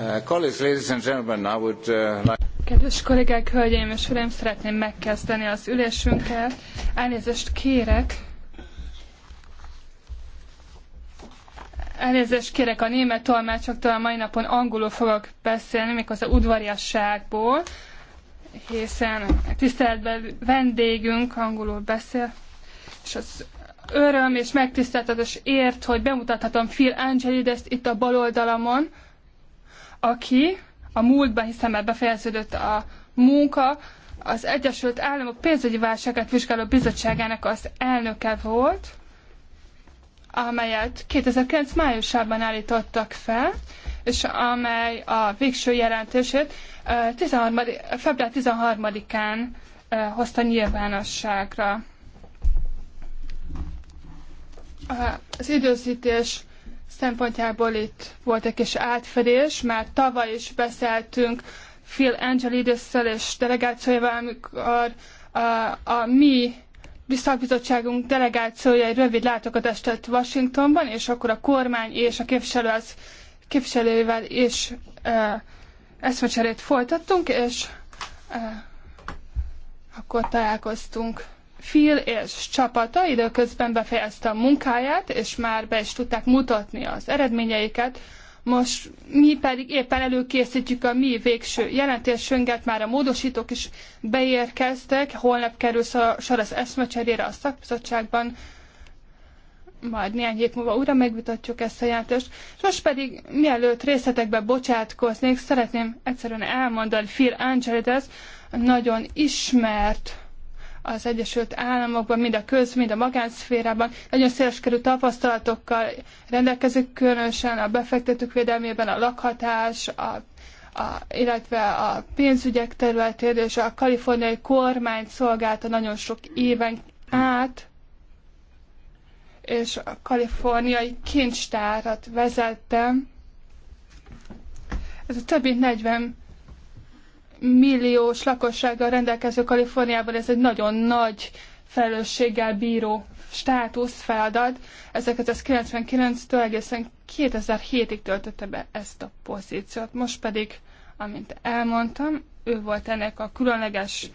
Uh, uh, Kedves kollégák, hölgyeim és uraim, szeretném megkezdeni az ülésünket. Elnézést kérek. Elnézést kérek a német tolmácsoktól, a mai napon angolul fogok beszélni, méghozzá udvariasságból, hiszen tiszteletben vendégünk angolul beszél, és az öröm és megtiszteltetés ért, hogy bemutathatom Phil Angelides-t itt a bal oldalamon, aki a múltban, hiszen már befejeződött a munka, az Egyesült Államok pénzügyi válságát vizsgáló bizottságának az elnöke volt, amelyet 2009 májusában állítottak fel, és amely a végső jelentését 13, február 13-án hozta nyilvánosságra. Az időzítés szempontjából itt volt egy kis átfedés, mert tavaly is beszéltünk Phil Angelidis-szel és delegációjával, amikor a, a mi szakbizottságunk delegációja egy rövid látogatást tett Washingtonban, és akkor a kormány és a képviselő az képviselővel is e, eszmecserét folytattunk, és e, akkor találkoztunk. Phil és csapata időközben befejezte a munkáját, és már be is tudták mutatni az eredményeiket. Most mi pedig éppen előkészítjük a mi végső jelentésünket, már a módosítók is beérkeztek, holnap kerül sor az eszmecserére a szakbizottságban, majd néhány hét múlva újra megvitatjuk ezt a jelentést. most pedig, mielőtt részletekbe bocsátkoznék, szeretném egyszerűen elmondani Phil Angelides, nagyon ismert az Egyesült Államokban, mind a köz, mind a magánszférában. Nagyon széleskörű tapasztalatokkal rendelkezik, különösen a befektetők védelmében a lakhatás, a a, illetve a pénzügyek területén és a kaliforniai kormány szolgálta nagyon sok éven át, és a kaliforniai kincstárat vezettem. Ez a több mint 40 milliós lakossággal rendelkező Kaliforniában ez egy nagyon nagy felelősséggel bíró státusz, feladat. 1999-től egészen 2007-ig töltötte be ezt a pozíciót. Most pedig, amint elmondtam, ő volt ennek a különleges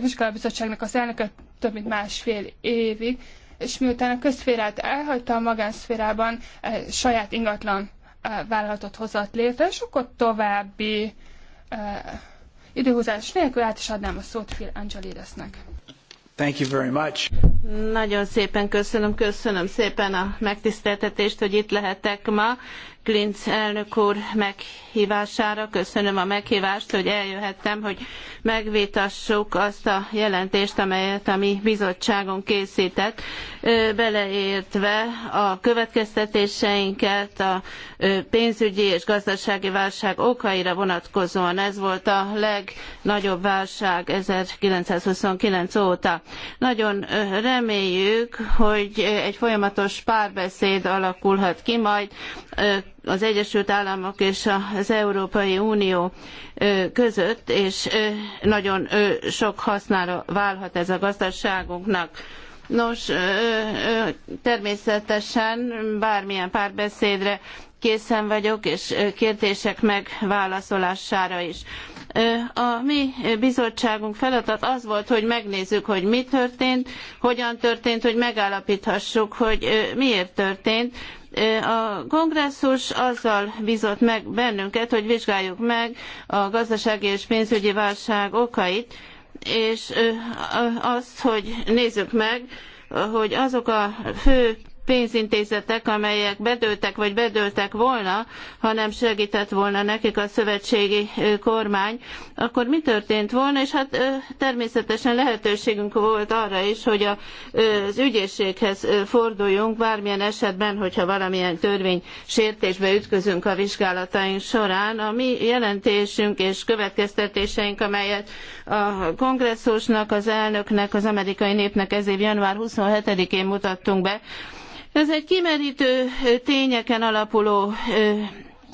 vizsgálóbizottságnak az elnöke több mint másfél évig, és miután a közférát elhagyta a magánszférában, e, saját ingatlan e, vállalatot hozott létre, és akkor további e, időhúzás nélkül át is adnám a szót Phil Angelidesnek. Thank you very much. Nagyon szépen köszönöm, köszönöm szépen a megtiszteltetést, hogy itt lehetek ma, Klinc elnök úr meghívására. Köszönöm a meghívást, hogy eljöhettem, hogy megvitassuk azt a jelentést, amelyet a mi bizottságon készített, beleértve a következtetéseinket a pénzügyi és gazdasági válság okaira vonatkozóan. Ez volt a legnagyobb válság 1929 óta. Nagyon reméljük, hogy egy folyamatos párbeszéd alakulhat ki majd az Egyesült Államok és az Európai Unió között, és nagyon sok hasznára válhat ez a gazdaságunknak. Nos, természetesen bármilyen párbeszédre készen vagyok, és kérdések megválaszolására is. A mi bizottságunk feladat az volt, hogy megnézzük, hogy mi történt, hogyan történt, hogy megállapíthassuk, hogy miért történt, a kongresszus azzal bízott meg bennünket, hogy vizsgáljuk meg a gazdasági és pénzügyi válság okait, és azt, hogy nézzük meg, hogy azok a fő pénzintézetek, amelyek bedőltek vagy bedőltek volna, hanem segített volna nekik a szövetségi kormány, akkor mi történt volna, és hát természetesen lehetőségünk volt arra is, hogy az ügyészséghez forduljunk bármilyen esetben, hogyha valamilyen törvény sértésbe ütközünk a vizsgálataink során. A mi jelentésünk és következtetéseink, amelyet a kongresszusnak, az elnöknek, az amerikai népnek ez év január 27-én mutattunk be, ez egy kimerítő tényeken alapuló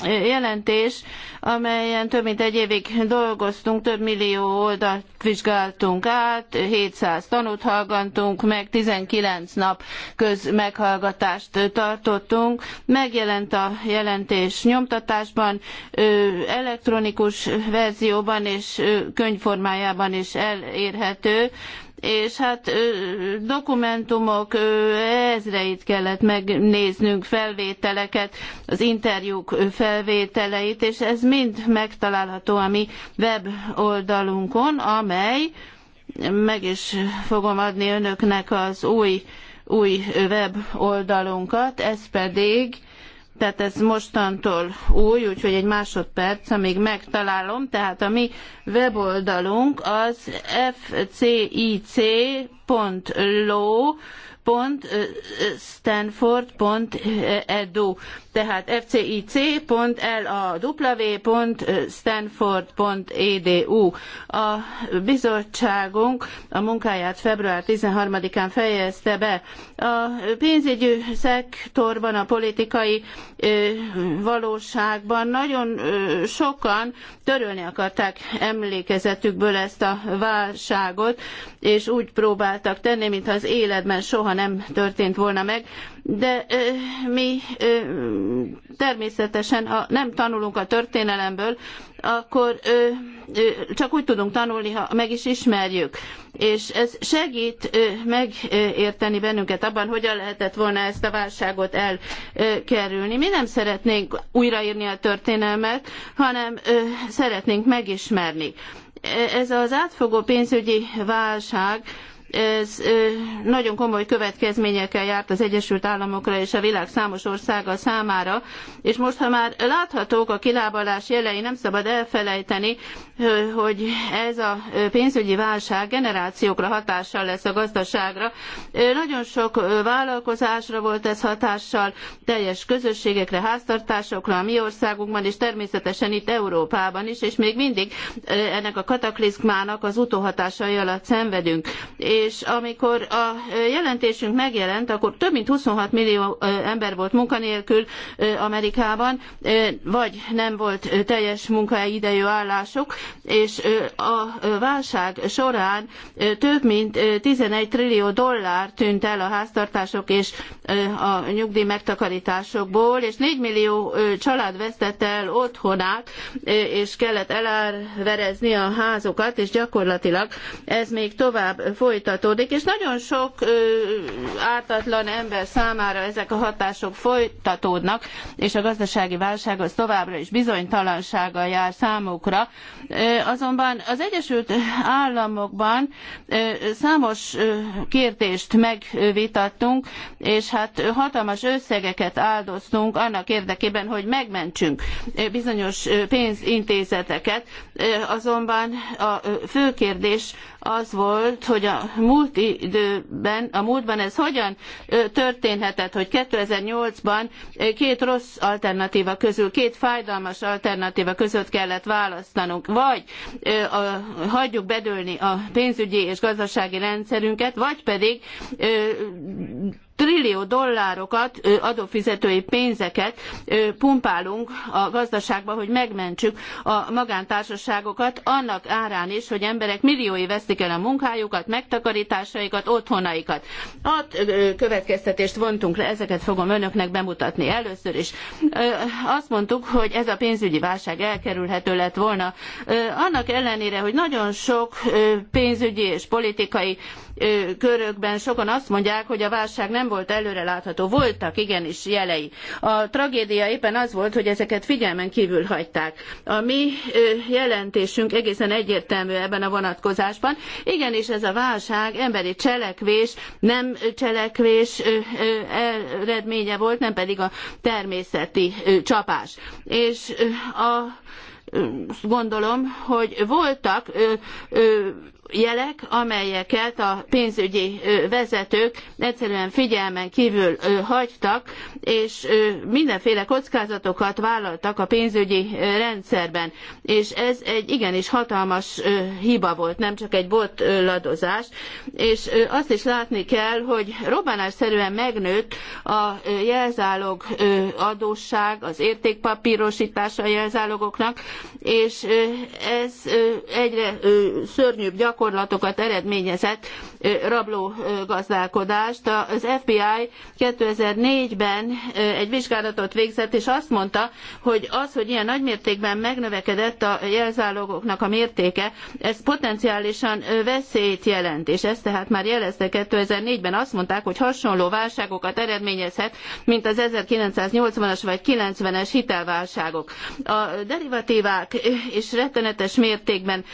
jelentés, amelyen több mint egy évig dolgoztunk, több millió oldalt vizsgáltunk át, 700 tanút hallgattunk, meg 19 nap köz meghallgatást tartottunk. Megjelent a jelentés nyomtatásban, elektronikus verzióban és könyvformájában is elérhető és hát dokumentumok ezreit kellett megnéznünk, felvételeket, az interjúk felvételeit, és ez mind megtalálható a mi weboldalunkon, amely meg is fogom adni önöknek az új új weboldalunkat, ez pedig tehát ez mostantól új, úgyhogy egy másodperc, amíg megtalálom. Tehát a mi weboldalunk az fcic.lo stanford.edu, tehát fcic.law.stanford.edu. A bizottságunk a munkáját február 13-án fejezte be. A pénzügyi szektorban, a politikai valóságban nagyon sokan törölni akarták emlékezetükből ezt a válságot, és úgy próbáltak tenni, mintha az életben soha nem történt volna meg, de ö, mi ö, természetesen, ha nem tanulunk a történelemből, akkor ö, csak úgy tudunk tanulni, ha meg is ismerjük. És ez segít megérteni bennünket abban, hogyan lehetett volna ezt a válságot elkerülni. Mi nem szeretnénk újraírni a történelmet, hanem szeretnénk megismerni. E, ez az átfogó pénzügyi válság, ez nagyon komoly következményekkel járt az Egyesült Államokra és a világ számos országa számára, és most, ha már láthatók a kilábalás jelei, nem szabad elfelejteni, hogy ez a pénzügyi válság generációkra hatással lesz a gazdaságra. Nagyon sok vállalkozásra volt ez hatással, teljes közösségekre, háztartásokra, a mi országunkban, és természetesen itt Európában is, és még mindig ennek a kataklizmának az utóhatásai alatt szenvedünk. És és amikor a jelentésünk megjelent, akkor több mint 26 millió ember volt munkanélkül Amerikában, vagy nem volt teljes munkaidejű állásuk, és a válság során több mint 11 trillió dollár tűnt el a háztartások és a nyugdíj megtakarításokból, és 4 millió család vesztette el otthonát, és kellett elárverezni a házukat, és gyakorlatilag ez még tovább folyt folytatódik, és nagyon sok ö, ártatlan ember számára ezek a hatások folytatódnak, és a gazdasági válság az továbbra is bizonytalansággal jár számukra. azonban az Egyesült Államokban számos kérdést megvitattunk, és hát hatalmas összegeket áldoztunk annak érdekében, hogy megmentsünk bizonyos pénzintézeteket, azonban a fő kérdés az volt, hogy a múlt időben, a múltban ez hogyan történhetett, hogy 2008-ban két rossz alternatíva közül, két fájdalmas alternatíva között kellett választanunk, vagy hagyjuk bedőlni a pénzügyi és gazdasági rendszerünket, vagy pedig trillió dollárokat, adófizetői pénzeket pumpálunk a gazdaságba, hogy megmentsük a magántársaságokat, annak árán is, hogy emberek milliói vesztik el a munkájukat, megtakarításaikat, otthonaikat. Hat következtetést vontunk le, ezeket fogom önöknek bemutatni először is. Azt mondtuk, hogy ez a pénzügyi válság elkerülhető lett volna. Annak ellenére, hogy nagyon sok pénzügyi és politikai körökben sokan azt mondják, hogy a válság nem volt előrelátható. Voltak igenis jelei. A tragédia éppen az volt, hogy ezeket figyelmen kívül hagyták. A mi jelentésünk egészen egyértelmű ebben a vonatkozásban. Igenis ez a válság emberi cselekvés, nem cselekvés eredménye volt, nem pedig a természeti csapás. És a gondolom, hogy voltak ö, ö, jelek, amelyeket a pénzügyi vezetők egyszerűen figyelmen kívül hagytak, és mindenféle kockázatokat vállaltak a pénzügyi rendszerben. És ez egy igenis hatalmas hiba volt, nem csak egy botladozás. És azt is látni kell, hogy robbanásszerűen megnőtt a jelzálog adósság, az értékpapírosítása a jelzálogoknak, és ez egyre szörnyűbb gyakorlat gyakorlatokat eredményezett rabló gazdálkodást. Az FBI 2004-ben egy vizsgálatot végzett, és azt mondta, hogy az, hogy ilyen nagymértékben megnövekedett a jelzálogoknak a mértéke, ez potenciálisan veszélyt jelent, és ezt tehát már jelezte 2004-ben. Azt mondták, hogy hasonló válságokat eredményezhet, mint az 1980-as vagy 90-es hitelválságok. A derivatívák is rettenetes mértékben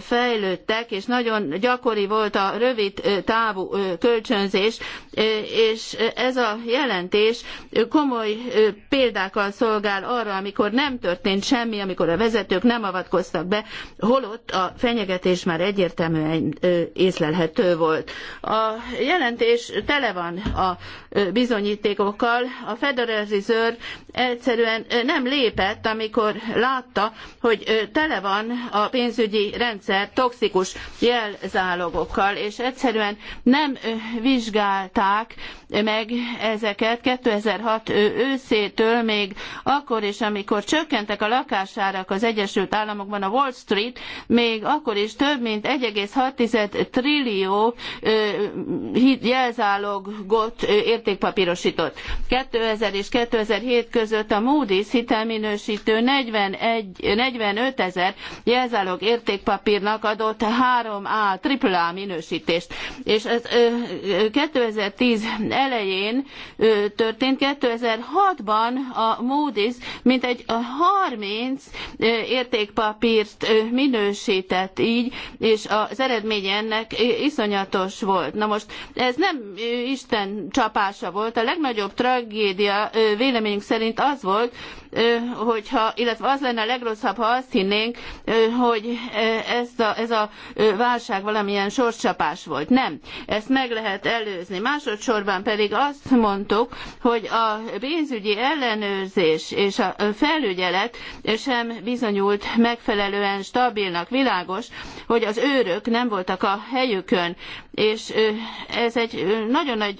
fejlődtek, és és nagyon gyakori volt a rövid távú kölcsönzés, és ez a jelentés komoly példákkal szolgál arra, amikor nem történt semmi, amikor a vezetők nem avatkoztak be, holott a fenyegetés már egyértelműen észlelhető volt. A jelentés tele van a bizonyítékokkal. A Federal Reserve egyszerűen nem lépett, amikor látta, hogy tele van a pénzügyi rendszer toxikus jelzálogokkal, és egyszerűen nem vizsgálták meg ezeket 2006 őszétől még akkor is, amikor csökkentek a lakásárak az Egyesült Államokban a Wall Street, még akkor is több mint 1,6 trillió jelzálogot értékpapírosított. 2000 és 2007 között a Moody's hitelminősítő 41, 45 ezer jelzálog értékpapírnak adott három 3A, AAA minősítést. És ez 2010 elején történt, 2006-ban a Moody's mintegy 30 értékpapírt minősített így, és az eredménye ennek iszonyatos volt. Na most ez nem Isten csapása volt, a legnagyobb tragédia véleményünk szerint az volt, hogyha, illetve az lenne a legrosszabb, ha azt hinnénk, hogy ezt a, ez a válság valamilyen sorscsapás volt. Nem, ezt meg lehet előzni. Másodszorban pedig azt mondtuk, hogy a pénzügyi ellenőrzés és a felügyelet sem bizonyult megfelelően stabilnak. Világos, hogy az őrök nem voltak a helyükön, és ez egy nagyon nagy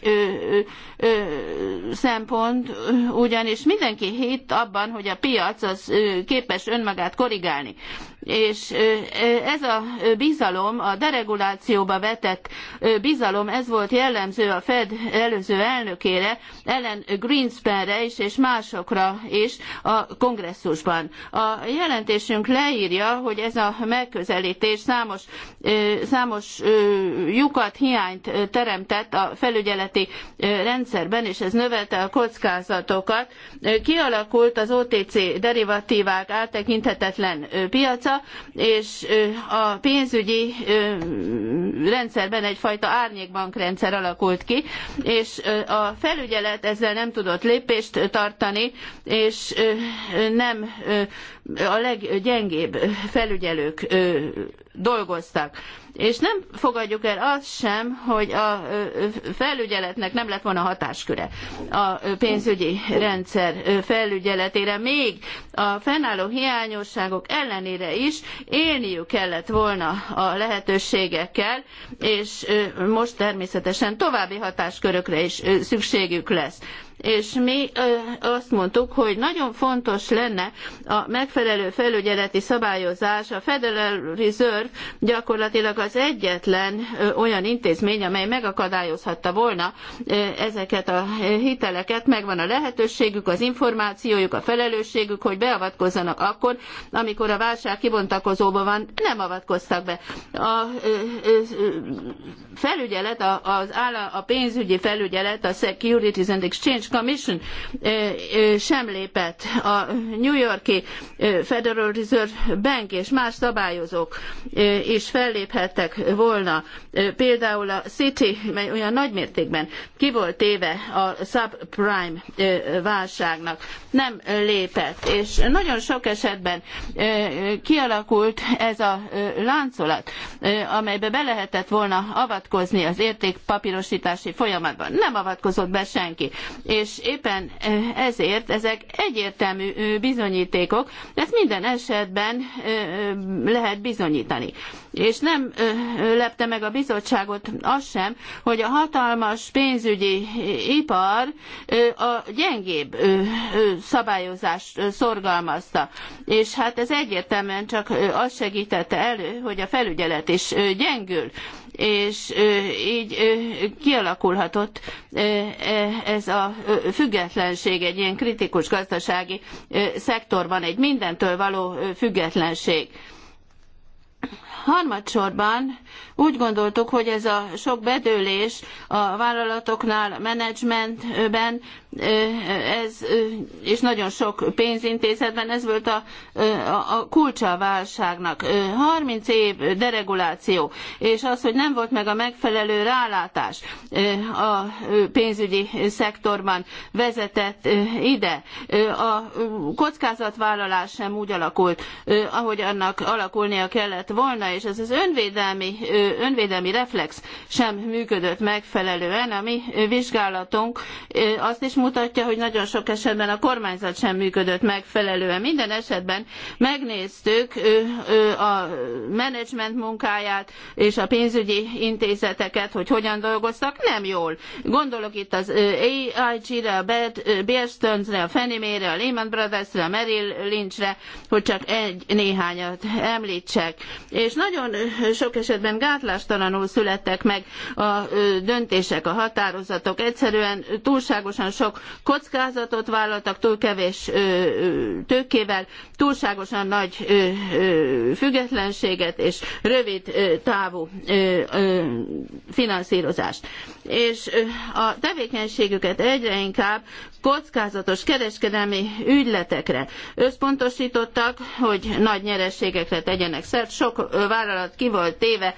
szempont, ugyanis mindenki hitt abban, hogy a piac az képes önmagát korrigálni. És ez a bizalom, a deregulációba vetett bizalom, ez volt jellemző a Fed előző elnökére, Ellen Greenspanre is, és másokra is a kongresszusban. A jelentésünk leírja, hogy ez a megközelítés számos, számos lyukat, hiányt teremtett a felügyeleti rendszerben, és ez növelte a kockázatokat. Kialakult az OTC derivatívák áttekinthetetlen piaca, vissza, és a pénzügyi rendszerben egyfajta árnyékbankrendszer alakult ki, és a felügyelet ezzel nem tudott lépést tartani, és nem a leggyengébb felügyelők dolgoztak és nem fogadjuk el azt sem, hogy a felügyeletnek nem lett volna hatásköre a pénzügyi rendszer felügyeletére, még a fennálló hiányosságok ellenére is élniük kellett volna a lehetőségekkel, és most természetesen további hatáskörökre is szükségük lesz és mi azt mondtuk, hogy nagyon fontos lenne a megfelelő felügyeleti szabályozás, a Federal Reserve gyakorlatilag az egyetlen olyan intézmény, amely megakadályozhatta volna ezeket a hiteleket, megvan a lehetőségük, az információjuk, a felelősségük, hogy beavatkozzanak akkor, amikor a válság kibontakozóban van, nem avatkoztak be. A felügyelet, az áll, a pénzügyi felügyelet, a Securities and Exchange Commission sem lépett. A New Yorki Federal Reserve Bank és más szabályozók is felléphettek volna. Például a Citi olyan nagy mértékben ki volt téve a subprime válságnak. Nem lépett, és nagyon sok esetben kialakult ez a láncolat, amelybe be lehetett volna avatkozni az értékpapírosítási folyamatban. Nem avatkozott be senki és éppen ezért ezek egyértelmű bizonyítékok, ezt minden esetben lehet bizonyítani. És nem lepte meg a bizottságot az sem, hogy a hatalmas pénzügyi ipar a gyengébb szabályozást szorgalmazta. És hát ez egyértelműen csak azt segítette elő, hogy a felügyelet is gyengül és így kialakulhatott ez a függetlenség egy ilyen kritikus gazdasági szektorban, egy mindentől való függetlenség. Harmadsorban úgy gondoltuk, hogy ez a sok bedőlés a vállalatoknál, menedzsmentben ez, és nagyon sok pénzintézetben ez volt a, a, kulcsa a válságnak. 30 év dereguláció, és az, hogy nem volt meg a megfelelő rálátás a pénzügyi szektorban vezetett ide. A kockázatvállalás sem úgy alakult, ahogy annak alakulnia kellett volna, és ez az önvédelmi, önvédelmi reflex sem működött megfelelően. A mi vizsgálatunk azt is mutatja, hogy nagyon sok esetben a kormányzat sem működött megfelelően. Minden esetben megnéztük a menedzsment munkáját és a pénzügyi intézeteket, hogy hogyan dolgoztak, nem jól. Gondolok itt az AIG-re, a Bear Stearns-re, a Fannie Mae-re, a Lehman Brothers-re, a Merrill Lynch-re, hogy csak egy néhányat említsek. És nagyon sok esetben gátlástalanul születtek meg a döntések, a határozatok. Egyszerűen túlságosan sok vállalatok kockázatot vállaltak, túl kevés tőkével, túlságosan nagy függetlenséget és rövid távú finanszírozást. És a tevékenységüket egyre inkább kockázatos kereskedelmi ügyletekre összpontosítottak, hogy nagy nyereségekre tegyenek szert. Sok vállalat ki volt téve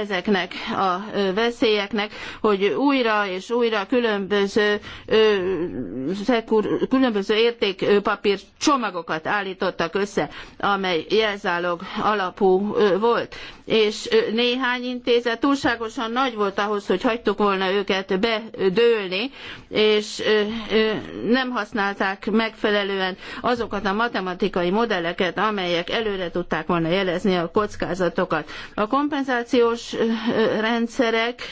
ezeknek a veszélyeknek, hogy újra és újra különböző, különböző értékpapír csomagokat állítottak össze, amely jelzálog alapú volt. És néhány intézet túlságosan nagy volt ahhoz, hogy hagytuk volna őket bedőlni, és nem használták megfelelően azokat a matematikai modelleket, amelyek előre tudták volna jelezni a kockázatokat. A kompenzáció kompenzációs rendszerek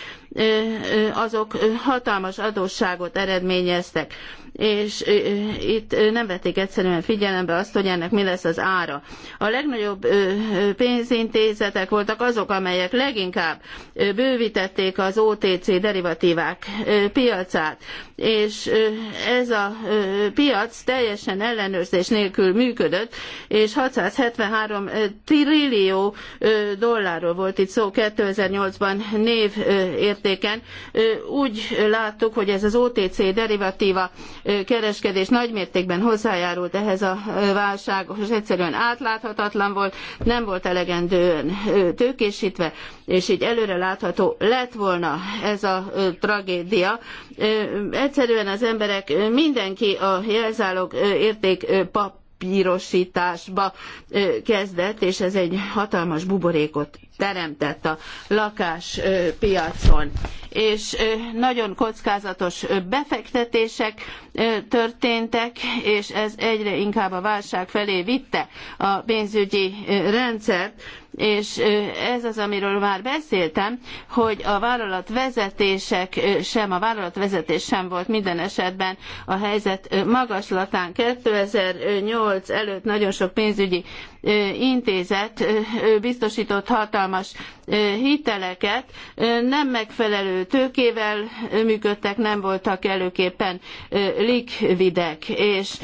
azok hatalmas adósságot eredményeztek, és itt nem vették egyszerűen figyelembe azt, hogy ennek mi lesz az ára. A legnagyobb pénzintézetek voltak azok, amelyek leginkább bővítették az OTC derivatívák piacát, és ez a piac teljesen ellenőrzés nélkül működött, és 673 trillió dollárról volt itt szó 2008-ban név mértéken úgy láttuk, hogy ez az OTC derivatíva kereskedés nagymértékben hozzájárult ehhez a válsághoz, és egyszerűen átláthatatlan volt, nem volt elegendően tőkésítve, és így előre látható lett volna ez a tragédia. Egyszerűen az emberek, mindenki a jelzálog érték pap pirosításba kezdett, és ez egy hatalmas buborékot teremtett a lakáspiacon. És nagyon kockázatos befektetések történtek, és ez egyre inkább a válság felé vitte a pénzügyi rendszert és ez az, amiről már beszéltem, hogy a vállalatvezetések sem, a vállalatvezetés sem volt minden esetben a helyzet magaslatán. 2008 előtt nagyon sok pénzügyi intézet biztosított hatalmas hiteleket, nem megfelelő tőkével működtek, nem voltak előképpen likvidek, és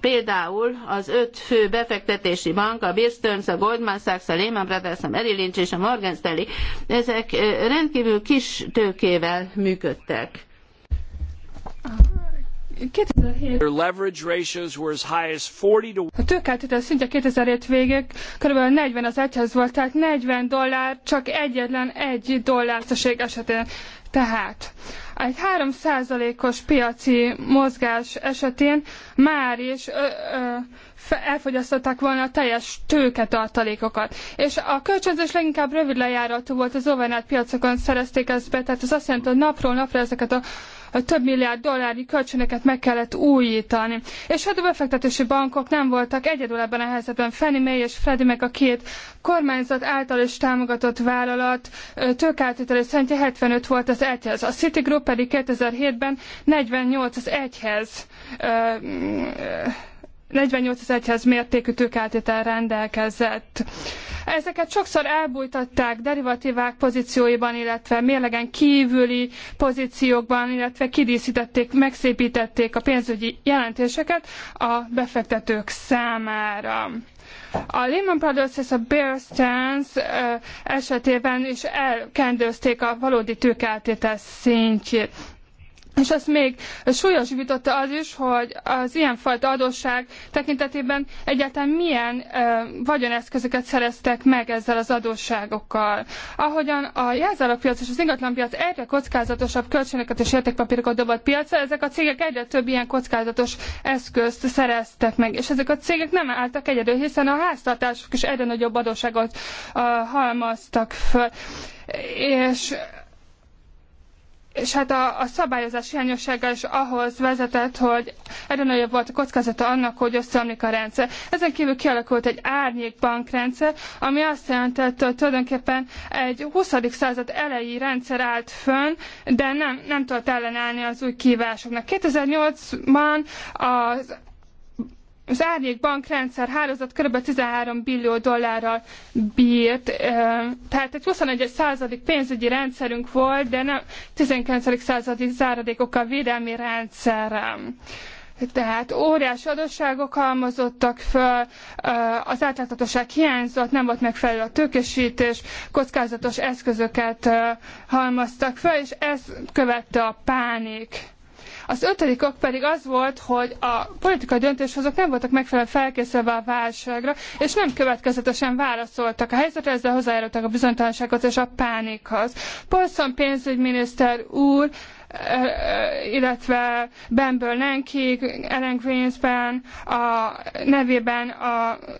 Például az öt fő befektetési bank, a Bear Stearns, a Goldman Sachs, a Lehman Brothers, a Merrill Lynch és a Morgan Stanley, ezek rendkívül kis tőkével működtek. 2007. A tőkeltétel szintje 2007 végig kb. 40 az egyhez volt, tehát 40 dollár csak egyetlen egy dollárszasség esetén. Tehát egy 3%-os piaci mozgás esetén már is elfogyasztották volna a teljes tőketartalékokat. És a kölcsönzés leginkább rövid lejáratú volt, az overnight piacokon szerezték ezt be, tehát az azt jelenti, hogy napról napra ezeket a több milliárd dollárnyi kölcsönöket meg kellett újítani. És hát a befektetési bankok nem voltak egyedül ebben a helyzetben. Fannie Mae és Freddie meg a két kormányzat által is támogatott vállalat tőkáltételi szentje 75 volt az egyhez. A Citigroup pedig 2007-ben 48 az egyhez 48 ezer egyhez mértékű tőkeltétel rendelkezett. Ezeket sokszor elbújtatták derivatívák pozícióiban, illetve mérlegen kívüli pozíciókban, illetve kidíszítették, megszépítették a pénzügyi jelentéseket a befektetők számára. A Lehman Brothers és a Bear Stearns esetében is elkendőzték a valódi tőkeltétel szintjét. És ezt még súlyosbította az is, hogy az ilyenfajta adósság tekintetében egyáltalán milyen e, vagyoneszközöket szereztek meg ezzel az adósságokkal. Ahogyan a jelzálogpiac és az ingatlanpiac egyre kockázatosabb kölcsönöket és értékpapírokat dobott piacra, ezek a cégek egyre több ilyen kockázatos eszközt szereztek meg. És ezek a cégek nem álltak egyedül, hiszen a háztartások is egyre nagyobb adósságot e, halmaztak föl. És és hát a, a szabályozás hiányossága is ahhoz vezetett, hogy egyre nagyobb volt a kockázata annak, hogy összeomlik a rendszer. Ezen kívül kialakult egy árnyék bankrendszer, ami azt jelentett, hogy tulajdonképpen egy 20. század elejé rendszer állt fönn, de nem, nem tudott ellenállni az új kívásoknak. 2008-ban az az árnyék bankrendszer hálózat kb. 13 billió dollárral bírt, tehát egy 21. századik pénzügyi rendszerünk volt, de nem 19. századi záradékokkal védelmi rendszerrel. Tehát óriási adósságok halmozottak föl, az átláthatóság hiányzott, nem volt megfelelő a tőkesítés, kockázatos eszközöket halmoztak föl, és ez követte a pánik az ötödik ok pedig az volt, hogy a politikai döntéshozók nem voltak megfelelően felkészülve a válságra, és nem következetesen válaszoltak a helyzetre, ezzel hozzájárultak a bizonytalansághoz és a pánikhoz. Paulson pénzügyminiszter úr eh, eh, illetve Benből Nanki, Ellen Greenspan a nevében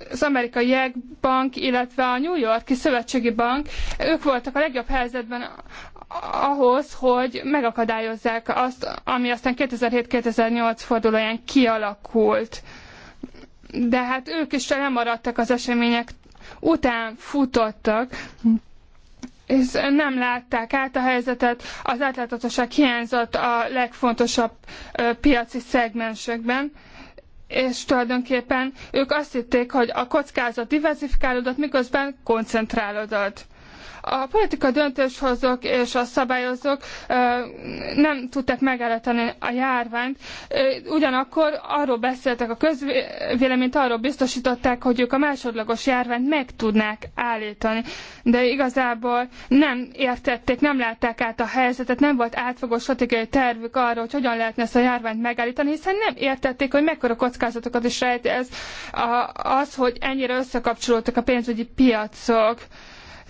az amerikai jegbank, illetve a New Yorki Szövetségi Bank, ők voltak a legjobb helyzetben ahhoz, hogy megakadályozzák azt, ami aztán 2007-2008 fordulóján kialakult. De hát ők is lemaradtak az események után futottak, és nem látták át a helyzetet, az átláthatóság hiányzott a legfontosabb piaci szegmensekben és tulajdonképpen ők azt hitték, hogy a kockázat diversifikálódott, miközben koncentrálódott a politika döntéshozók és a szabályozók nem tudták megállítani a járványt. Ugyanakkor arról beszéltek a közvéleményt, arról biztosították, hogy ők a másodlagos járványt meg tudnák állítani. De igazából nem értették, nem látták át a helyzetet, nem volt átfogó stratégiai tervük arról, hogy hogyan lehetne ezt a járványt megállítani, hiszen nem értették, hogy mekkora kockázatokat is rejt ez az, hogy ennyire összekapcsolódtak a pénzügyi piacok.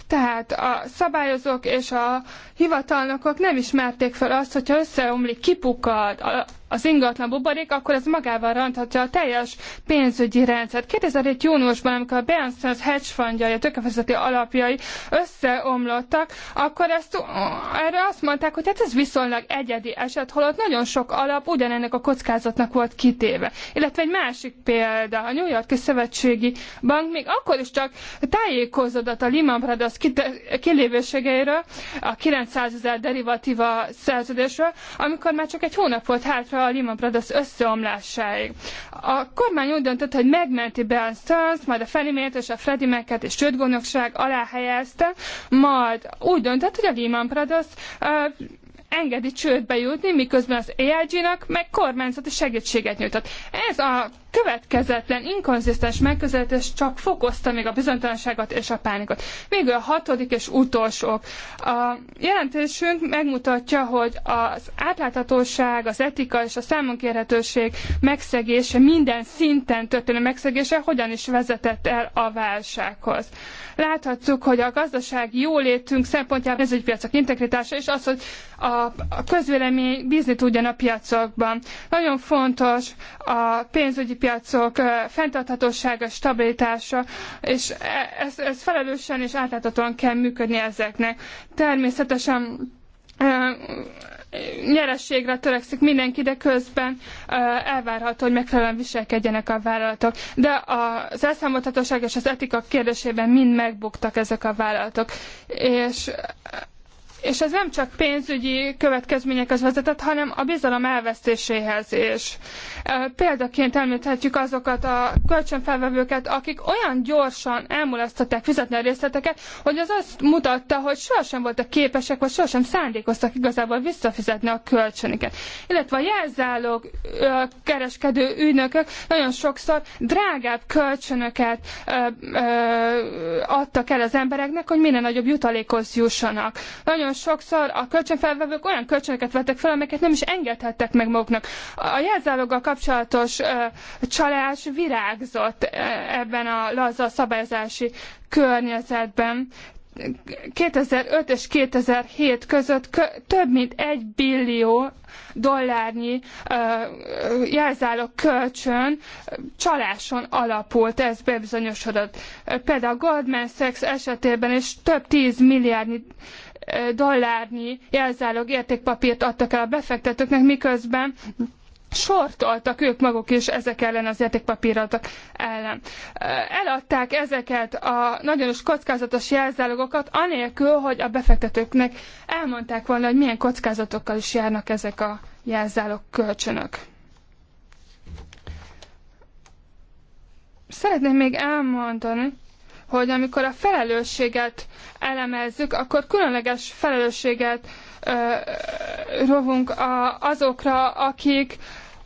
Tehát a szabályozók és a hivatalnokok nem ismerték fel azt, hogyha összeomlik, kipukkad az ingatlan buborék, akkor ez magával ranthatja a teljes pénzügyi rendszert. 2007. júniusban, amikor a Bernstein hedge fundjai, a tökéfeszeti alapjai összeomlottak, akkor ezt, erre azt mondták, hogy hát ez viszonylag egyedi eset, holott nagyon sok alap ugyanennek a kockázatnak volt kitéve. Illetve egy másik példa, a New Yorki Szövetségi Bank még akkor is csak tájékozódott a Lehman Brothers kilévőségeiről, a 900 ezer derivatíva szerződésről, amikor már csak egy hónap volt hátra a Lehman Brothers összeomlásáig. A kormány úgy döntött, hogy megmenti Bell Stearns, majd a Fannie és a Freddy Mac-et és sőt alá helyezte, majd úgy döntött, hogy a Lehman Brothers uh, engedi csődbe jutni, miközben az AIG-nak meg kormányzati segítséget nyújtott. Ez a következetlen, inkonzisztens megközelítés csak fokozta még a bizonytalanságot és a pánikot. Végül a hatodik és utolsó A jelentésünk megmutatja, hogy az átláthatóság, az etika és a számonkérhetőség megszegése, minden szinten történő megszegése hogyan is vezetett el a válsághoz. Láthatjuk, hogy a gazdaság jólétünk szempontjából ez egy piacok integritása, és az, hogy a közvélemény bízni tudjon a piacokban. Nagyon fontos a pénzügyi piacok fenntarthatósága, stabilitása, és e, ez, ez felelősen és átláthatóan kell működni ezeknek. Természetesen nyerességre törekszik mindenki, de közben elvárható, hogy megfelelően viselkedjenek a vállalatok. De az elszámoltatóság és az etika kérdésében mind megbuktak ezek a vállalatok. És és ez nem csak pénzügyi következményekhez vezetett, hanem a bizalom elvesztéséhez is. Példaként említhetjük azokat a kölcsönfelvevőket, akik olyan gyorsan elmulasztották fizetni a részleteket, hogy az azt mutatta, hogy sohasem voltak képesek, vagy sohasem szándékoztak igazából visszafizetni a kölcsönüket. Illetve a jelzálog kereskedő ügynökök nagyon sokszor drágább kölcsönöket adtak el az embereknek, hogy minden nagyobb jutalékhoz jussanak. Nagyon nagyon sokszor a kölcsönfelvevők olyan kölcsönöket vettek fel, amelyeket nem is engedhettek meg maguknak. A jelzáloggal kapcsolatos csalás virágzott ebben a laza szabályzási környezetben. 2005 és 2007 között több mint egy billió dollárnyi uh, jelzálog kölcsön csaláson alapult, ez bebizonyosodott. Például a Goldman Sachs esetében is több tíz milliárdnyi dollárnyi jelzálog értékpapírt adtak el a befektetőknek, miközben sortoltak ők maguk is ezek ellen az értékpapíratok ellen. Eladták ezeket a nagyon is kockázatos jelzálogokat, anélkül, hogy a befektetőknek elmondták volna, hogy milyen kockázatokkal is járnak ezek a jelzálog kölcsönök. Szeretném még elmondani, hogy amikor a felelősséget elemezzük, akkor különleges felelősséget rovunk a, azokra, akik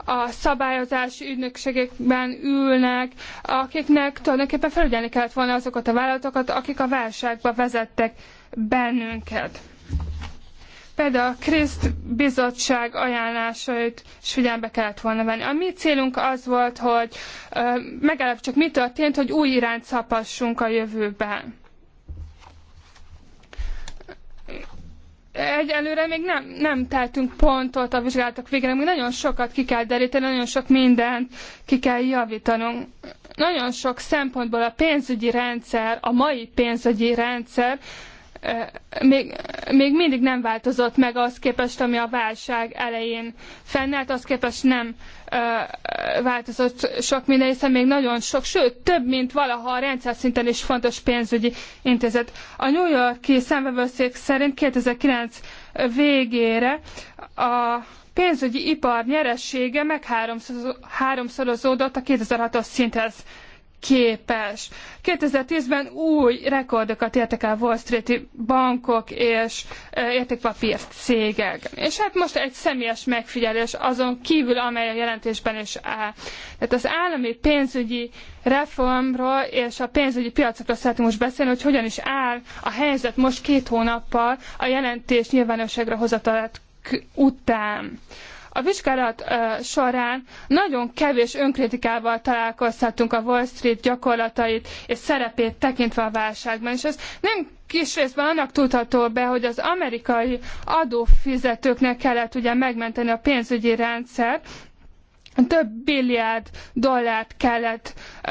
a szabályozási ügynökségekben ülnek, akiknek tulajdonképpen felügyelni kellett volna azokat a vállalatokat, akik a válságba vezettek bennünket például a Kriszt bizottság ajánlásait is figyelembe kellett volna venni. A mi célunk az volt, hogy megállapítsuk, mi történt, hogy új irányt szapassunk a jövőben. Egyelőre még nem, nem teltünk pontot a vizsgálatok végre, még nagyon sokat ki kell deríteni, nagyon sok mindent ki kell javítanunk. Nagyon sok szempontból a pénzügyi rendszer, a mai pénzügyi rendszer még, még mindig nem változott meg az képest, ami a válság elején fennállt, az képest nem változott sok minden, hiszen még nagyon sok, sőt több, mint valaha a rendszer szinten is fontos pénzügyi intézet. A New Yorki számvevőszék szerint 2009 végére a pénzügyi ipar nyeressége megháromszorozódott a 2006-os szinthez képes. 2010-ben új rekordokat értek el Wall Street-i bankok és e, értékpapír cégek. És hát most egy személyes megfigyelés azon kívül, amely a jelentésben is áll. Tehát az állami pénzügyi reformról és a pénzügyi piacokról szeretném most beszélni, hogy hogyan is áll a helyzet most két hónappal a jelentés nyilvánosságra hozatalát után. A vizsgálat során nagyon kevés önkritikával találkozhatunk a Wall Street gyakorlatait és szerepét tekintve a válságban, és ez nem kis részben annak tudható be, hogy az amerikai adófizetőknek kellett ugye megmenteni a pénzügyi rendszert, több billiárd dollárt kellett ö,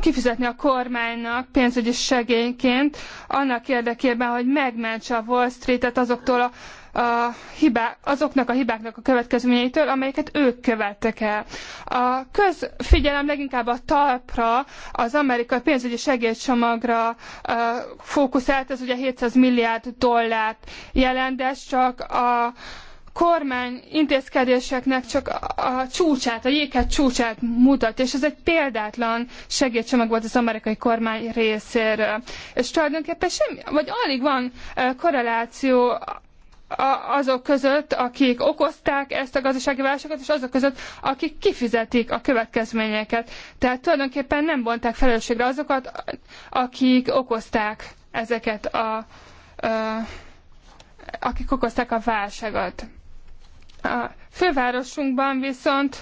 kifizetni a kormánynak pénzügyi segélyként annak érdekében, hogy megmentse a Wall Street-et azoktól a a hibá, azoknak a hibáknak a következményeitől, amelyeket ők követtek el. A közfigyelem leginkább a talpra, az amerikai pénzügyi segélycsomagra fókuszált, ez ugye 700 milliárd dollárt jelent, de ez csak a kormány intézkedéseknek csak a csúcsát, a jéghegy csúcsát mutat, és ez egy példátlan segédcsomag volt az amerikai kormány részéről. És tulajdonképpen semmi, vagy alig van korreláció azok között, akik okozták ezt a gazdasági válságot, és azok között, akik kifizetik a következményeket. Tehát tulajdonképpen nem vonták felelősségre azokat, akik okozták ezeket a, a akik okozták a válságot. A fővárosunkban viszont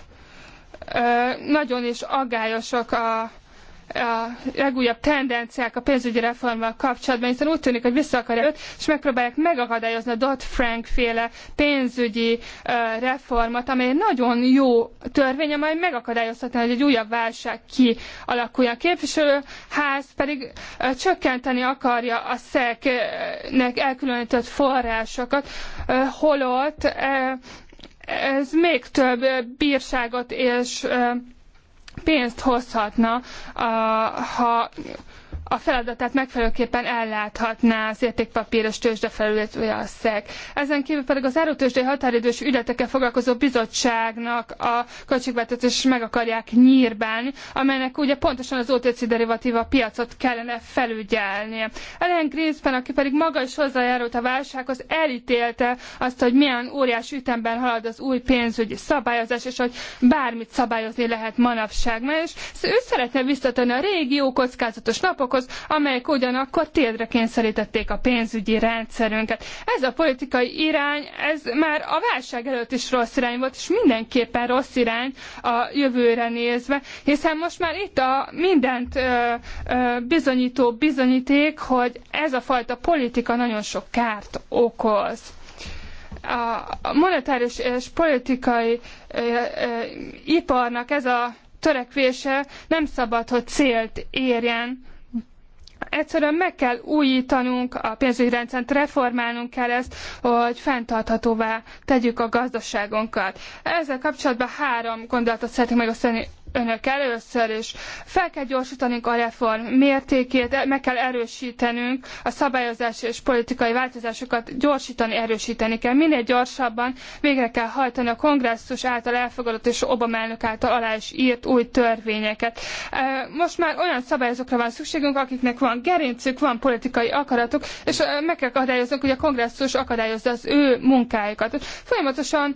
nagyon is aggályosak a a legújabb tendenciák a pénzügyi reformmal kapcsolatban, hiszen úgy tűnik, hogy vissza akarja őt, és megpróbálják megakadályozni a Dodd-Frank féle pénzügyi reformot, amely egy nagyon jó törvény, amely megakadályozhatná, hogy egy újabb válság kialakuljon. A képviselőház pedig csökkenteni akarja a szeknek elkülönített forrásokat, holott ez még több bírságot és pénzt hozhatna, ha a feladatát megfelelőképpen elláthatná az értékpapíros tőzsdefelületője a szeg. Ezen kívül pedig az árutőzsdei határidős ügyletekkel foglalkozó bizottságnak a költségvetést meg akarják nyírbálni, amelynek ugye pontosan az OTC derivatíva piacot kellene felügyelnie. Ellen Greenspan, aki pedig maga is hozzájárult a válsághoz, elítélte azt, hogy milyen óriási ütemben halad az új pénzügyi szabályozás, és hogy bármit szabályozni lehet manapság. Mert és ő szeretne visszatérni a régi jó kockázatos napokhoz, reformokhoz, amelyek ugyanakkor térdre kényszerítették a pénzügyi rendszerünket. Ez a politikai irány, ez már a válság előtt is rossz irány volt, és mindenképpen rossz irány a jövőre nézve, hiszen most már itt a mindent ö, ö, bizonyító bizonyíték, hogy ez a fajta politika nagyon sok kárt okoz a monetáris és politikai iparnak ez a törekvése nem szabad, hogy célt érjen. Egyszerűen meg kell újítanunk a pénzügyi rendszert, reformálnunk kell ezt, hogy fenntarthatóvá tegyük a gazdaságunkat. Ezzel kapcsolatban három gondolatot szeretnék megosztani önök először is. Fel kell gyorsítanunk a reform mértékét, meg kell erősítenünk a szabályozási és politikai változásokat, gyorsítani, erősíteni kell. Minél gyorsabban végre kell hajtani a kongresszus által elfogadott és Obama elnök által alá is írt új törvényeket. Most már olyan szabályozókra van szükségünk, akiknek van gerincük, van politikai akaratuk, és meg kell akadályoznunk, hogy a kongresszus akadályozza az ő munkájukat. Folyamatosan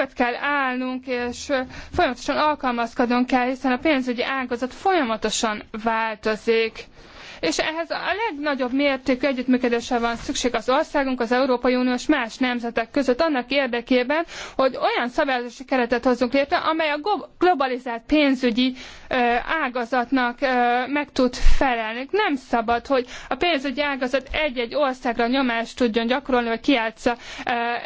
őt kell állnunk, és folyamatosan alkalmazkodunk kell, hiszen a pénzügyi ágazat folyamatosan változik és ehhez a legnagyobb mértékű együttműködésre van szükség az országunk, az Európai és más nemzetek között annak érdekében, hogy olyan szabályozási keretet hozzunk létre, amely a globalizált pénzügyi ágazatnak meg tud felelni. Nem szabad, hogy a pénzügyi ágazat egy-egy országra nyomást tudjon gyakorolni, vagy kiátsza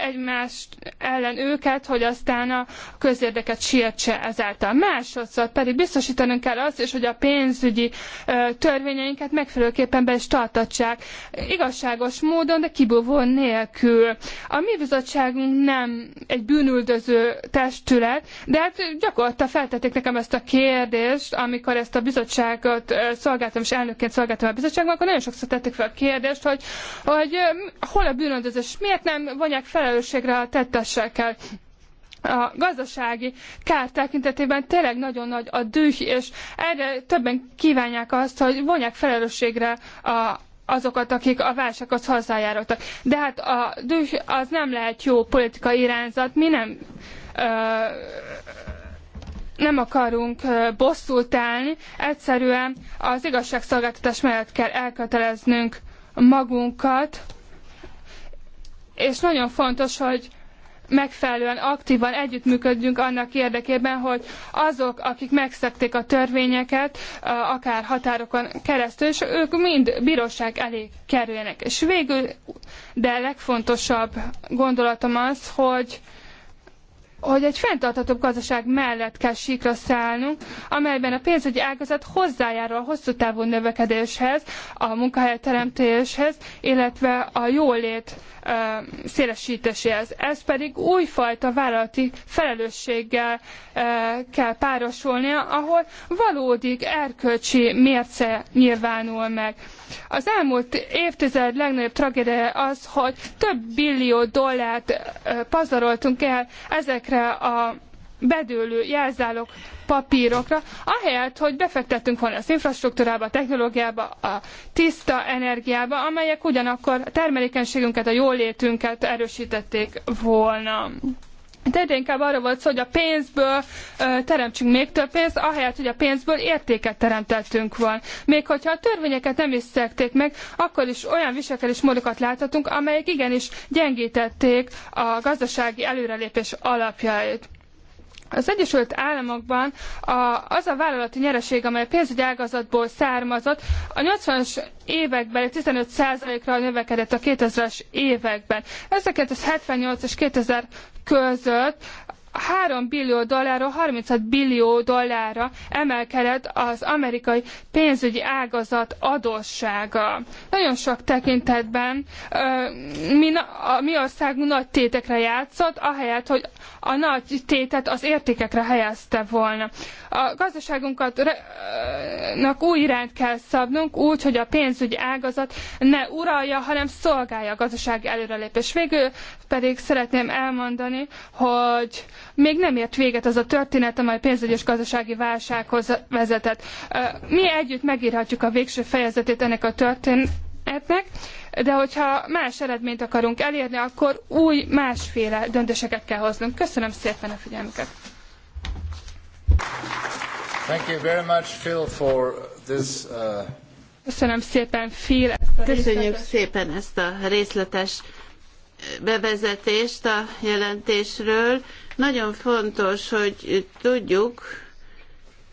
egymás ellen őket, hogy aztán a közérdeket sértse ezáltal. Másodszor pedig biztosítanunk kell azt is, hogy a pénzügyi törvényeinket meg megfelelőképpen be is tartatsák igazságos módon, de kibúvó nélkül. A mi bizottságunk nem egy bűnüldöző testület, de hát gyakorta feltették nekem ezt a kérdést, amikor ezt a bizottságot szolgáltam, és elnökként szolgáltam a bizottságban, akkor nagyon sokszor tették fel a kérdést, hogy, hogy hol a bűnöldözés, miért nem vonják felelősségre a tettesekkel a gazdasági kár tekintetében tényleg nagyon nagy a düh, és erre többen kívánják azt, hogy vonják felelősségre a, azokat, akik a válsághoz hozzájárultak. De hát a düh az nem lehet jó politikai irányzat, mi nem ö, nem akarunk bosszút állni, egyszerűen az igazságszolgáltatás mellett kell elköteleznünk magunkat, és nagyon fontos, hogy megfelelően aktívan együttműködjünk annak érdekében, hogy azok, akik megszekték a törvényeket, akár határokon keresztül, és ők mind bíróság elé kerüljenek. És végül, de legfontosabb gondolatom az, hogy hogy egy fenntarthatóbb gazdaság mellett kell síkra szállnunk, amelyben a pénzügyi ágazat hozzájárul a hosszú távú növekedéshez, a teremtéshez, illetve a jólét ö, szélesítéséhez. Ez pedig újfajta vállalati felelősséggel ö, kell párosulnia, ahol valódi erkölcsi mérce nyilvánul meg. Az elmúlt évtized legnagyobb tragédiája az, hogy több billió dollárt pazaroltunk el ezekre a bedőlő jelzálók papírokra, ahelyett, hogy befektettünk volna az infrastruktúrába, a technológiába, a tiszta energiába, amelyek ugyanakkor a termelékenységünket, a jólétünket erősítették volna de egyre inkább arra volt szó, hogy a pénzből ö, teremtsünk még több pénzt, ahelyett, hogy a pénzből értéket teremtettünk volna. Még hogyha a törvényeket nem is szekték meg, akkor is olyan viselkedés módokat láthatunk, amelyek igenis gyengítették a gazdasági előrelépés alapjait. Az Egyesült Államokban a, az a vállalati nyereség, amely a pénzügyi ágazatból származott, a 80-as években 15%-ra növekedett a 2000-es években. 1978 és 2000 között 3 billió dollárról 36 billió dollárra emelkedett az amerikai pénzügyi ágazat adóssága. Nagyon sok tekintetben mi, a mi országunk nagy tétekre játszott, ahelyett, hogy a nagy tétet az értékekre helyezte volna. A gazdaságunknak új irányt kell szabnunk, úgy, hogy a pénzügyi ágazat ne uralja, hanem szolgálja a gazdasági előrelépés. Végül pedig szeretném elmondani, hogy még nem ért véget az a történet, amely pénzügyi és gazdasági válsághoz vezetett. Mi együtt megírhatjuk a végső fejezetét ennek a történetnek, de hogyha más eredményt akarunk elérni, akkor új, másféle döntéseket kell hoznunk. Köszönöm szépen a figyelmüket! Thank you very much, Phil, for this, uh... Köszönöm szépen, Phil, ezt a Köszönjük részletes... szépen ezt a részletes bevezetést a jelentésről. Nagyon fontos, hogy tudjuk,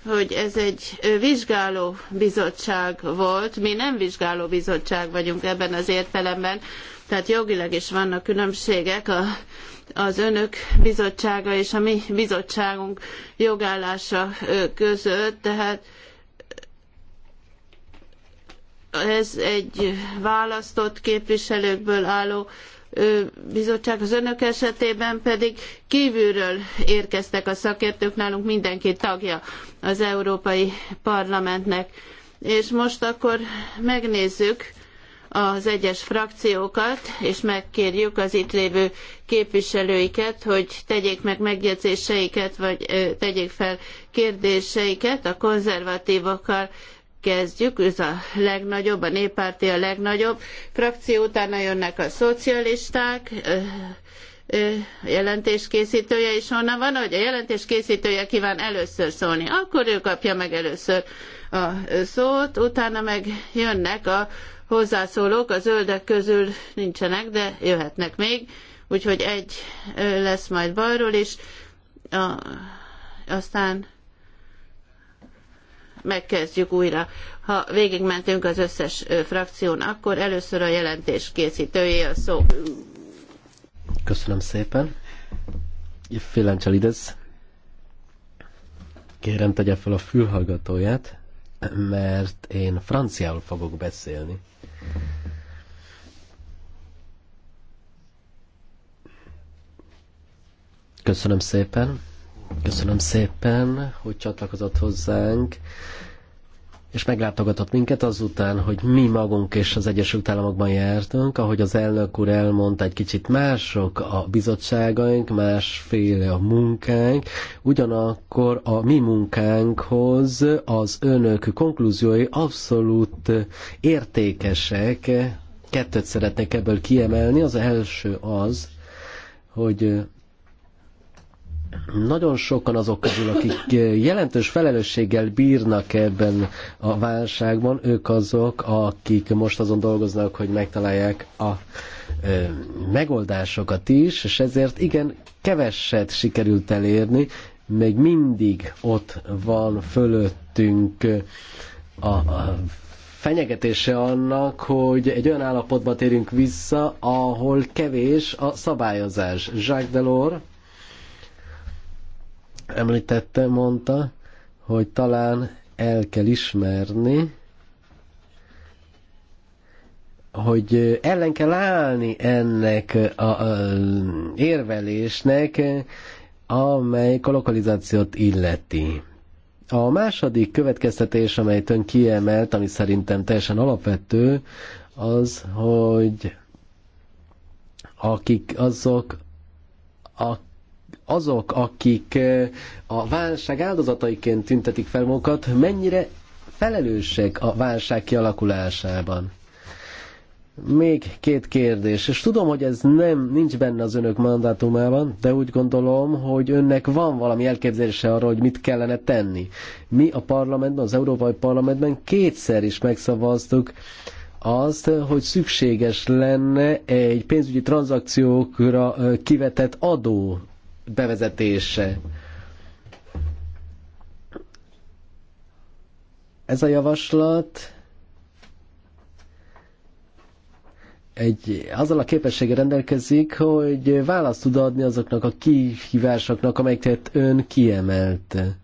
hogy ez egy vizsgáló bizottság volt. Mi nem vizsgáló bizottság vagyunk ebben az értelemben, tehát jogilag is vannak különbségek a, az önök bizottsága és a mi bizottságunk jogállása között, tehát ez egy választott képviselőkből álló bizottság, az önök esetében pedig kívülről érkeztek a szakértők, nálunk mindenki tagja az Európai Parlamentnek. És most akkor megnézzük az egyes frakciókat, és megkérjük az itt lévő képviselőiket, hogy tegyék meg megjegyzéseiket, vagy tegyék fel kérdéseiket a konzervatívokkal kezdjük, ez a legnagyobb, a néppárti a legnagyobb frakció, utána jönnek a szocialisták, jelentéskészítője is onnan van, hogy a jelentéskészítője kíván először szólni, akkor ő kapja meg először a szót, utána meg jönnek a hozzászólók, a zöldek közül nincsenek, de jöhetnek még, úgyhogy egy lesz majd balról is, a, aztán megkezdjük újra. Ha végigmentünk az összes frakción, akkor először a jelentés készítője a szó. Köszönöm szépen. Félencselides. Kérem, tegye fel a fülhallgatóját, mert én franciául fogok beszélni. Köszönöm szépen. Köszönöm szépen, hogy csatlakozott hozzánk, és meglátogatott minket azután, hogy mi magunk és az Egyesült Államokban jártunk, ahogy az elnök úr elmondta, egy kicsit mások a bizottságaink, másféle a munkánk, ugyanakkor a mi munkánkhoz az önök konklúziói abszolút értékesek. Kettőt szeretnék ebből kiemelni, az első az, hogy nagyon sokan azok közül, akik eh, jelentős felelősséggel bírnak ebben a válságban, ők azok, akik most azon dolgoznak, hogy megtalálják a eh, megoldásokat is, és ezért igen, keveset sikerült elérni, még mindig ott van fölöttünk eh, a, a fenyegetése annak, hogy egy olyan állapotba térünk vissza, ahol kevés a szabályozás. Jacques Delors említette, mondta, hogy talán el kell ismerni, hogy ellen kell állni ennek a, a érvelésnek, amelyik a lokalizációt illeti. A második következtetés, amelyet ön kiemelt, ami szerintem teljesen alapvető, az, hogy akik azok, akik azok, akik eh, a válság áldozataiként tüntetik fel magukat, mennyire felelősek a válság kialakulásában? Még két kérdés, és tudom, hogy ez nem nincs benne az önök mandátumában, de úgy gondolom, hogy önnek van valami elképzelése arról, hogy mit kellene tenni. Mi a parlamentben, az Európai Parlamentben kétszer is megszavaztuk azt, hogy szükséges lenne egy pénzügyi tranzakciókra eh, kivetett adó bevezetése. Ez a javaslat egy, azzal a képességgel rendelkezik, hogy választ tud adni azoknak a kihívásoknak, amelyeket ön kiemelte.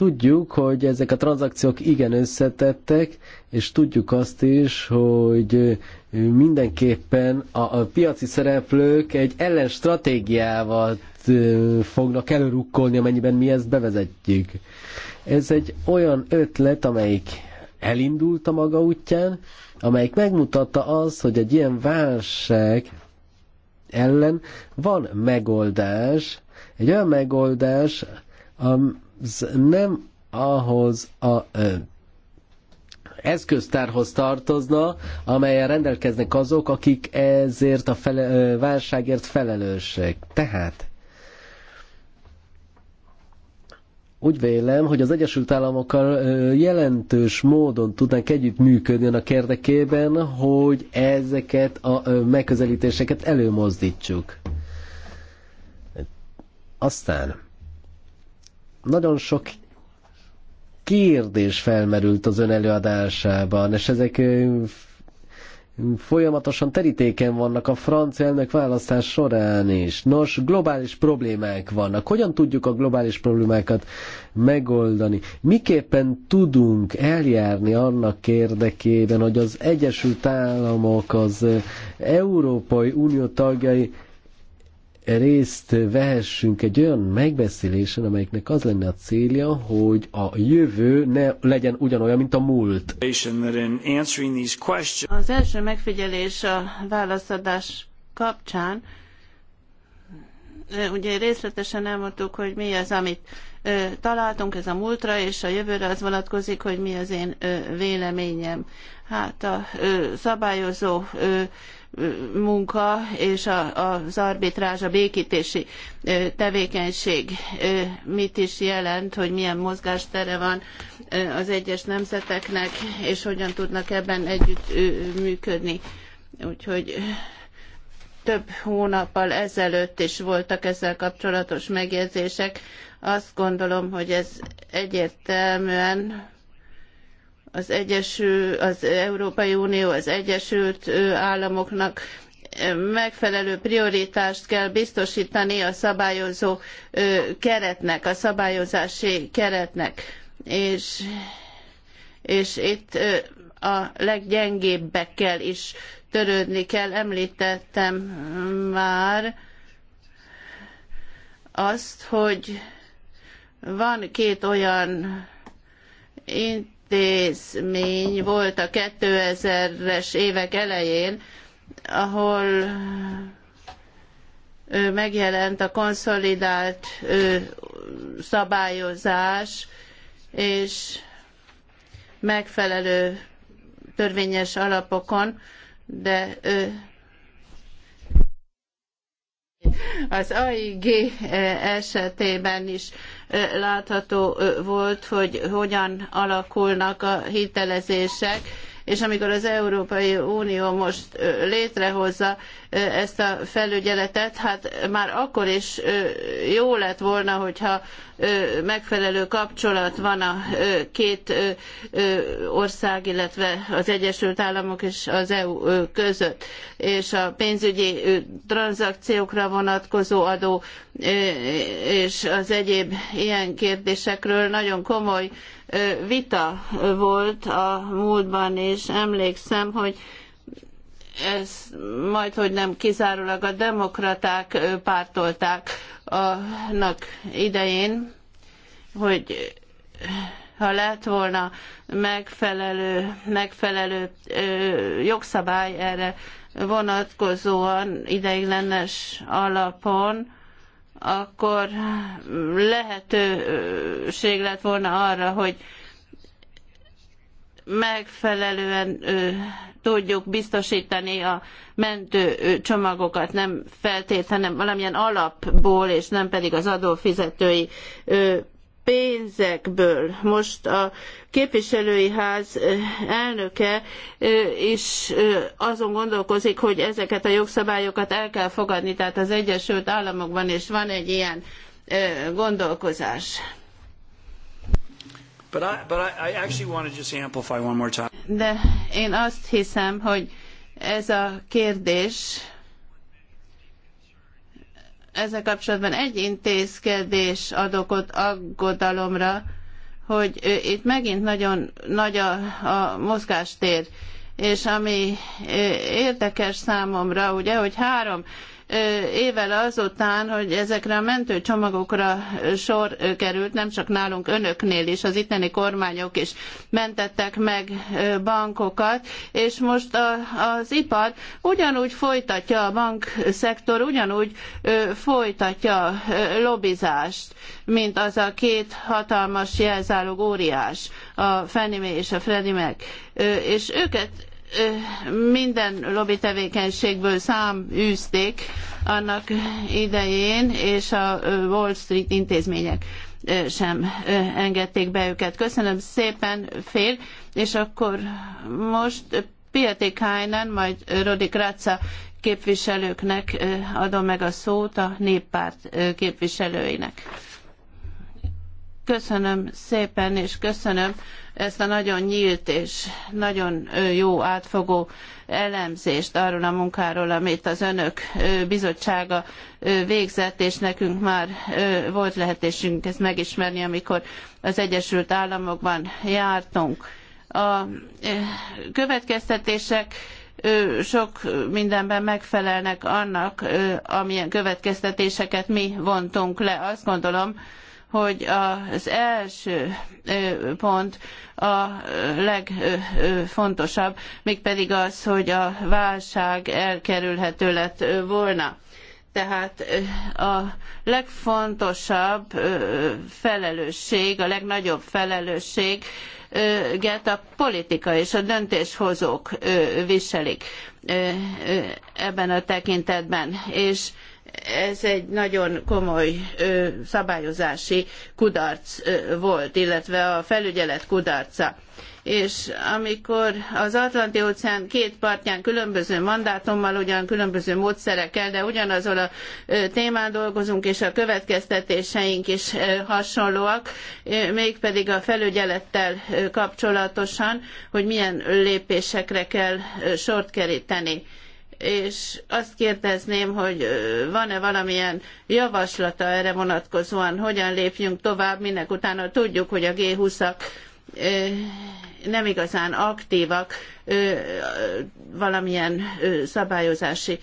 Tudjuk, hogy ezek a tranzakciók igen összetettek, és tudjuk azt is, hogy mindenképpen a, a piaci szereplők egy ellenstratégiával fognak előrukkolni, amennyiben mi ezt bevezetjük. Ez egy olyan ötlet, amelyik elindult a maga útján, amelyik megmutatta azt, hogy egy ilyen válság ellen van megoldás, egy olyan megoldás, am, az nem ahhoz a ö, eszköztárhoz tartozna, amelyen rendelkeznek azok, akik ezért a fele, ö, válságért felelősek. Tehát úgy vélem, hogy az Egyesült Államokkal jelentős módon tudnánk együttműködni annak érdekében, hogy ezeket a megközelítéseket előmozdítsuk. Aztán nagyon sok kérdés felmerült az ön előadásában, és ezek folyamatosan terítéken vannak a francia elnök választás során is. Nos, globális problémák vannak. Hogyan tudjuk a globális problémákat megoldani? Miképpen tudunk eljárni annak érdekében, hogy az Egyesült Államok, az Európai Unió tagjai részt vehessünk egy olyan megbeszélésen, amelyiknek az lenne a célja, hogy a jövő ne legyen ugyanolyan, mint a múlt. Az első megfigyelés a válaszadás kapcsán, ugye részletesen elmondtuk, hogy mi az, amit találtunk, ez a múltra, és a jövőre az vonatkozik, hogy mi az én véleményem hát a szabályozó munka és a, az arbitrázs, a békítési tevékenység mit is jelent, hogy milyen mozgástere van az egyes nemzeteknek, és hogyan tudnak ebben együtt működni. Úgyhogy több hónappal ezelőtt is voltak ezzel kapcsolatos megjegyzések. Azt gondolom, hogy ez egyértelműen az, Egyesül, az Európai Unió, az Egyesült Államoknak megfelelő prioritást kell biztosítani a szabályozó keretnek, a szabályozási keretnek. És, és itt a leggyengébbekkel is törődni kell. Említettem már azt, hogy van két olyan intézmény volt a 2000-es évek elején, ahol megjelent a konszolidált szabályozás, és megfelelő törvényes alapokon, de az AIG esetében is látható volt, hogy hogyan alakulnak a hitelezések, és amikor az Európai Unió most létrehozza ezt a felügyeletet, hát már akkor is jó lett volna, hogyha megfelelő kapcsolat van a két ország, illetve az Egyesült Államok és az EU között, és a pénzügyi tranzakciókra vonatkozó adó és az egyéb ilyen kérdésekről nagyon komoly vita volt a múltban, és emlékszem, hogy ez majd, hogy nem kizárólag a demokraták pártolták annak idején, hogy ha lett volna megfelelő, megfelelő jogszabály erre vonatkozóan ideiglenes alapon, akkor lehetőség lett volna arra, hogy megfelelően tudjuk biztosítani a mentő csomagokat, nem feltétlenül valamilyen alapból, és nem pedig az adófizetői pénzekből. Most a képviselői ház elnöke is azon gondolkozik, hogy ezeket a jogszabályokat el kell fogadni, tehát az Egyesült Államokban is van egy ilyen gondolkozás. But I, but I, I actually want to just amplify one more time. De én azt hiszem, hogy ez a kérdés ezzel kapcsolatban egy intézkedés adok ott aggodalomra, hogy itt megint nagyon nagy a, a mozgástér, és ami érdekes számomra, ugye, hogy három évvel azután, hogy ezekre a mentőcsomagokra sor került, nem csak nálunk önöknél is, az itteni kormányok is mentettek meg bankokat, és most a, az ipar ugyanúgy folytatja, a bankszektor ugyanúgy folytatja lobbizást, mint az a két hatalmas jelzálog óriás, a Fannie Mae és a Freddie Mac. És őket minden lobby tevékenységből száműzték annak idején, és a Wall Street intézmények sem engedték be őket. Köszönöm szépen, fél, és akkor most Pietikhájnen, majd Rodi Kráca képviselőknek adom meg a szót a néppárt képviselőinek. Köszönöm szépen, és köszönöm ezt a nagyon nyílt és nagyon jó átfogó elemzést arról a munkáról, amit az önök bizottsága végzett, és nekünk már volt lehetésünk ezt megismerni, amikor az Egyesült Államokban jártunk. A következtetések sok mindenben megfelelnek annak, amilyen következtetéseket mi vontunk le. Azt gondolom, hogy az első pont a legfontosabb, mégpedig az, hogy a válság elkerülhető lett volna. Tehát a legfontosabb felelősség, a legnagyobb felelősség get a politika és a döntéshozók viselik ebben a tekintetben. És ez egy nagyon komoly szabályozási kudarc volt, illetve a felügyelet kudarca és amikor az Atlanti óceán két partján különböző mandátummal, ugyan különböző módszerekkel, de ugyanazon a témán dolgozunk, és a következtetéseink is hasonlóak, mégpedig a felügyelettel kapcsolatosan, hogy milyen lépésekre kell sort keríteni és azt kérdezném, hogy van-e valamilyen javaslata erre vonatkozóan, hogyan lépjünk tovább, minek utána tudjuk, hogy a G20-ak nem igazán aktívak valamilyen szabályozási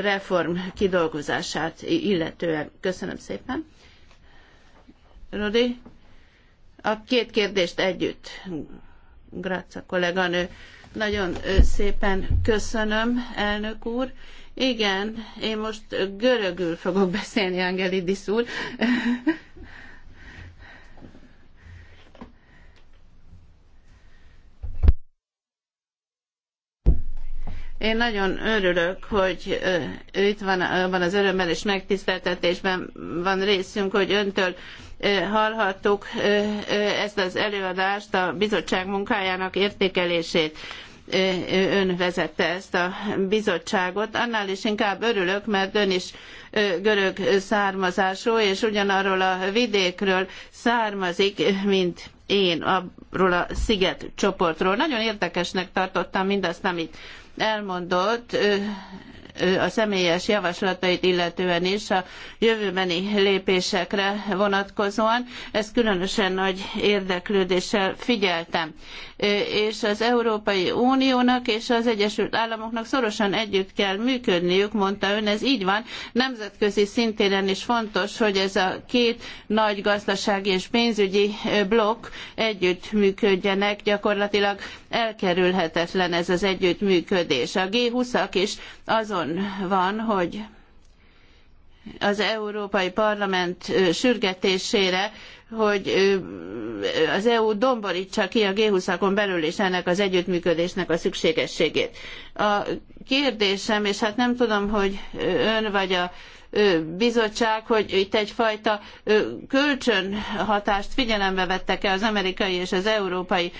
reform kidolgozását illetően. Köszönöm szépen. Rodi, a két kérdést együtt. Gráca kolléganő. Nagyon szépen köszönöm, elnök úr. Igen, én most görögül fogok beszélni, Angelidis úr. Én nagyon örülök, hogy itt van, van az örömmel és megtiszteltetésben van részünk, hogy öntől hallhattuk ezt az előadást, a bizottság munkájának értékelését ön vezette ezt a bizottságot. Annál is inkább örülök, mert ön is görög származású, és ugyanarról a vidékről származik, mint én arról a sziget csoportról. Nagyon érdekesnek tartottam mindazt, amit elmondott a személyes javaslatait illetően is a jövőbeni lépésekre vonatkozóan. Ezt különösen nagy érdeklődéssel figyeltem és az Európai Uniónak és az Egyesült Államoknak szorosan együtt kell működniük, mondta ön, ez így van. Nemzetközi szintéren is fontos, hogy ez a két nagy gazdasági és pénzügyi blokk együtt működjenek, gyakorlatilag elkerülhetetlen ez az együttműködés. A G20-ak is azon van, hogy az Európai Parlament sürgetésére hogy az EU domborítsa ki a g 20 belül is ennek az együttműködésnek a szükségességét. A kérdésem, és hát nem tudom, hogy ön vagy a bizottság, hogy itt egyfajta kölcsönhatást figyelembe vettek e az amerikai és az európai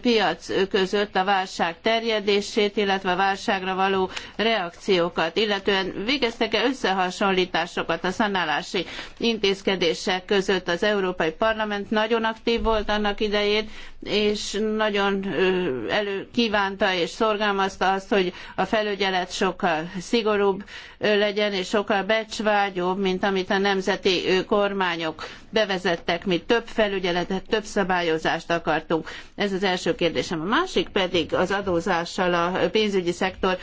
piac között a válság terjedését, illetve a válságra való reakciókat, illetően végeztek-e összehasonlításokat a szanálási intézkedések között az Európai Parlament nagyon aktív volt annak idején, és nagyon előkívánta és szorgalmazta azt, hogy a felügyelet sokkal szigorúbb legyen, és sokkal becsvágyóbb, mint amit a nemzeti kormányok bevezettek. Mi több felügyeletet, több szabályozást akartunk. Ez az első kérdésem. A másik pedig az adózással, a pénzügyi szektor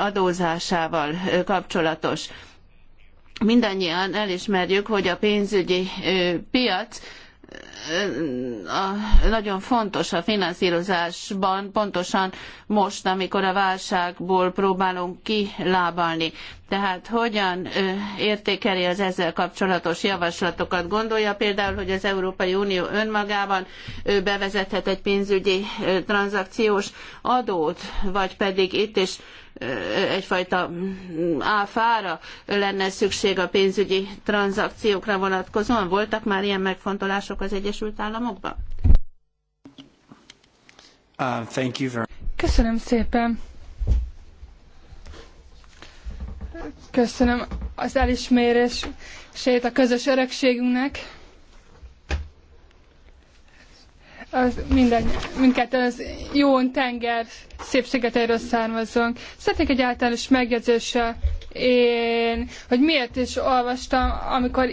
adózásával kapcsolatos mindannyian elismerjük, hogy a pénzügyi piac nagyon fontos a finanszírozásban, pontosan most, amikor a válságból próbálunk kilábalni. Tehát hogyan értékeli az ezzel kapcsolatos javaslatokat? Gondolja például, hogy az Európai Unió önmagában bevezethet egy pénzügyi tranzakciós adót, vagy pedig itt is egyfajta mm, áfára lenne szükség a pénzügyi tranzakciókra vonatkozóan? Voltak már ilyen megfontolások az Egyesült Államokban? Uh, thank you very... Köszönöm szépen. Köszönöm az elismerését a közös örökségünknek. az minden, mindkettő az jó tenger szépségeteiről származunk. Szeretnék egy általános megjegyzéssel én, hogy miért is olvastam, amikor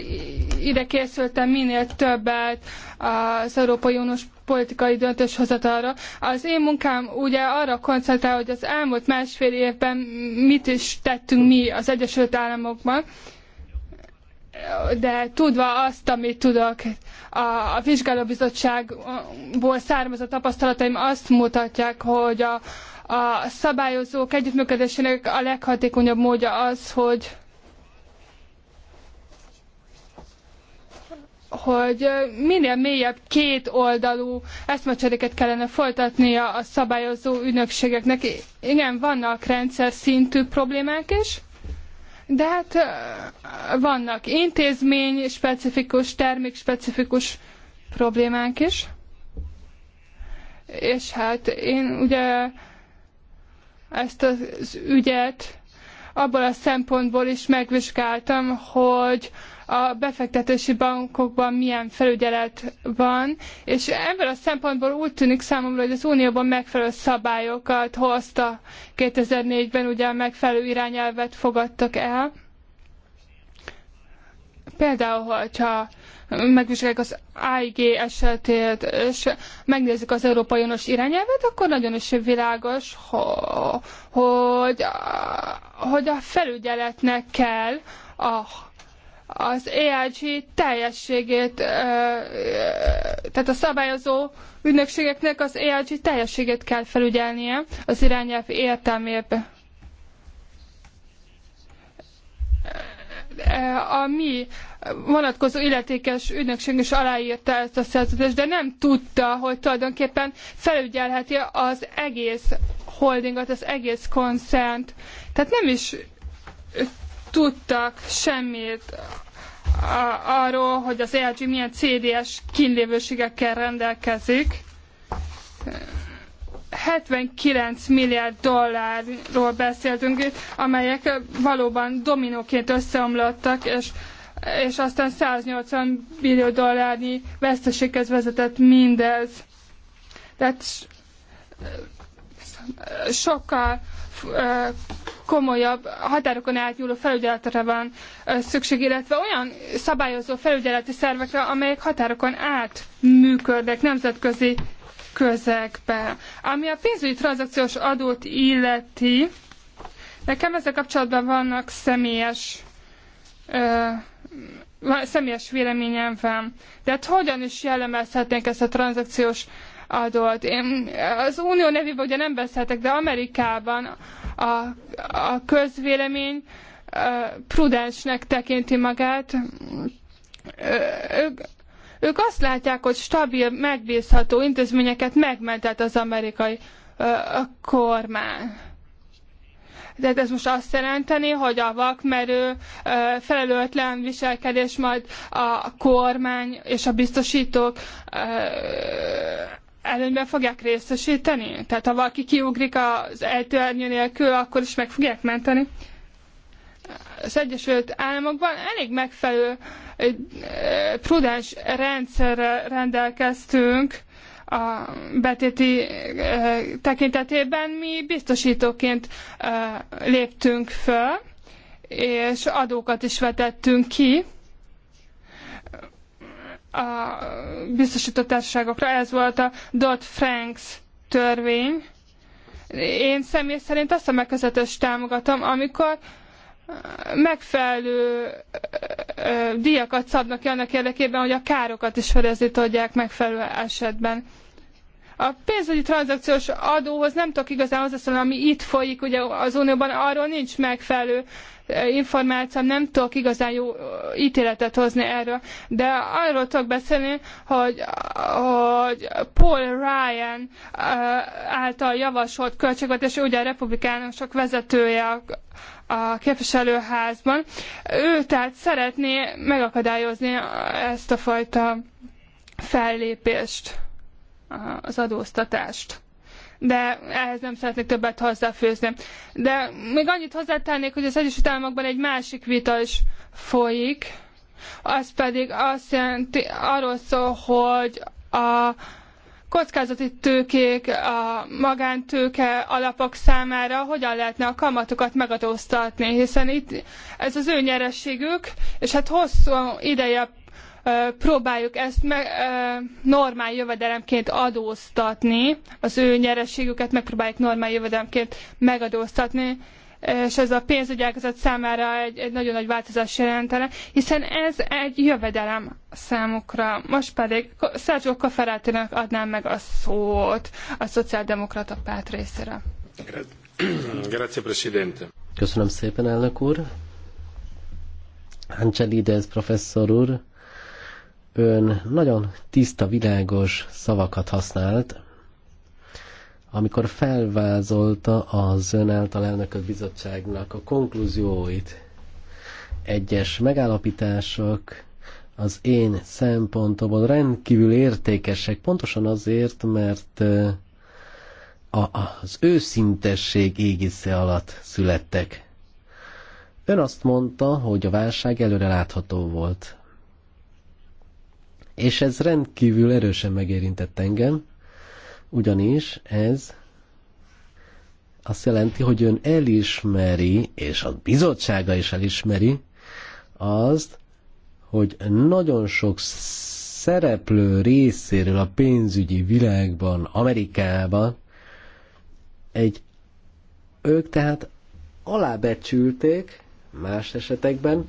ide készültem minél többet az Európai Uniós politikai döntéshozatalra. Az én munkám ugye arra koncentrál, hogy az elmúlt másfél évben mit is tettünk mi az Egyesült Államokban, de tudva azt, amit tudok, a, a vizsgálóbizottságból származó tapasztalataim azt mutatják, hogy a, a szabályozók együttműködésének a leghatékonyabb módja az, hogy hogy minél mélyebb kétoldalú eszmecseréket kellene folytatnia a szabályozó ügynökségeknek. Igen, vannak rendszer szintű problémák is, de hát vannak intézmény specifikus, termék specifikus problémánk is. És hát én ugye ezt az ügyet abból a szempontból is megvizsgáltam, hogy a befektetési bankokban milyen felügyelet van, és ebből a szempontból úgy tűnik számomra, hogy az Unióban megfelelő szabályokat hozta 2004-ben, ugye a megfelelő irányelvet fogadtak el. Például, hogyha megvizsgáljuk az AIG esetét, és megnézzük az Európai Uniós irányelvet, akkor nagyon is világos, hogy, hogy a felügyeletnek kell a az EIG teljességét, tehát a szabályozó ügynökségeknek az EIG teljességét kell felügyelnie az irányelv értelmében. A mi vonatkozó illetékes ügynökség is aláírta ezt a szerződést, de nem tudta, hogy tulajdonképpen felügyelheti az egész holdingot, az egész koncernt. Tehát nem is tudtak semmit arról, hogy az LG milyen CDS kínlévőségekkel rendelkezik. 79 milliárd dollárról beszéltünk itt, amelyek valóban dominóként összeomlottak, és, és aztán 180 millió dollárnyi veszteséghez vezetett mindez. Tehát sokkal komolyabb határokon átnyúló felügyeletre van szükség, illetve olyan szabályozó felügyeleti szervekre, amelyek határokon át működnek nemzetközi közegbe. Ami a pénzügyi tranzakciós adót illeti, nekem ezzel kapcsolatban vannak személyes ö, személyes véleményem van. De hát hogyan is jellemezhetnénk ezt a tranzakciós adott. Én az unió nevében ugye nem beszéltek, de Amerikában a, a közvélemény prudensnek tekinti magát. Ők, ők azt látják, hogy stabil, megbízható intézményeket megmentett az amerikai kormány. Tehát ez most azt jelenteni, hogy a vakmerő felelőtlen viselkedés majd a kormány és a biztosítók előnyben fogják részesíteni? Tehát ha valaki kiugrik az ejtőernyő nélkül, akkor is meg fogják menteni? Az Egyesült Államokban elég megfelelő prudens rendszerrel rendelkeztünk a betéti tekintetében. Mi biztosítóként léptünk föl, és adókat is vetettünk ki a biztosított társaságokra. Ez volt a Dodd-Franks törvény. Én személy szerint azt a megközelítést támogatom, amikor megfelelő díjakat szabnak ki annak érdekében, hogy a károkat is fedezni tudják megfelelő esetben. A pénzügyi tranzakciós adóhoz nem tudok igazán hozzászólni, ami itt folyik, ugye az Unióban arról nincs megfelelő eh, információm, nem tudok igazán jó eh, ítéletet hozni erről, de arról tudok beszélni, hogy, hogy Paul Ryan eh, által javasolt költségvetés, ugye a republikánusok vezetője a, a képviselőházban, ő tehát szeretné megakadályozni ezt a fajta fellépést az adóztatást. De ehhez nem szeretnék többet hozzáfőzni. De még annyit hozzátennék, hogy az Egyesült Államokban egy másik vita is folyik, az pedig azt jelenti, arról szól, hogy a kockázati tőkék, a magántőke alapok számára hogyan lehetne a kamatokat megadóztatni, hiszen itt ez az ő nyerességük, és hát hosszú ideje próbáljuk ezt meg, normál jövedelemként adóztatni, az ő nyereségüket megpróbáljuk normál jövedelemként megadóztatni, és ez a pénzügyi ágazat számára egy, egy nagyon nagy változás jelentene, hiszen ez egy jövedelem számukra. Most pedig Sergio Kaferátinak adnám meg a szót a Szociáldemokrata párt részére. Grazie, Presidente. Köszönöm szépen, elnök úr. Ancselides professzor úr, ön nagyon tiszta, világos szavakat használt, amikor felvázolta az ön által elnökök bizottságnak a konklúzióit. Egyes megállapítások az én szempontomból rendkívül értékesek, pontosan azért, mert a az őszintesség égisze alatt születtek. Ön azt mondta, hogy a válság előre látható volt. És ez rendkívül erősen megérintett engem, ugyanis ez azt jelenti, hogy ön elismeri, és a bizottsága is elismeri azt, hogy nagyon sok szereplő részéről a pénzügyi világban, Amerikában egy ők tehát alábecsülték más esetekben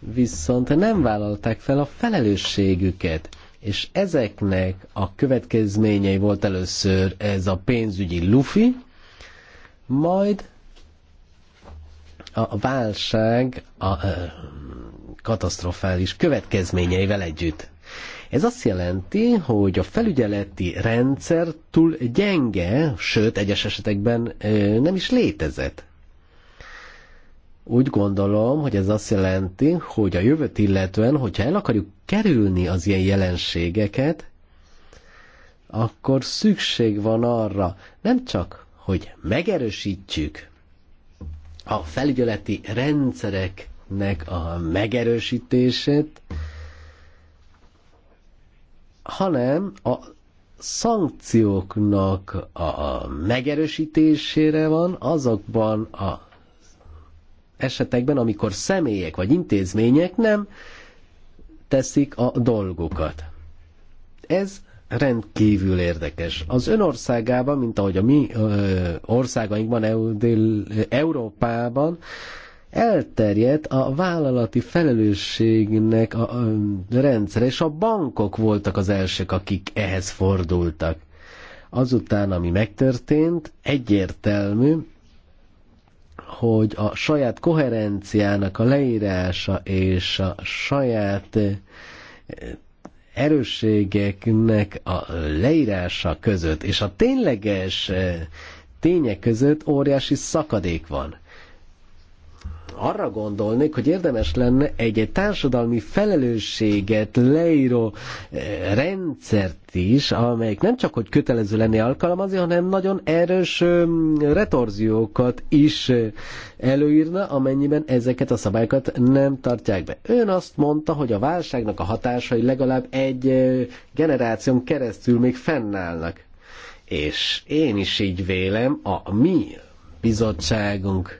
viszont nem vállalták fel a felelősségüket. És ezeknek a következményei volt először ez a pénzügyi lufi, majd a válság a, katasztrofális következményeivel együtt. Ez azt jelenti, hogy a felügyeleti rendszer túl gyenge, sőt, egyes esetekben nem is létezett. Úgy gondolom, hogy ez azt jelenti, hogy a jövőt illetően, hogyha el akarjuk kerülni az ilyen jelenségeket, akkor szükség van arra, nem csak, hogy megerősítjük a felügyeleti rendszereknek a megerősítését, hanem a szankcióknak a megerősítésére van azokban a esetekben, amikor személyek vagy intézmények nem teszik a dolgukat. Ez rendkívül érdekes. Az önországában, országában, mint ahogy a mi ö, országainkban, EU, dél, Európában, elterjedt a vállalati felelősségnek a rendszer, és a bankok voltak az elsők, akik ehhez fordultak. Azután, ami megtörtént, egyértelmű, hogy a saját koherenciának a leírása és a saját eh, erősségeknek a leírása között és a tényleges eh, tények között óriási szakadék van arra gondolnék, hogy érdemes lenne egy, egy társadalmi felelősséget leíró eh, rendszert is, amelyik nem csak hogy kötelező lenni alkalmazni, hanem nagyon erős retorziókat is előírna, amennyiben ezeket a szabályokat nem tartják be. Ön azt mondta, hogy a válságnak a hatásai legalább egy generáción keresztül még fennállnak. És én is így vélem, a mi bizottságunk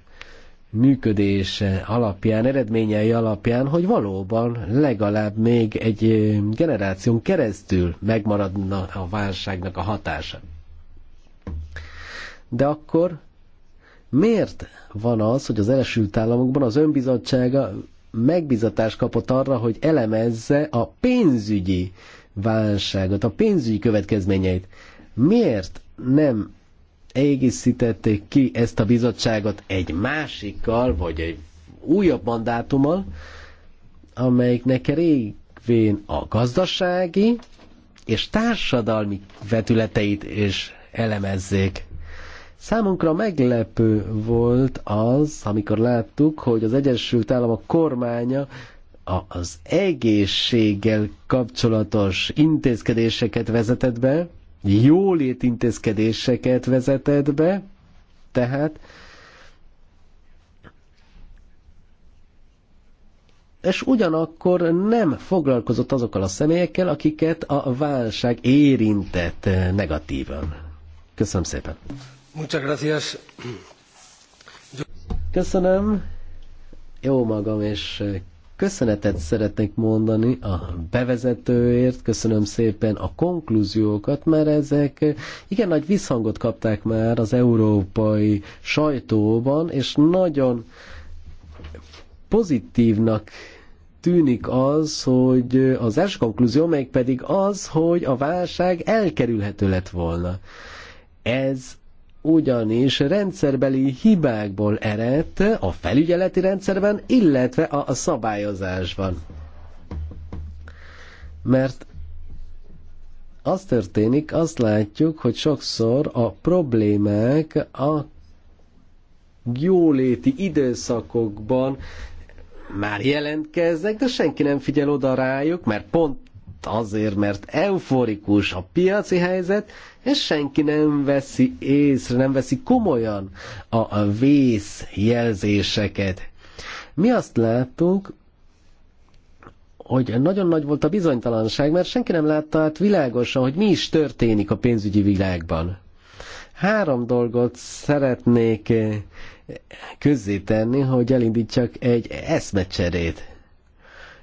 működése alapján, eredményei alapján, hogy valóban legalább még egy generáción keresztül megmaradna a válságnak a hatása. De akkor miért van az, hogy az Egyesült Államokban az önbizottsága megbizatást kapott arra, hogy elemezze a pénzügyi válságot, a pénzügyi következményeit? Miért nem egészítették ki ezt a bizottságot egy másikkal, vagy egy újabb mandátummal, amelyiknek régvén a gazdasági és társadalmi vetületeit is elemezzék. Számunkra meglepő volt az, amikor láttuk, hogy az Egyesült Államok kormánya az egészséggel kapcsolatos intézkedéseket vezetett be, jólét intézkedéseket vezeted be, tehát és ugyanakkor nem foglalkozott azokkal a személyekkel, akiket a válság érintett negatívan. Köszönöm szépen. Muchas gracias. Köszönöm. Jó magam, és Köszönetet szeretnék mondani a bevezetőért, köszönöm szépen a konklúziókat, mert ezek igen nagy visszhangot kapták már az európai sajtóban, és nagyon pozitívnak tűnik az, hogy az első konklúzió meg pedig az, hogy a válság elkerülhető lett volna. Ez ugyanis rendszerbeli hibákból eredt a felügyeleti rendszerben, illetve a szabályozásban. Mert az történik, azt látjuk, hogy sokszor a problémák a jóléti időszakokban már jelentkeznek, de senki nem figyel oda rájuk, mert pont azért, mert euforikus a piaci helyzet, és senki nem veszi észre, nem veszi komolyan a vész jelzéseket. Mi azt láttuk, hogy nagyon nagy volt a bizonytalanság, mert senki nem látta át világosan, hogy mi is történik a pénzügyi világban. Három dolgot szeretnék eh, közzétenni, hogy elindítsak egy eszmecserét.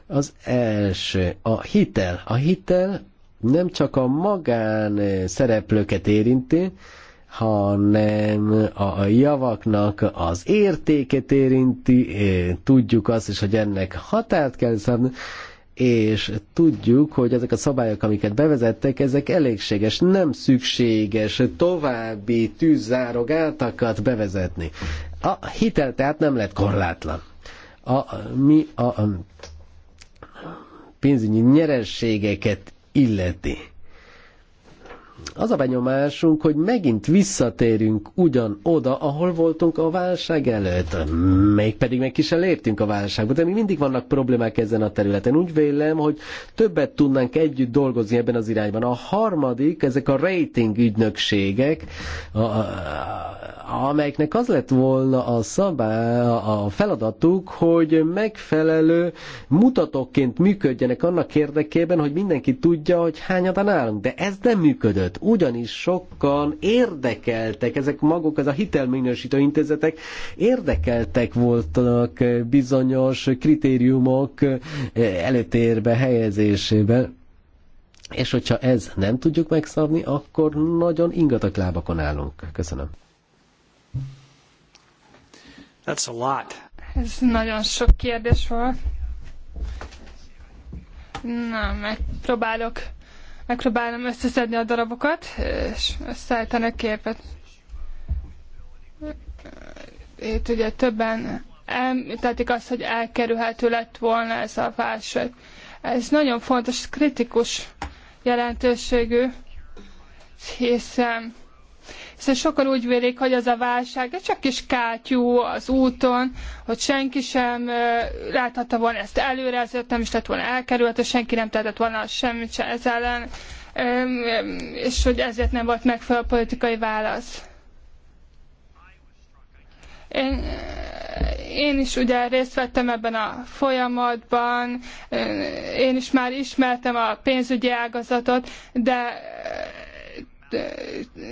Az első, a hitel. A hitel nem csak a magán eh, szereplőket érinti, hanem a javaknak az értéket érinti, eh, tudjuk azt is, hogy ennek határt kell szabni, és tudjuk, hogy ezek a szabályok, amiket bevezettek, ezek elégséges, nem szükséges további tűzzárogátakat bevezetni. A hitel tehát nem lett korlátlan. A, mi a, a pénzügyi nyerességeket illeti az a benyomásunk, hogy megint visszatérünk ugyan oda, ahol voltunk a válság előtt. pedig meg ki sem léptünk a válságba, de még mindig vannak problémák ezen a területen. Úgy vélem, hogy többet tudnánk együtt dolgozni ebben az irányban. A harmadik, ezek a rating ügynökségek, a, a, amelyeknek az lett volna a, szabá, a feladatuk, hogy megfelelő mutatóként működjenek annak érdekében, hogy mindenki tudja, hogy hányadan állunk. De ez nem működött ugyanis sokan érdekeltek, ezek maguk, ez a hitelminősítő intézetek érdekeltek voltak bizonyos kritériumok előtérbe helyezésében. És hogyha ez nem tudjuk megszabni, akkor nagyon ingatak lábakon állunk. Köszönöm. That's a lot. Ez nagyon sok kérdés volt. Na, megpróbálok megpróbálom összeszedni a darabokat, és összeállítani a képet. Itt ugye többen említették azt, hogy elkerülhető lett volna ez a válság. Ez nagyon fontos, kritikus jelentőségű, hiszen hiszen sokan úgy vélik, hogy az a válság ez csak kis kátyú az úton, hogy senki sem láthatta volna ezt előre, ezért nem is lett volna elkerülhető, senki nem tehetett volna semmit se ez ellen, és hogy ezért nem volt megfelelő politikai válasz. Én, én is ugye részt vettem ebben a folyamatban, én is már ismertem a pénzügyi ágazatot, de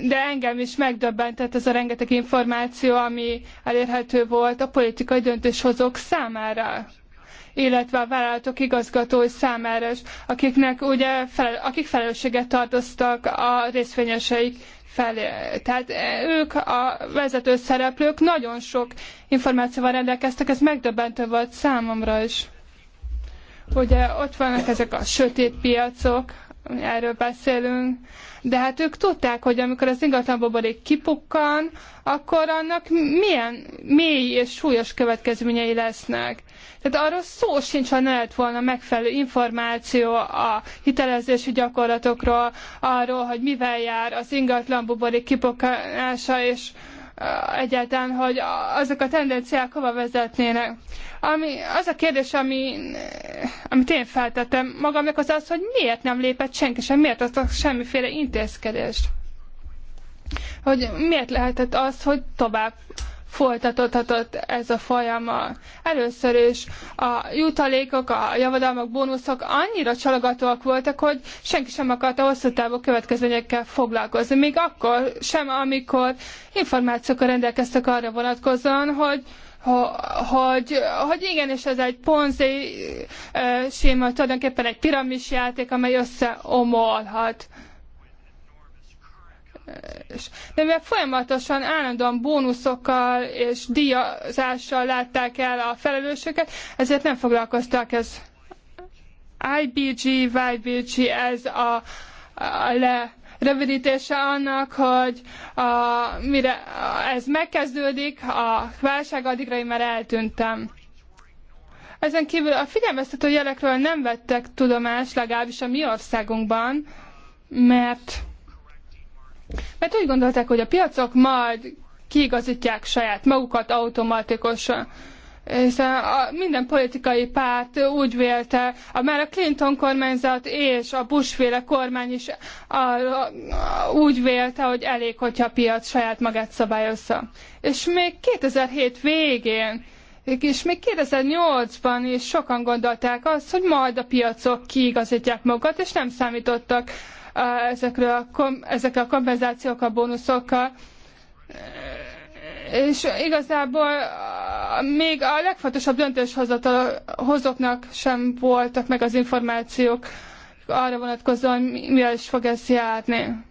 de engem is megdöbbentett ez a rengeteg információ, ami elérhető volt a politikai döntéshozók számára illetve a vállalatok igazgatói számára is, akiknek ugye felel, akik felelősséget tartoztak a részvényeseik felé. Tehát ők a vezető szereplők nagyon sok információval rendelkeztek, ez megdöbbentő volt számomra is. Ugye ott vannak ezek a sötét piacok, erről beszélünk, de hát ők tudták, hogy amikor az ingatlan buborék kipukkan, akkor annak milyen mély és súlyos következményei lesznek. Tehát arról szó sincs, ha ne lett volna megfelelő információ a hitelezési gyakorlatokról, arról, hogy mivel jár az ingatlan buborék kipukkanása, és egyáltalán, hogy azok a tendenciák hova vezetnének. Ami, az a kérdés, ami, amit én feltettem magamnak, az az, hogy miért nem lépett senki sem, miért a semmiféle intézkedést. Hogy miért lehetett az, hogy tovább folytatódhatott ez a folyamat. Először is a jutalékok, a javadalmak, bónuszok annyira csalogatóak voltak, hogy senki sem akarta hosszú távú következményekkel foglalkozni. Még akkor sem, amikor információkkal rendelkeztek arra vonatkozóan, hogy hogy, hogy igen, és ez egy ponzi séma, tulajdonképpen egy piramis játék, amely összeomolhat de mivel folyamatosan állandóan bónuszokkal és díjazással látták el a felelősöket, ezért nem foglalkoztak ez IBG, YBG, ez a, a le rövidítése annak, hogy a, mire ez megkezdődik, a válság addigra én már eltűntem. Ezen kívül a figyelmeztető jelekről nem vettek tudomást, legalábbis a mi országunkban, mert mert úgy gondolták, hogy a piacok majd kiigazítják saját magukat automatikusan És a, minden politikai párt úgy vélte, a, már a Clinton kormányzat és a Bush-féle kormány is a, a, úgy vélte, hogy elég, hogyha a piac saját magát szabályozza. És még 2007 végén, és még 2008-ban is sokan gondolták azt, hogy majd a piacok kiigazítják magukat, és nem számítottak ezekről a, kom, ezekkel a kompenzációkkal, bónuszokkal. És igazából még a legfontosabb döntéshozatalhozóknak sem voltak meg az információk arra vonatkozóan, mivel is fog ezt járni.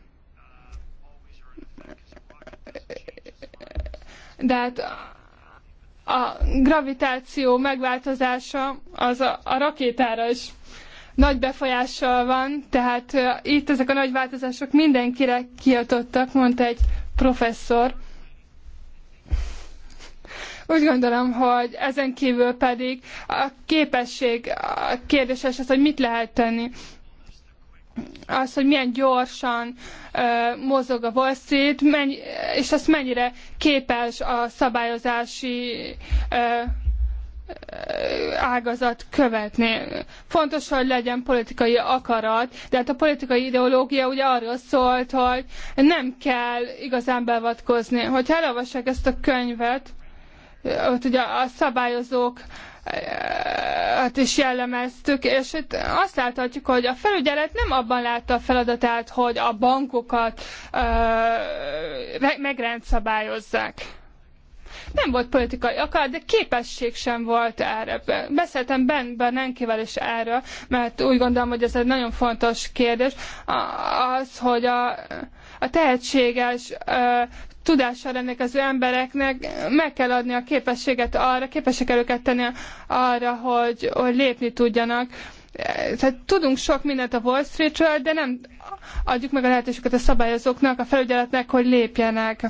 De hát a gravitáció megváltozása az a, a rakétára is nagy befolyással van, tehát itt ezek a nagy változások mindenkire kiadottak, mondta egy professzor. Úgy gondolom, hogy ezen kívül pedig a képesség a kérdéses az, hogy mit lehet tenni az, hogy milyen gyorsan uh, mozog a Wall Street, mennyi, és azt mennyire képes a szabályozási uh, ágazat követni. Fontos, hogy legyen politikai akarat, de hát a politikai ideológia ugye arról szólt, hogy nem kell igazán bevatkozni. Hogyha elolvassák ezt a könyvet, ott ugye a szabályozók hát is jellemeztük, és itt azt láthatjuk, hogy a felügyelet nem abban látta a feladatát, hogy a bankokat ö, megrendszabályozzák nem volt politikai akar, de képesség sem volt erre. Beszéltem Ben Bernankivel is erről, mert úgy gondolom, hogy ez egy nagyon fontos kérdés, az, hogy a, a tehetséges tudással rendelkező embereknek meg kell adni a képességet arra, képesek őket tenni arra, hogy, hogy lépni tudjanak. Tehát tudunk sok mindent a Wall Street-ről, de nem adjuk meg a lehetőséget a szabályozóknak, a felügyeletnek, hogy lépjenek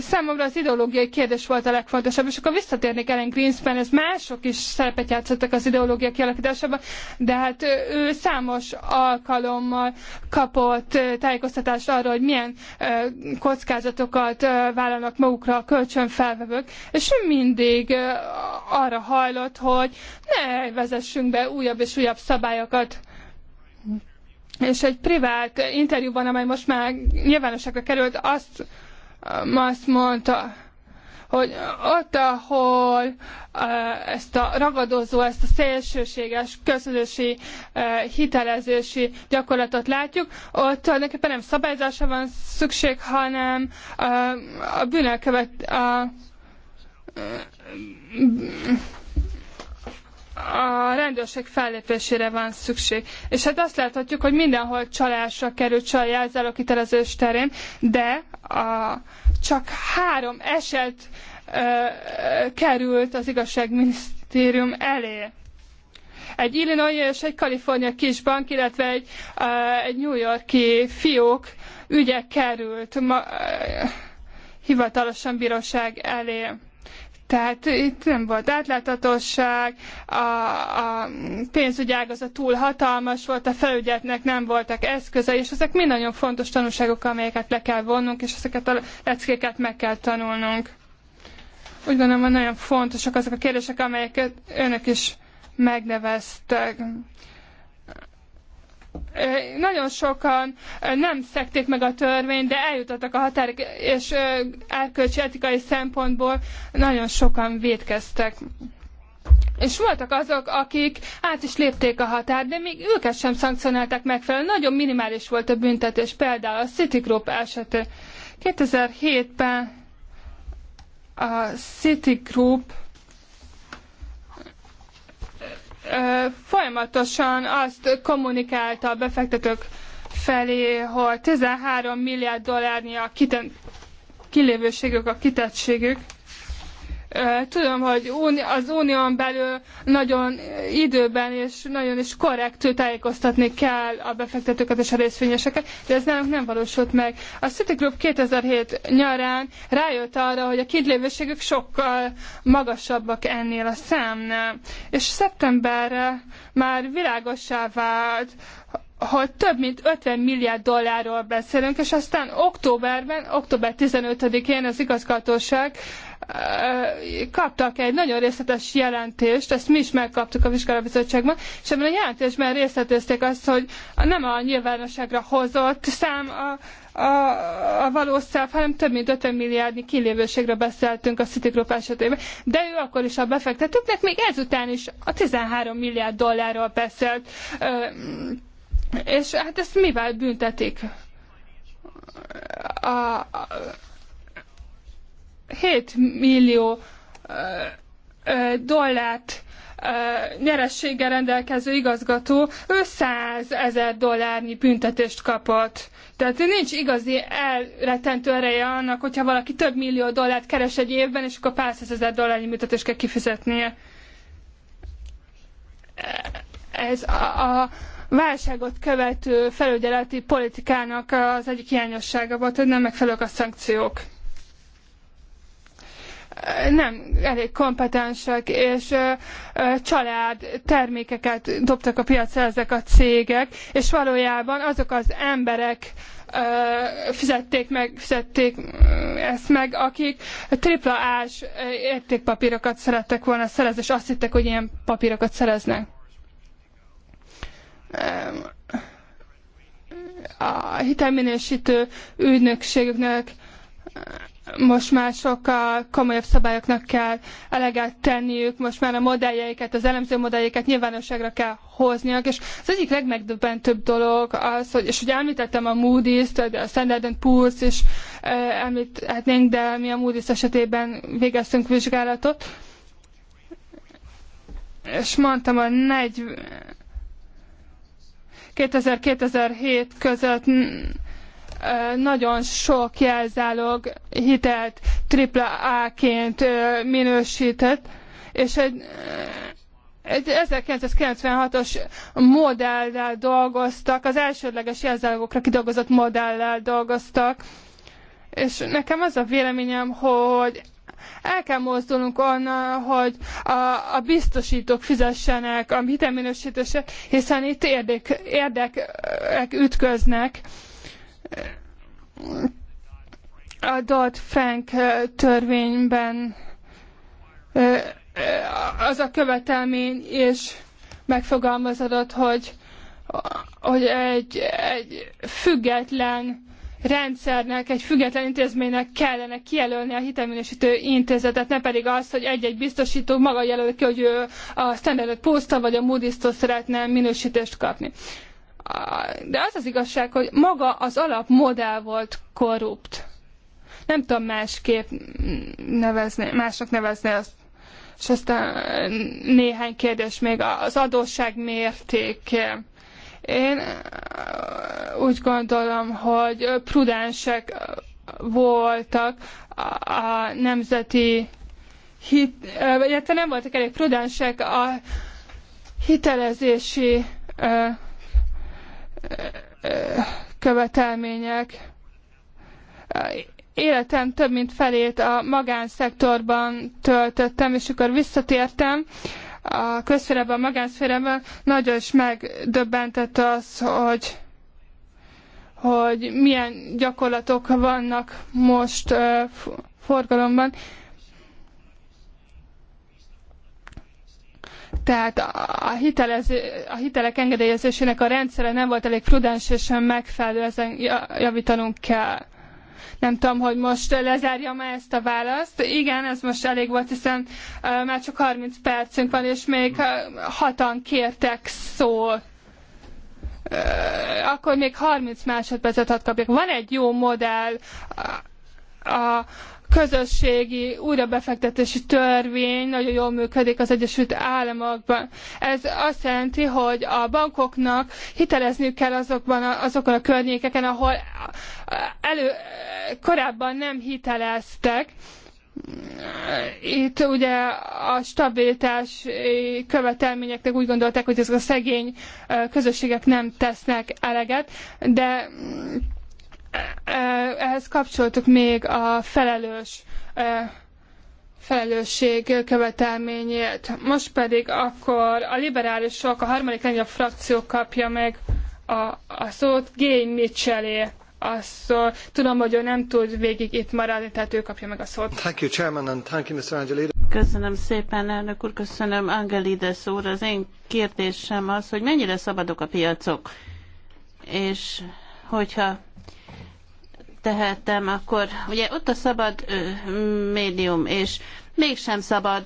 számomra az ideológiai kérdés volt a legfontosabb, és akkor visszatérnék Ellen Greenspan, ez mások is szerepet játszottak az ideológia kialakításában, de hát ő számos alkalommal kapott tájékoztatást arról, hogy milyen kockázatokat vállalnak magukra a kölcsönfelvevők, és ő mindig arra hajlott, hogy ne vezessünk be újabb és újabb szabályokat és egy privát interjúban, amely most már nyilvánosságra került, azt azt mondta, hogy ott, ahol ezt a ragadozó, ezt a szélsőséges közösségi hitelezési gyakorlatot látjuk, ott tulajdonképpen nem szabályzásra van szükség, hanem a bűnelkövet a a rendőrség fellépésére van szükség. És hát azt láthatjuk, hogy mindenhol csalásra került csalás jelzáló kitelezős terén, de a, csak három eset ö, került az igazságminisztérium elé. Egy Illinois és egy Kalifornia kisbank, illetve egy, ö, egy New Yorki fiók ügye került ma, ö, hivatalosan bíróság elé tehát itt nem volt átláthatóság, a, a pénzügyi ágazat túl hatalmas volt, a felügyeletnek nem voltak eszközei, és ezek mind nagyon fontos tanulságok, amelyeket le kell vonnunk, és ezeket a leckéket meg kell tanulnunk. Úgy gondolom, hogy nagyon fontosak azok a kérdések, amelyeket önök is megneveztek nagyon sokan nem szekték meg a törvényt, de eljutottak a határig, és erkölcsi etikai szempontból nagyon sokan védkeztek. És voltak azok, akik át is lépték a határt, de még őket sem szankcionálták megfelelően. Nagyon minimális volt a büntetés, például a City Group esete. 2007-ben a City Group folyamatosan azt kommunikálta a befektetők felé, hogy 13 milliárd dollárnyi a kiten, kilévőségük, a kitettségük, Tudom, hogy az unión belül nagyon időben és nagyon is korrektül tájékoztatni kell a befektetőket és a részvényeseket, de ez nálunk nem valósult meg. A Citigroup 2007 nyarán rájött arra, hogy a kintlévőségük sokkal magasabbak ennél a számnál. És szeptemberre már világossá vált, hogy több mint 50 milliárd dollárról beszélünk, és aztán októberben, október 15-én az igazgatóság kaptak egy nagyon részletes jelentést, ezt mi is megkaptuk a vizsgálóbizottságban, és ebben a jelentésben részletezték azt, hogy nem a nyilvánosságra hozott szám a, a, a valós száv, hanem több mint 50 milliárdnyi kilévőségre beszéltünk a Citigroup esetében. De ő akkor is a befektetőknek még ezután is a 13 milliárd dollárról beszélt, és hát ezt mivel büntetik? a, a 7 millió dollárt nyerességgel rendelkező igazgató, ő 100 ezer dollárnyi büntetést kapott. Tehát nincs igazi elretentő ereje annak, hogyha valaki több millió dollárt keres egy évben, és akkor pár ezer dollárnyi büntetést kell kifizetnie. Ez a, a válságot követő felügyeleti politikának az egyik hiányossága volt, hogy nem megfelelők a szankciók nem elég kompetensek, és család termékeket dobtak a piacra ezek a cégek, és valójában azok az emberek fizették meg, fizették ezt meg, akik tripla ás értékpapírokat szerettek volna szerezni, és azt hittek, hogy ilyen papírokat szereznek a hitelminősítő ügynökségüknek most már sokkal komolyabb szabályoknak kell eleget tenniük, most már a modelljeiket, az elemző modelljeiket nyilvánosságra kell hozniak, és az egyik legmegdöbbentőbb dolog az, hogy, és ugye említettem a Moody's-t, a Standard Poor's is említhetnénk, de mi a Moody's esetében végeztünk vizsgálatot, és mondtam a 40, 2007 között nagyon sok jelzálog hitelt AAA-ként minősített, és egy, egy 1996-os modellel dolgoztak, az elsődleges jelzálogokra kidolgozott modellel dolgoztak, és nekem az a véleményem, hogy el kell mozdulnunk onnan, hogy a, a biztosítók fizessenek a hitelminősítésre, hiszen itt érdek, érdekek ütköznek, a Dodd-Frank törvényben az a követelmény is megfogalmazódott, hogy, hogy egy, egy független rendszernek, egy független intézménynek kellene kijelölni a hitelminősítő intézetet, ne pedig azt, hogy egy-egy biztosító maga jelöl ki, hogy ő a Standard Post-tól vagy a Moody's-tól szeretne minősítést kapni de az az igazság, hogy maga az alapmodell volt korrupt. Nem tudom másképp nevezni, másnak nevezni azt. És aztán néhány kérdés még az adósság mértéke. Én uh, úgy gondolom, hogy prudensek voltak a nemzeti hit, uh, illetve nem voltak elég prudensek a hitelezési uh, követelmények. Életem több mint felét a magánszektorban töltöttem, és akkor visszatértem, a közférebe, a magánszférebe, nagyon is megdöbbentett az, hogy, hogy milyen gyakorlatok vannak most uh, forgalomban. Tehát a, hitelező, a hitelek engedélyezésének a rendszere nem volt elég prudens és sem megfelelő, ezen javítanunk kell. Nem tudom, hogy most lezárjam -e ezt a választ. Igen, ez most elég volt, hiszen már csak 30 percünk van, és még hatan kértek szót akkor még 30 másodpercet hadd kapjak. Van egy jó modell a, a, közösségi újrabefektetési törvény nagyon jól működik az Egyesült Államokban. Ez azt jelenti, hogy a bankoknak hitelezniük kell azokban a, azokon a környékeken, ahol elő, korábban nem hiteleztek, itt ugye a stabilitás követelményeknek úgy gondolták, hogy ezek a szegény közösségek nem tesznek eleget, de ehhez kapcsoltuk még a felelős e, felelősség követelményét. Most pedig akkor a liberálisok, a harmadik legnagyobb frakció kapja meg a, a szót, Gay Mitchellé. Azt tudom, hogy ő nem tud végig itt maradni, tehát ő kapja meg a szót. Thank you, Chairman, and thank you, Mr. Angelides. Köszönöm szépen, elnök úr, köszönöm Angelides úr. Az én kérdésem az, hogy mennyire szabadok a piacok, és hogyha tehettem, akkor ugye ott a szabad médium, és mégsem szabad,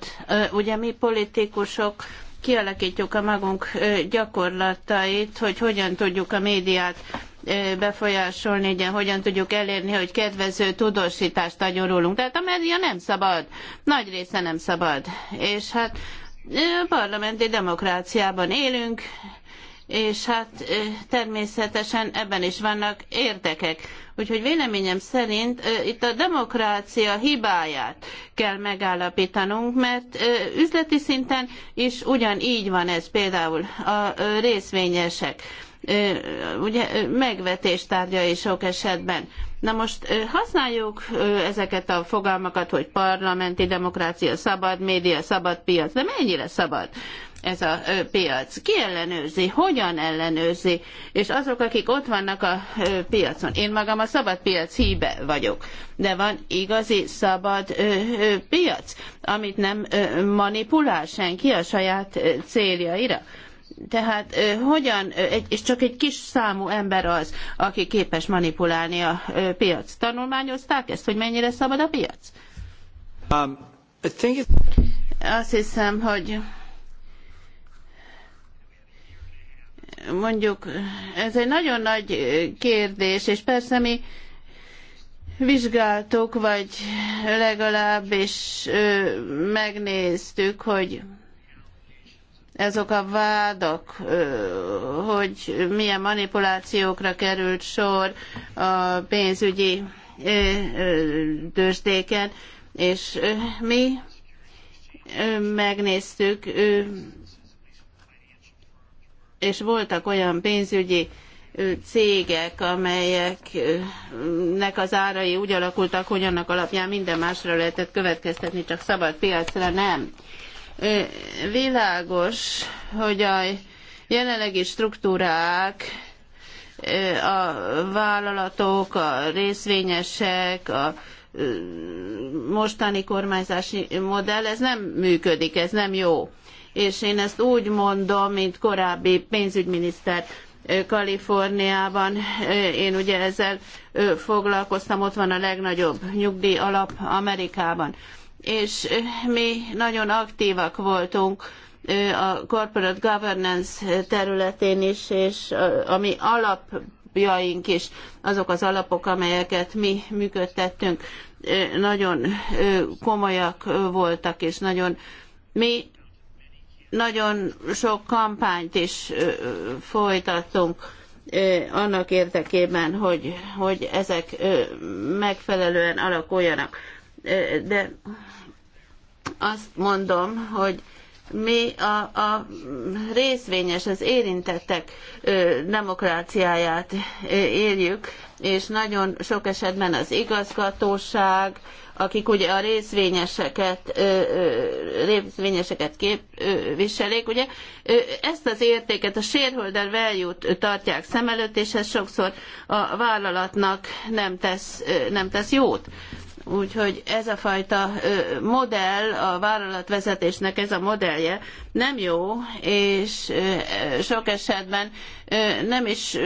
ugye mi politikusok kialakítjuk a magunk gyakorlatait, hogy hogyan tudjuk a médiát befolyásolni, ugye, hogyan tudjuk elérni, hogy kedvező tudósítást adjon rólunk. Tehát a média nem szabad, nagy része nem szabad. És hát parlamenti demokráciában élünk, és hát természetesen ebben is vannak érdekek. Úgyhogy véleményem szerint itt a demokrácia hibáját kell megállapítanunk, mert üzleti szinten is ugyanígy van ez például a részvényesek ugye megvetés tárgyai sok esetben. Na most használjuk ezeket a fogalmakat, hogy parlamenti demokrácia, szabad média, szabad piac, de mennyire szabad? ez a piac. Ki ellenőrzi, hogyan ellenőrzi, és azok, akik ott vannak a piacon. Én magam a szabad piac híbe vagyok, de van igazi szabad piac, amit nem manipulál senki a saját céljaira. Tehát hogyan, és csak egy kis számú ember az, aki képes manipulálni a piac. Tanulmányozták ezt, hogy mennyire szabad a piac? Um, Azt hiszem, hogy mondjuk ez egy nagyon nagy kérdés, és persze mi vizsgáltuk, vagy legalábbis megnéztük, hogy ezok a vádak, hogy milyen manipulációkra került sor a pénzügyi tőzsdéken, és mi megnéztük és voltak olyan pénzügyi cégek, amelyeknek az árai úgy alakultak, hogy annak alapján minden másra lehetett következtetni, csak szabad piacra nem. Világos, hogy a jelenlegi struktúrák, a vállalatok, a részvényesek, a mostani kormányzási modell, ez nem működik, ez nem jó és én ezt úgy mondom, mint korábbi pénzügyminiszter Kaliforniában. Én ugye ezzel foglalkoztam, ott van a legnagyobb nyugdíj alap Amerikában. És mi nagyon aktívak voltunk a corporate governance területén is, és ami alapjaink is, azok az alapok, amelyeket mi működtettünk, nagyon komolyak voltak, és nagyon mi nagyon sok kampányt is folytattunk annak érdekében, hogy, hogy ezek megfelelően alakuljanak. De azt mondom, hogy mi a, a részvényes, az érintettek demokráciáját éljük, és nagyon sok esetben az igazgatóság, akik ugye a részvényeseket, részvényeseket képviselik, ugye ezt az értéket, a shareholder value-t tartják szem előtt, és ez sokszor a vállalatnak nem tesz, nem tesz jót. Úgyhogy ez a fajta modell, a vállalatvezetésnek ez a modellje nem jó, és sok esetben nem is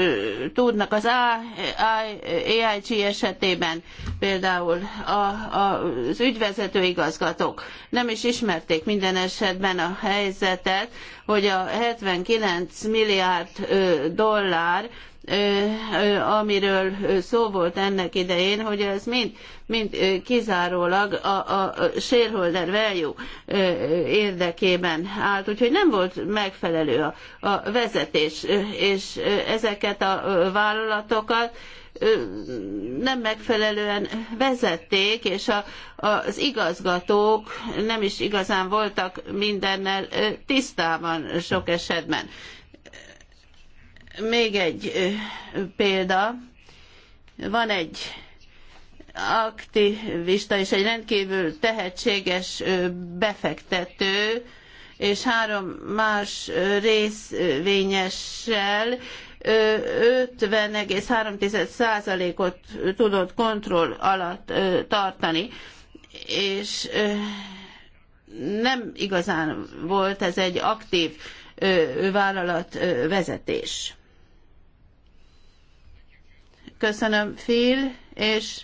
tudnak az AIG esetében például a, az ügyvezető igazgatók nem is ismerték minden esetben a helyzetet, hogy a 79 milliárd dollár amiről szó volt ennek idején, hogy ez mind, mind kizárólag a, a shareholder value érdekében állt, úgyhogy nem volt megfelelő a, a vezetés, és ezeket a vállalatokat nem megfelelően vezették, és a, az igazgatók nem is igazán voltak mindennel tisztában sok esetben. Még egy példa. Van egy aktivista és egy rendkívül tehetséges befektető, és három más részvényessel 50,3%-ot tudott kontroll alatt tartani, és nem igazán volt ez egy aktív vállalatvezetés. Köszönöm, Phil, és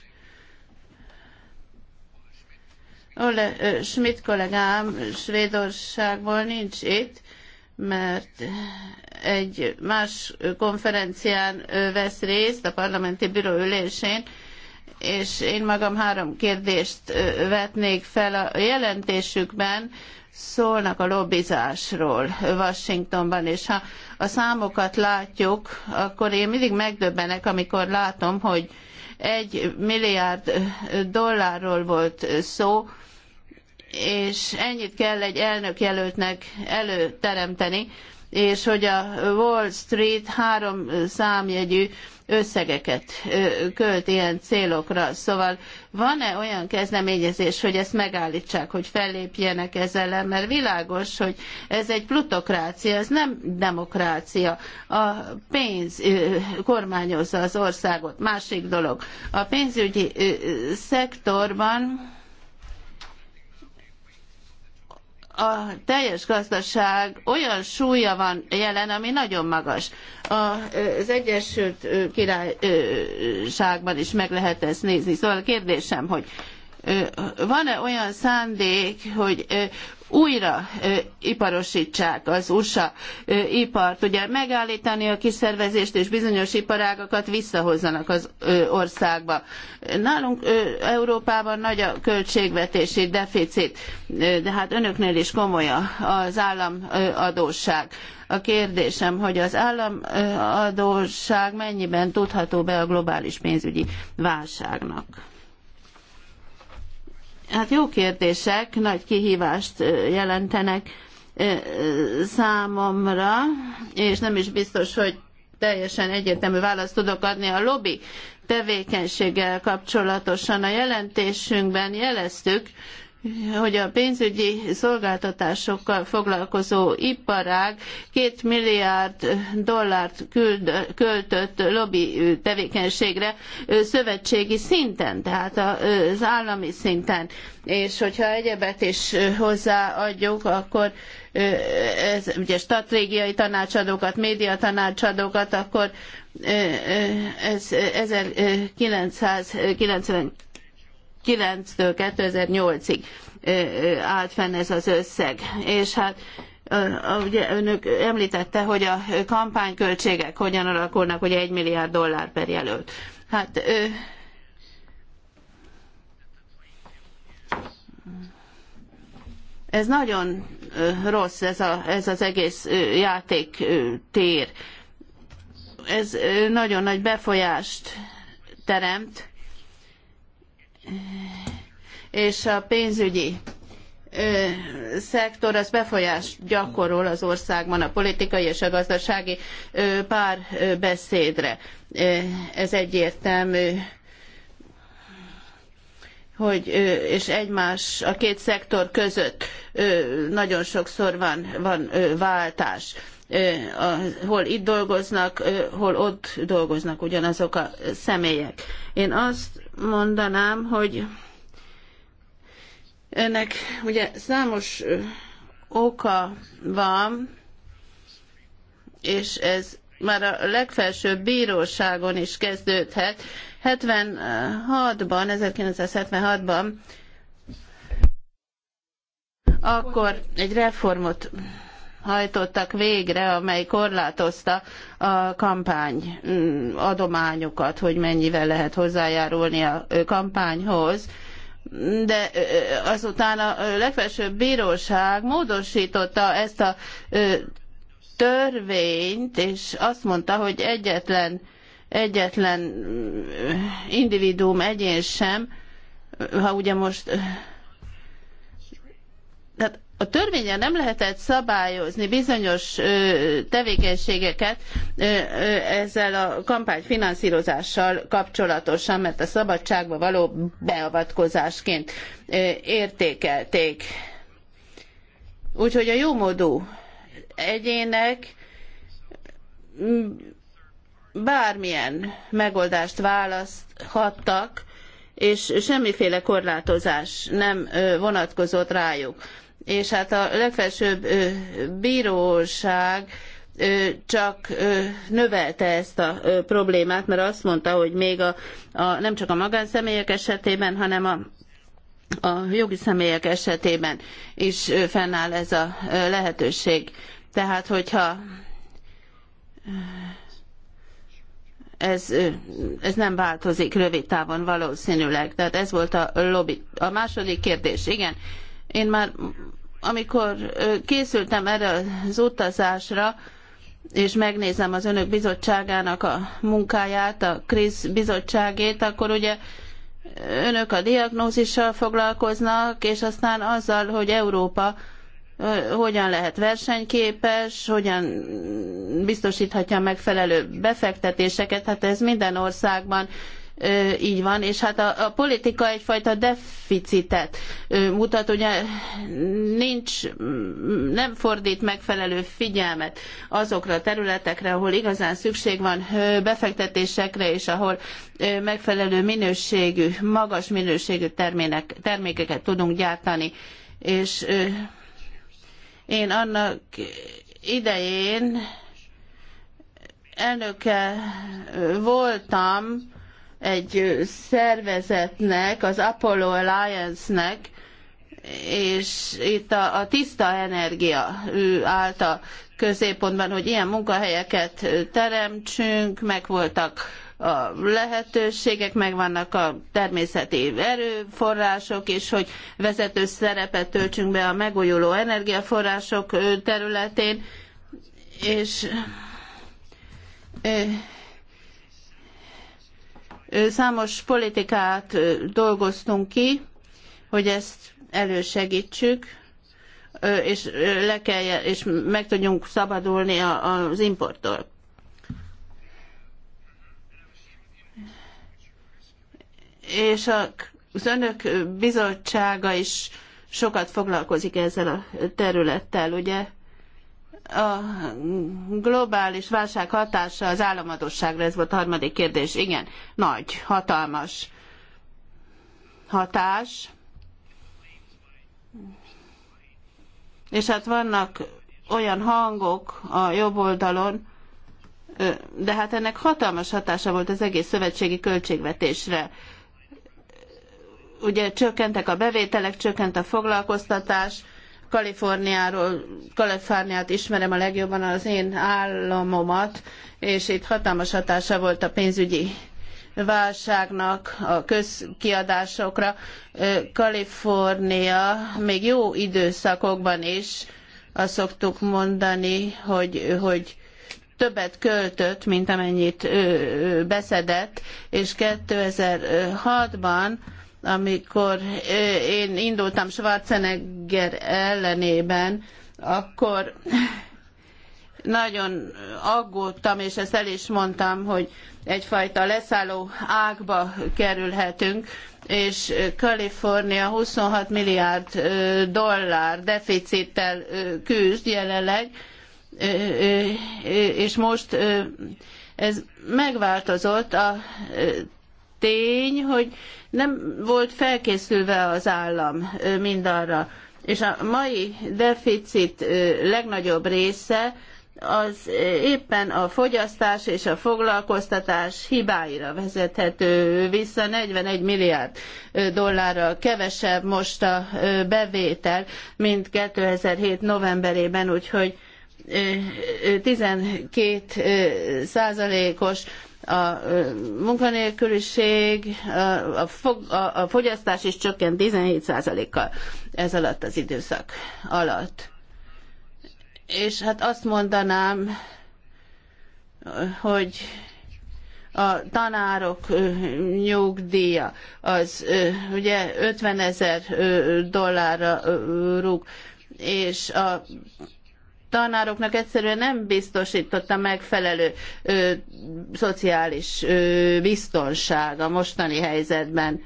Ole Schmidt kollégám Svédországból nincs itt, mert egy más konferencián vesz részt a parlamenti büro ülésén, és én magam három kérdést vetnék fel a jelentésükben szólnak a lobbizásról Washingtonban, és ha a számokat látjuk, akkor én mindig megdöbbenek, amikor látom, hogy egy milliárd dollárról volt szó, és ennyit kell egy elnökjelöltnek előteremteni, és hogy a Wall Street három számjegyű összegeket költ ilyen célokra. Szóval van-e olyan kezdeményezés, hogy ezt megállítsák, hogy fellépjenek ezzel, mert világos, hogy ez egy plutokrácia, ez nem demokrácia. A pénz kormányozza az országot. Másik dolog. A pénzügyi szektorban a teljes gazdaság olyan súlya van jelen, ami nagyon magas. Az Egyesült Királyságban is meg lehet ezt nézni. Szóval a kérdésem, hogy van-e olyan szándék, hogy újra iparosítsák az USA ipart, ugye megállítani a kiszervezést és bizonyos iparágakat visszahozzanak az országba. Nálunk Európában nagy a költségvetési deficit, de hát önöknél is komoly az államadósság. A kérdésem, hogy az államadósság mennyiben tudható be a globális pénzügyi válságnak? Hát jó kérdések, nagy kihívást jelentenek számomra, és nem is biztos, hogy teljesen egyértelmű választ tudok adni a lobby tevékenységgel kapcsolatosan. A jelentésünkben jeleztük, hogy a pénzügyi szolgáltatásokkal foglalkozó iparág két milliárd dollárt küld, költött lobby tevékenységre szövetségi szinten, tehát az állami szinten. És hogyha egyebet is hozzáadjuk, akkor ez, ugye stratégiai tanácsadókat, médiatanácsadókat, akkor ez 1992 2009-től 2008-ig állt fenn ez az összeg. És hát ugye önök említette, hogy a kampányköltségek hogyan alakulnak, hogy egy milliárd dollár per jelölt. Hát ez nagyon rossz, ez, a, ez az egész játéktér. Ez nagyon nagy befolyást teremt és a pénzügyi ö, szektor az befolyást gyakorol az országban a politikai és a gazdasági párbeszédre. Ez egyértelmű hogy és egymás a két szektor között nagyon sokszor van, van váltás hol itt dolgoznak, hol ott dolgoznak ugyanazok a személyek. Én azt mondanám, hogy ennek ugye számos oka van, és ez már a legfelsőbb bíróságon is kezdődhet. 76-ban, 1976-ban akkor egy reformot hajtottak végre, amely korlátozta a kampány mm, adományokat, hogy mennyivel lehet hozzájárulni a kampányhoz de azután a legfelsőbb bíróság módosította ezt a törvényt, és azt mondta, hogy egyetlen, egyetlen mm, individuum egyén sem, ha ugye most tehát a törvényen nem lehetett szabályozni bizonyos tevékenységeket ezzel a kampányfinanszírozással kapcsolatosan, mert a szabadságba való beavatkozásként értékelték. Úgyhogy a jómódú egyének bármilyen megoldást választhattak, és semmiféle korlátozás nem vonatkozott rájuk és hát a legfelsőbb bíróság csak növelte ezt a problémát, mert azt mondta, hogy még a, a nem csak a magánszemélyek esetében, hanem a a jogi személyek esetében is fennáll ez a lehetőség. Tehát, hogyha ez, ez nem változik rövid távon valószínűleg. Tehát ez volt a lobby. A második kérdés, igen, én már, amikor készültem erre az utazásra, és megnézem az önök bizottságának a munkáját, a KRISZ bizottságét, akkor ugye önök a diagnózissal foglalkoznak, és aztán azzal, hogy Európa hogyan lehet versenyképes, hogyan biztosíthatja megfelelő befektetéseket. Hát ez minden országban így van, és hát a, a politika egyfajta deficitet mutat, ugye nincs, mm, nem fordít megfelelő figyelmet azokra a területekre, ahol igazán szükség van befektetésekre, és ahol megfelelő minőségű, magas minőségű termének, termékeket tudunk gyártani. És én annak idején elnöke voltam, egy szervezetnek, az Apollo Alliance-nek, és itt a, a tiszta energia állt a középpontban, hogy ilyen munkahelyeket teremtsünk, meg voltak a lehetőségek, megvannak a természeti erőforrások, és hogy vezető szerepet töltsünk be a megújuló energiaforrások területén, és Számos politikát dolgoztunk ki, hogy ezt elősegítsük, és, le kell, és meg tudjunk szabadulni az importtól. És az önök bizottsága is sokat foglalkozik ezzel a területtel, ugye? a globális válság hatása az államadóságra, ez volt a harmadik kérdés. Igen, nagy, hatalmas hatás. És hát vannak olyan hangok a jobb oldalon, de hát ennek hatalmas hatása volt az egész szövetségi költségvetésre. Ugye csökkentek a bevételek, csökkent a foglalkoztatás, Kaliforniáról, Kaliforniát ismerem a legjobban, az én államomat, és itt hatalmas hatása volt a pénzügyi válságnak a közkiadásokra. Kalifornia még jó időszakokban is azt szoktuk mondani, hogy, hogy többet költött, mint amennyit beszedett, és 2006-ban amikor én indultam Schwarzenegger ellenében, akkor nagyon aggódtam, és ezt el is mondtam, hogy egyfajta leszálló ágba kerülhetünk, és Kalifornia 26 milliárd dollár deficittel küzd jelenleg, és most ez megváltozott, a tény, hogy nem volt felkészülve az állam mindarra. És a mai deficit legnagyobb része az éppen a fogyasztás és a foglalkoztatás hibáira vezethető vissza. 41 milliárd dollárral kevesebb most a bevétel, mint 2007 novemberében, úgyhogy 12 százalékos a munkanélküliség, a, fog, a, a fogyasztás is csökkent 17%-kal ez alatt az időszak alatt. És hát azt mondanám, hogy a tanárok nyugdíja az ugye 50 ezer dollárra rúg, és a tanároknak egyszerűen nem biztosította megfelelő ö, szociális ö, biztonság a mostani helyzetben.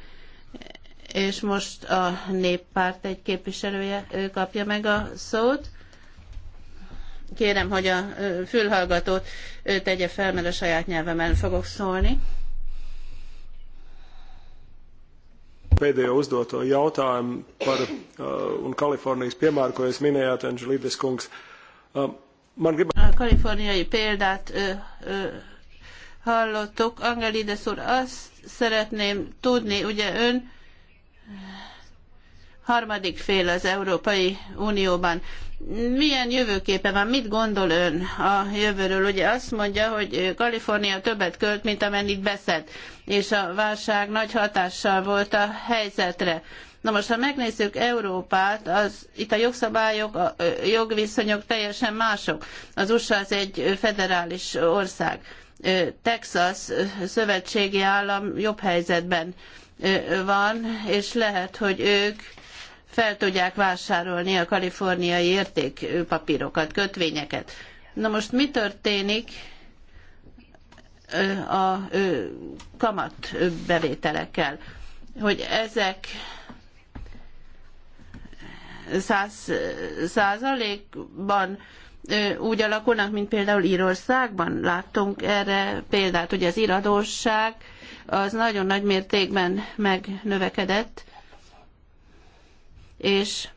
És most a néppárt egy képviselője ő kapja meg a szót. Kérem, hogy a fülhallgatót ő tegye fel, mert a saját nyelvemen fogok szólni. pēdējo uzdoto jautājumu par uh, un Kalifornijas piemēru, ko jūs minējāt, Anģelīdes kungs. Uh, a kaliforniai példát ö, ö, hallottuk. Angelides úr, azt szeretném tudni, ugye ön harmadik fél az Európai Unióban. Milyen jövőképe van? Mit gondol ön a jövőről? Ugye azt mondja, hogy Kalifornia többet költ, mint amennyit beszed, és a válság nagy hatással volt a helyzetre. Na most, ha megnézzük Európát, az itt a jogszabályok, a jogviszonyok teljesen mások. Az USA az egy federális ország. Texas szövetségi állam jobb helyzetben van, és lehet, hogy ők fel tudják vásárolni a kaliforniai értékpapírokat, kötvényeket. Na most mi történik a kamatbevételekkel? Hogy ezek száz százalékban úgy alakulnak, mint például Írországban. Láttunk erre példát, ugye az iradóság az nagyon nagy mértékben megnövekedett, és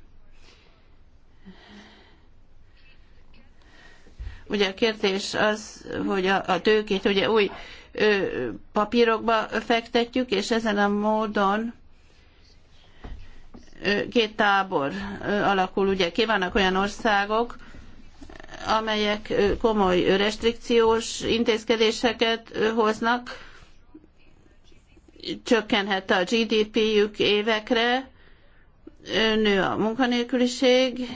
ugye a kérdés az, hogy a, a tőkét ugye új ö, papírokba fektetjük, és ezen a módon két tábor alakul, ugye ki vannak olyan országok, amelyek komoly restrikciós intézkedéseket hoznak, csökkenhet a GDP-jük évekre, nő a munkanélküliség,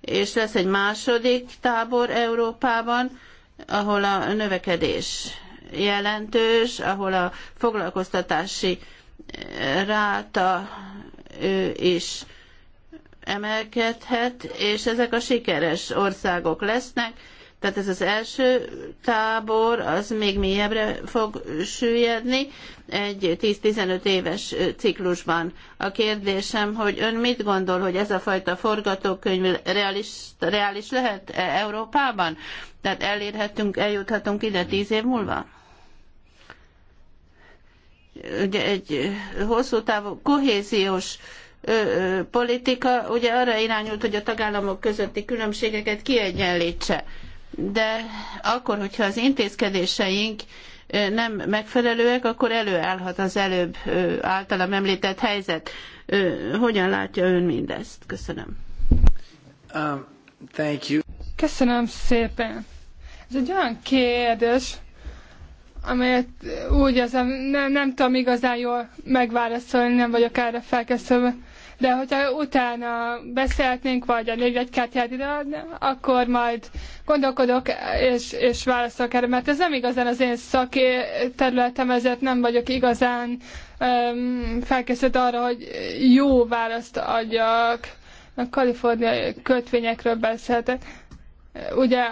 és lesz egy második tábor Európában, ahol a növekedés jelentős, ahol a foglalkoztatási ráta is emelkedhet, és ezek a sikeres országok lesznek. Tehát ez az első tábor, az még mélyebbre fog süllyedni egy 10-15 éves ciklusban. A kérdésem, hogy ön mit gondol, hogy ez a fajta forgatókönyv reális, reális lehet -e Európában? Tehát elérhetünk, eljuthatunk ide 10 év múlva? ugye egy hosszú távú kohéziós politika ugye arra irányult, hogy a tagállamok közötti különbségeket kiegyenlítse. De akkor, hogyha az intézkedéseink nem megfelelőek, akkor előállhat az előbb általam említett helyzet. Hogyan látja ön mindezt? Köszönöm. Um, thank you. Köszönöm szépen. Ez egy olyan kérdés, amelyet úgy az nem, nem tudom igazán jól megválaszolni, nem vagyok erre felkészülve. De hogyha utána beszélhetnénk, vagy a névjegykártyát ideadni, akkor majd gondolkodok és, és válaszolok erre, mert ez nem igazán az én szaki területem, ezért nem vagyok igazán um, felkészült arra, hogy jó választ adjak. A kaliforniai kötvényekről beszéltek ugye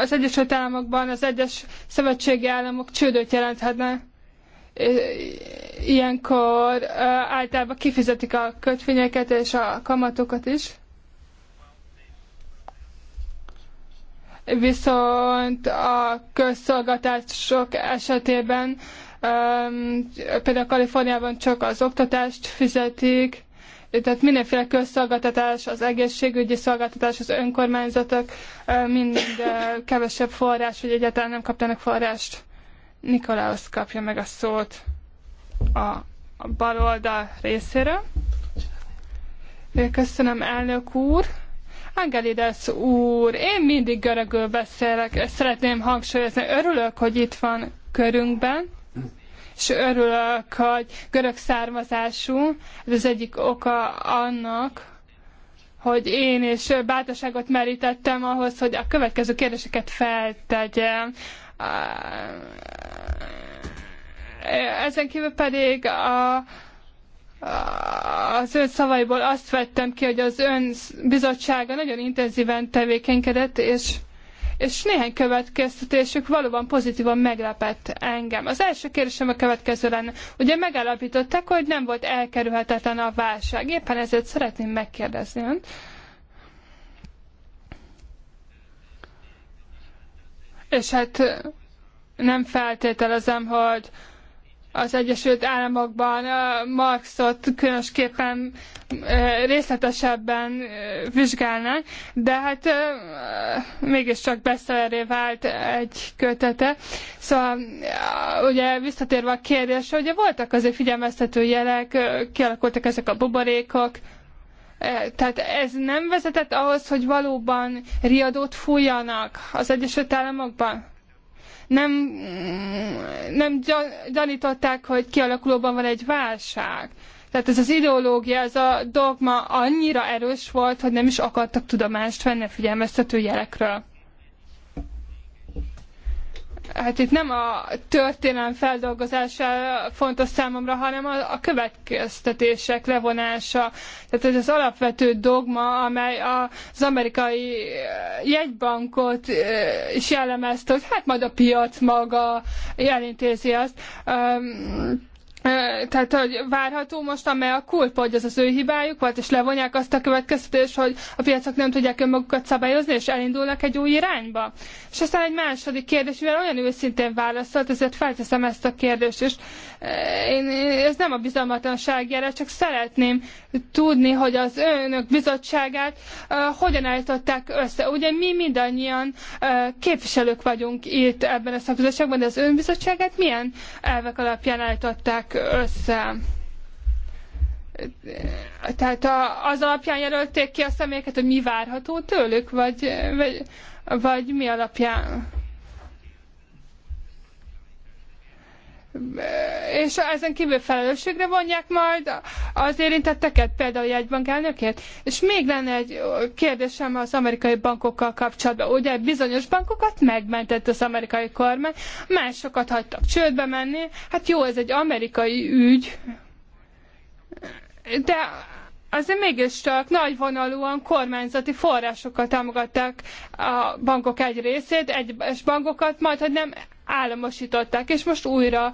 az Egyesült Államokban az egyes szövetségi államok csődöt jelenthetnek. Ilyenkor általában kifizetik a kötvényeket és a kamatokat is. Viszont a közszolgatások esetében például Kaliforniában csak az oktatást fizetik, tehát mindenféle közszolgáltatás, az egészségügyi szolgáltatás, az önkormányzatok mind kevesebb forrás, vagy egyáltalán nem kaptanak forrást. Nikolaus kapja meg a szót a, a oldal részéről. Köszönöm, elnök úr. Angelides úr, én mindig görögül beszélek, szeretném hangsúlyozni, örülök, hogy itt van körünkben, és örülök, hogy görög származású. Ez az egyik oka annak, hogy én is bátorságot merítettem ahhoz, hogy a következő kérdéseket feltegyem. Ezen kívül pedig a, az ön szavaiból azt vettem ki, hogy az ön bizottsága nagyon intenzíven tevékenykedett, és és néhány következtetésük valóban pozitívan meglepett engem. Az első kérdésem a következő lenne. Ugye megállapították, hogy nem volt elkerülhetetlen a válság. Éppen ezért szeretném megkérdezni önt, és hát nem feltételezem, hogy az Egyesült Államokban Marxot különösképpen részletesebben vizsgálnánk, de hát mégiscsak beszerré vált egy kötete. Szóval ugye visszatérve a kérdésre, ugye voltak azért figyelmeztető jelek, kialakultak ezek a buborékok, tehát ez nem vezetett ahhoz, hogy valóban riadót fújjanak az Egyesült Államokban? nem, nem gyanították, hogy kialakulóban van egy válság. Tehát ez az ideológia, ez a dogma annyira erős volt, hogy nem is akartak tudomást venni a figyelmeztető jelekről hát itt nem a történelem feldolgozása fontos számomra, hanem a, a következtetések levonása. Tehát ez az alapvető dogma, amely az amerikai eh, jegybankot eh, is jellemezte, hogy hát majd a piac maga elintézi azt. Um, tehát, hogy várható most a mea culpa, hogy ez az ő hibájuk volt, és levonják azt a következtetést, hogy a piacok nem tudják önmagukat szabályozni, és elindulnak egy új irányba. És aztán egy második kérdés, mivel olyan őszintén válaszolt, ezért felteszem ezt a kérdést is. Én, ez nem a bizalmatlanság jele, csak szeretném tudni, hogy az önök bizottságát uh, hogyan állították össze. Ugye mi mindannyian uh, képviselők vagyunk itt ebben a szakbizottságban, de az ön bizottságát milyen elvek alapján állították össze. Tehát a, az alapján jelölték ki a személyeket, hogy mi várható tőlük, vagy, vagy, vagy mi alapján? és ezen kívül felelősségre vonják majd az érintetteket, például jegybank elnökét. És még lenne egy kérdésem az amerikai bankokkal kapcsolatban. Ugye bizonyos bankokat megmentett az amerikai kormány, másokat hagytak csődbe menni. Hát jó, ez egy amerikai ügy, de azért mégiscsak nagyvonalúan kormányzati forrásokkal támogatták a bankok egy részét, és bankokat, majd hogy nem államosították, és most újra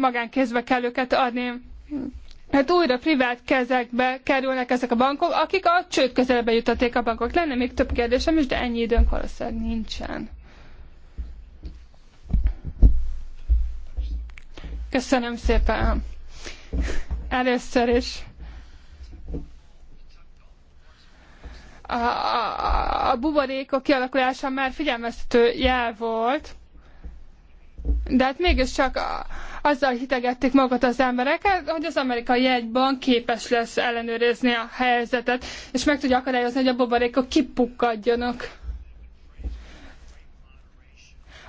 magánkézbe kell őket adni. Hát újra privát kezekbe kerülnek ezek a bankok, akik a csőd közelebe jutották a bankok. Lenne még több kérdésem is, de ennyi időnk valószínűleg nincsen. Köszönöm szépen. Először is. A, a, a buborékok kialakulása már figyelmeztető jel volt de hát mégiscsak a, azzal hitegették magukat az embereket, hát, hogy az amerikai jegybank képes lesz ellenőrizni a helyzetet, és meg tudja akadályozni, hogy a bobarékok kipukkadjanak.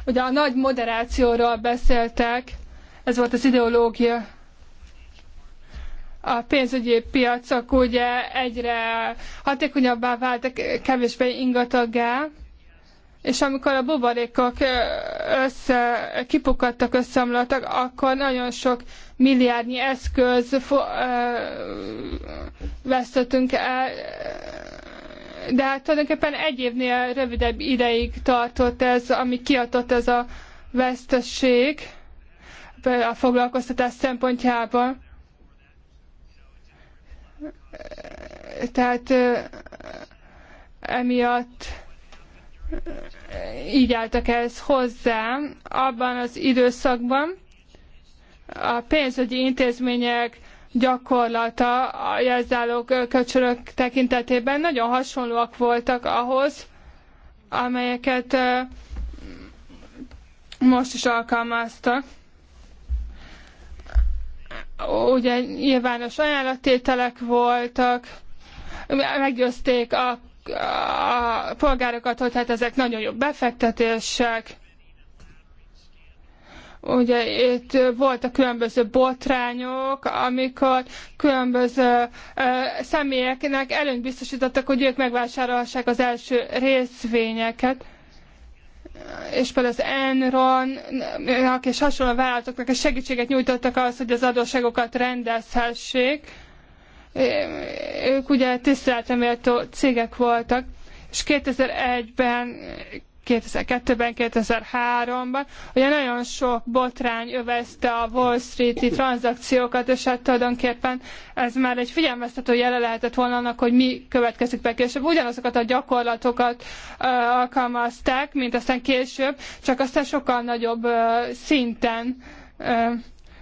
Ugye a nagy moderációról beszéltek, ez volt az ideológia. A pénzügyi piacok ugye egyre hatékonyabbá váltak, kevésbé ingatagá, és amikor a buborékok össze, kipukadtak, összeomlottak, akkor nagyon sok milliárdnyi eszköz fo- vesztettünk el, de hát tulajdonképpen egy évnél rövidebb ideig tartott ez, ami kiadott ez a vesztesség a foglalkoztatás szempontjából. Tehát emiatt így álltak ehhez hozzá abban az időszakban. A pénzügyi intézmények gyakorlata a jelzálók köcsörök tekintetében nagyon hasonlóak voltak ahhoz, amelyeket most is alkalmaztak. Ugye nyilvános ajánlattételek voltak, meggyőzték a a polgárokat, hogy hát ezek nagyon jó befektetések, ugye itt voltak különböző botrányok, amikor különböző személyeknek előnyt biztosítottak, hogy ők megvásárolhassák az első részvényeket. És például az Enron és hasonló vállalatoknak segítséget nyújtottak ahhoz, hogy az adósságokat rendezhessék ők ugye tiszteleteméltó cégek voltak, és 2001-ben 2002-ben, 2003-ban. Ugye nagyon sok botrány övezte a Wall Street-i tranzakciókat, és hát tulajdonképpen ez már egy figyelmeztető jele lehetett volna annak, hogy mi következik be később. Ugyanazokat a gyakorlatokat ö, alkalmazták, mint aztán később, csak aztán sokkal nagyobb ö, szinten ö,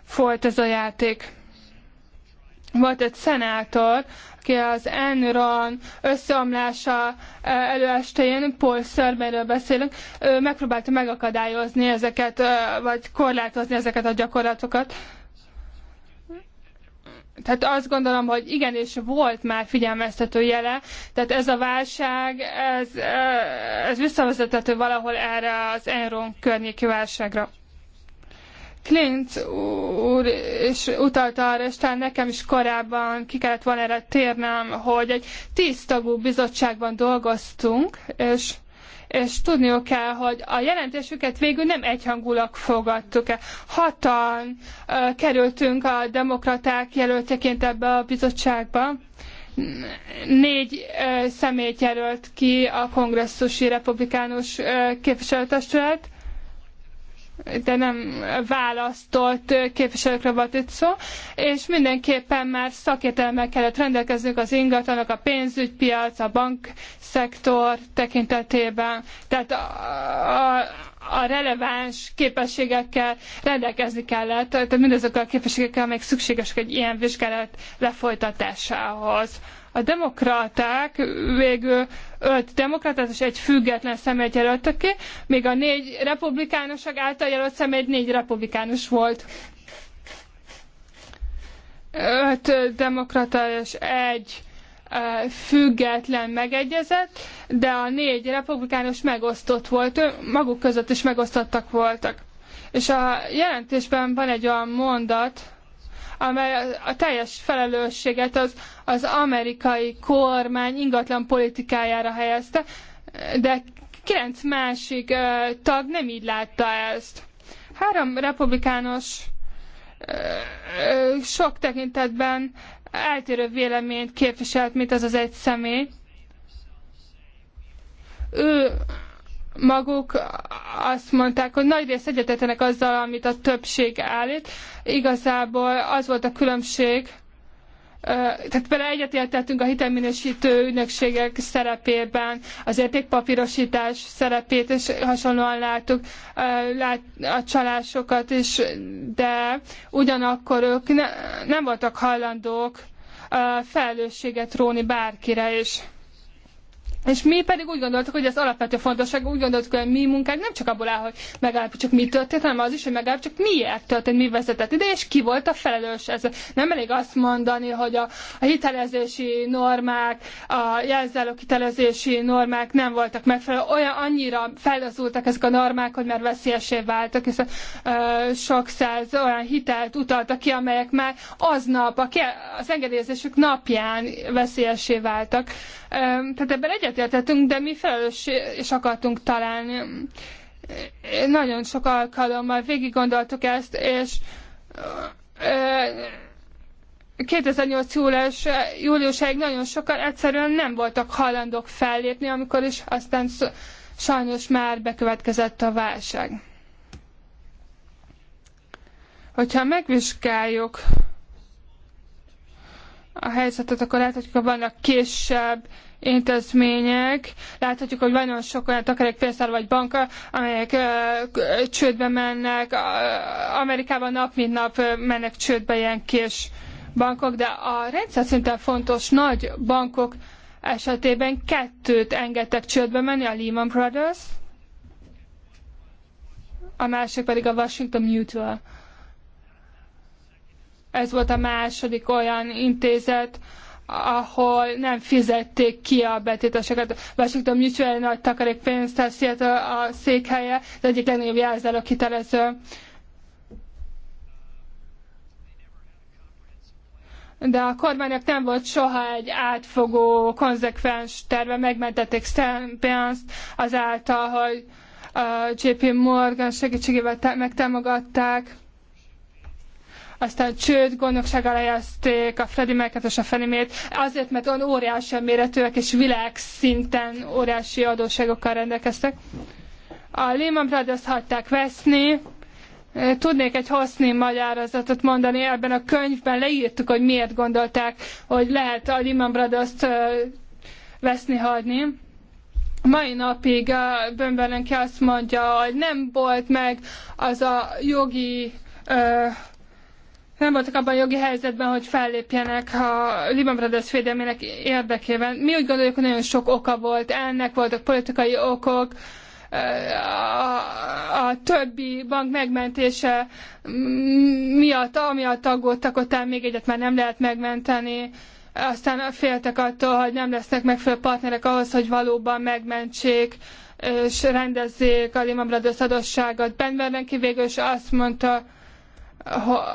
folyt ez a játék volt egy szenátor, aki az Enron összeomlása előestéjén, Paul Sörmerről beszélünk, megpróbálta megakadályozni ezeket, vagy korlátozni ezeket a gyakorlatokat. Tehát azt gondolom, hogy igenis volt már figyelmeztető jele, tehát ez a válság, ez, ez visszavezethető valahol erre az Enron környéki válságra. Klint úr és utalta arra, és talán nekem is korábban ki kellett volna erre térnem, hogy egy tíztagú bizottságban dolgoztunk, és és tudniuk kell, hogy a jelentésüket végül nem egyhangulak fogadtuk el. Hatan kerültünk a demokraták jelöltjeként ebbe a bizottságba. Négy uh, személyt jelölt ki a kongresszusi republikánus képviselőtestület, de nem választott képviselőkre volt itt szó, és mindenképpen már szakértelemmel kellett rendelkeznünk az ingatlanok, a pénzügypiac, a bankszektor tekintetében, tehát a, a, a releváns képességekkel rendelkezni kellett, tehát mindazokkal a képességekkel, amelyek szükségesek egy ilyen vizsgálat lefolytatásához a demokraták végül öt demokratát és egy független személyt jelöltek ki, még a négy republikánusok által jelölt személy négy republikánus volt. Öt demokrata és egy független megegyezett, de a négy republikánus megosztott volt, maguk között is megosztottak voltak. És a jelentésben van egy olyan mondat, amely a teljes felelősséget az, az amerikai kormány ingatlan politikájára helyezte, de kilenc másik tag nem így látta ezt. Három republikánus sok tekintetben eltérő véleményt képviselt, mint az az egy személy. Ő maguk azt mondták, hogy nagy rész egyetetenek azzal, amit a többség állít. Igazából az volt a különbség, tehát például egyetértettünk a hitelminősítő ügynökségek szerepében, az értékpapírosítás szerepét, és hasonlóan láttuk a csalásokat is, de ugyanakkor ők ne, nem voltak hajlandók felelősséget róni bárkire is. És mi pedig úgy gondoltuk, hogy ez alapvető fontosság, úgy gondoltuk, hogy mi munkánk nem csak abból áll, hogy megállapítsuk, mi történt, hanem az is, hogy megállapítsuk, miért történt, mi vezetett ide, és ki volt a felelős. Ez nem elég azt mondani, hogy a, a hitelezési normák, a jelzálók hitelezési normák nem voltak megfelelő. Olyan annyira felazultak ezek a normák, hogy már veszélyesé váltak, és sok száz olyan hitelt utaltak ki, amelyek már aznap, az engedélyezésük napján veszélyesé váltak. Ö, tehát ebben egyet egyetértettünk, de mi felelős és akartunk találni. Nagyon sok alkalommal végig gondoltuk ezt, és 2008. Július, júliusáig nagyon sokan egyszerűen nem voltak hajlandók fellépni, amikor is aztán sajnos már bekövetkezett a válság. Hogyha megvizsgáljuk a helyzetet, akkor láthatjuk, hogy vannak kisebb intézmények. Láthatjuk, hogy nagyon sok olyan takarékpénztár vagy banka, amelyek csődbe mennek. Amerikában nap mint nap mennek csődbe ilyen kis bankok, de a rendszer szinten fontos nagy bankok esetében kettőt engedtek csődbe menni, a Lehman Brothers, a másik pedig a Washington Mutual. Ez volt a második olyan intézet, ahol nem fizették ki a betéteseket. Washington Mutual nagy takarékpénztár Seattle a székhelye, az egyik legnagyobb jelzáló kitelező. De a kormánynak nem volt soha egy átfogó, konzekvens terve, megmentették Stan azáltal, hogy a uh, JP Morgan segítségével megtámogatták aztán csőd, gondnokság alajázték a Freddy Merket és a Fannie Mae-t, azért, mert olyan óriási méretűek és világszinten óriási adósságokkal rendelkeztek. A Lehman Brothers hagyták veszni, Tudnék egy hosszú magyarázatot mondani, ebben a könyvben leírtuk, hogy miért gondolták, hogy lehet a Lehman Brothers-t veszni hagyni mai napig a Bömbelenki azt mondja, hogy nem volt meg az a jogi ö, nem voltak abban a jogi helyzetben, hogy fellépjenek a Liban Brothers védelmének érdekében. Mi úgy gondoljuk, hogy nagyon sok oka volt ennek, voltak politikai okok, a, a többi bank megmentése miatt, amiatt aggódtak, ott még egyet már nem lehet megmenteni. Aztán féltek attól, hogy nem lesznek megfelelő partnerek ahhoz, hogy valóban megmentsék és rendezzék a Lehman Brothers adosságot. Ben Bernanke végül is azt mondta, ha,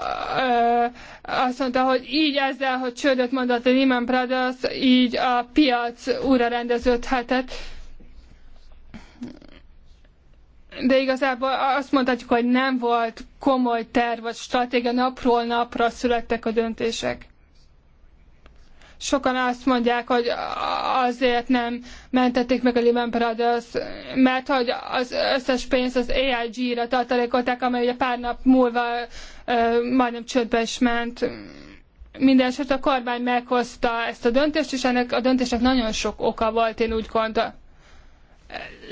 ö, azt mondta, hogy így ezzel, hogy csődöt mondott a Lehman Brothers, így a piac újra rendeződhetett. De igazából azt mondhatjuk, hogy nem volt komoly terv, vagy stratégia, napról napra születtek a döntések sokan azt mondják, hogy azért nem mentették meg a Lehman Brothers, mert hogy az összes pénzt az AIG-ra tartalékolták, amely ugye pár nap múlva majdnem csődbe is ment. Mindenesetre a kormány meghozta ezt a döntést, és ennek a döntésnek nagyon sok oka volt, én úgy gondolom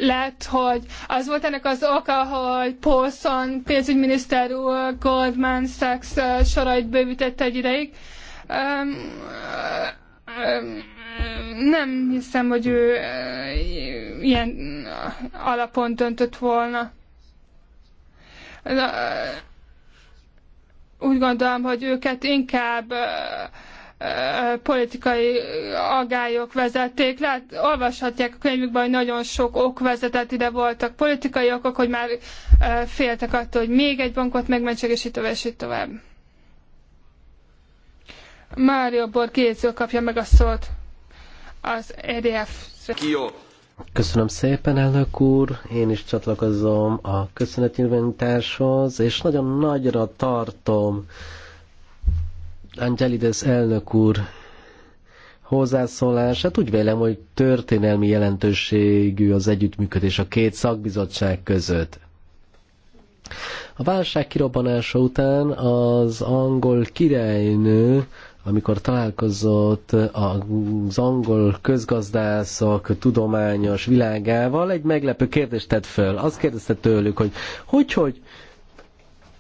lett, hogy az volt ennek az oka, hogy Paulson pénzügyminiszter úr Goldman Sachs sorait bővítette egy ideig, nem hiszem, hogy ő ilyen alapon döntött volna. Úgy gondolom, hogy őket inkább politikai agályok vezették. Lát, olvashatják a könyvükben, hogy nagyon sok ok vezetett ide voltak politikai okok, hogy már féltek attól, hogy még egy bankot megmentsék, és így tovább, és így tovább. Mário Borgézio kapja meg a szót az EDF. Kio. Köszönöm szépen, elnök úr. Én is csatlakozom a köszönetnyilvánításhoz, és nagyon nagyra tartom Angelides elnök úr hozzászólását. Úgy vélem, hogy történelmi jelentőségű az együttműködés a két szakbizottság között. A válság kirobbanása után az angol királynő amikor találkozott az angol közgazdászok tudományos világával, egy meglepő kérdést tett föl. Azt kérdezte tőlük, hogy hogy, hogy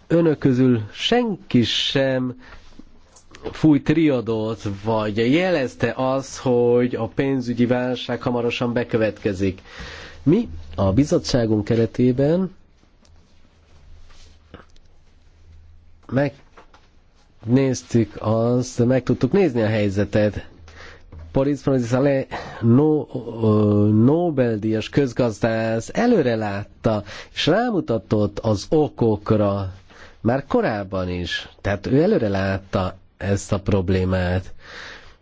önök közül senki sem fúj triadót, vagy jelezte az, hogy a pénzügyi válság hamarosan bekövetkezik. Mi a bizottságunk keretében meg néztük azt, meg tudtuk nézni a helyzetet. Francis Francisale no, Nobel-díjas közgazdász előre látta, és rámutatott az okokra, már korábban is. Tehát ő előre látta ezt a problémát.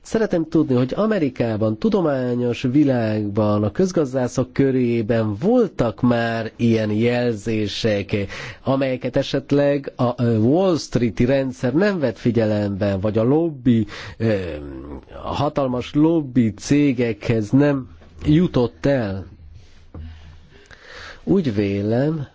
Szeretem tudni, hogy Amerikában, tudományos világban, a közgazdászok körében voltak már ilyen jelzések, amelyeket esetleg a Wall Street-i rendszer nem vett figyelembe, vagy a lobby, a hatalmas lobby cégekhez nem jutott el. Úgy vélem,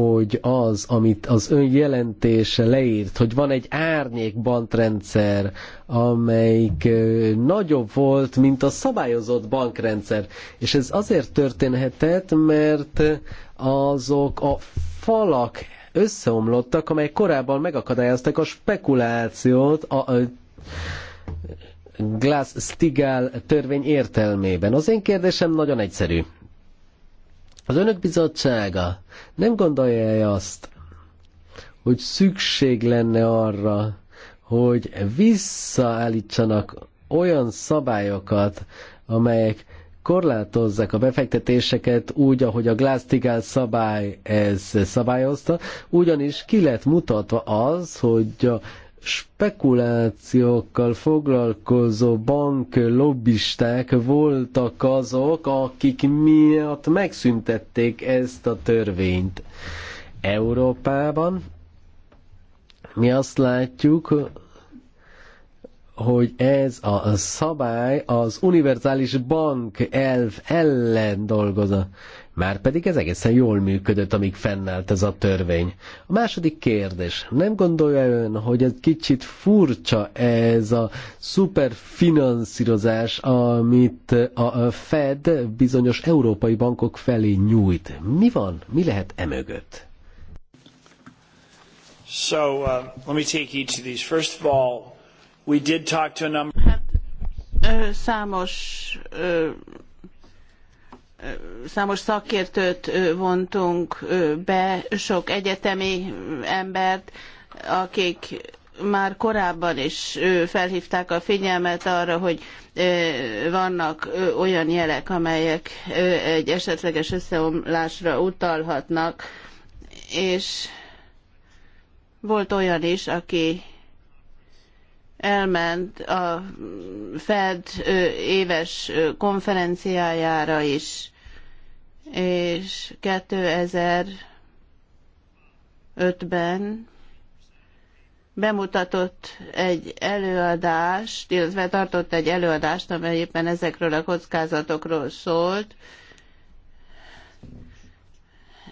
hogy az, amit az ön jelentése leírt, hogy van egy árnyék bankrendszer, amelyik nagyobb volt, mint a szabályozott bankrendszer. És ez azért történhetett, mert azok a falak összeomlottak, amelyek korábban megakadályozták a spekulációt a, Glass-Stigall törvény értelmében. Az én kérdésem nagyon egyszerű. Az önök bizottsága nem gondolja-e azt, hogy szükség lenne arra, hogy visszaállítsanak olyan szabályokat, amelyek korlátozzák a befektetéseket úgy, ahogy a Glass-Steagall szabály ez szabályozta, ugyanis ki lett mutatva az, hogy a spekulációkkal foglalkozó bank lobbisták voltak azok, akik miatt megszüntették ezt a törvényt. Európában mi azt látjuk, hogy ez a szabály az univerzális bank elv ellen dolgozza. Márpedig ez egészen jól működött, amíg fennállt ez a törvény. A második kérdés. Nem gondolja ön, hogy egy kicsit furcsa ez a szuperfinanszírozás, amit a Fed bizonyos európai bankok felé nyújt? Mi van? Mi lehet emögött? So, uh, let me take each of these. First of all, we did talk to a number... Hát, ö, számos ö számos szakértőt vontunk be, sok egyetemi embert, akik már korábban is felhívták a figyelmet arra, hogy vannak olyan jelek, amelyek egy esetleges összeomlásra utalhatnak, és volt olyan is, aki elment a Fed éves konferenciájára is, és 2005-ben bemutatott egy előadást, illetve tartott egy előadást, amely éppen ezekről a kockázatokról szólt,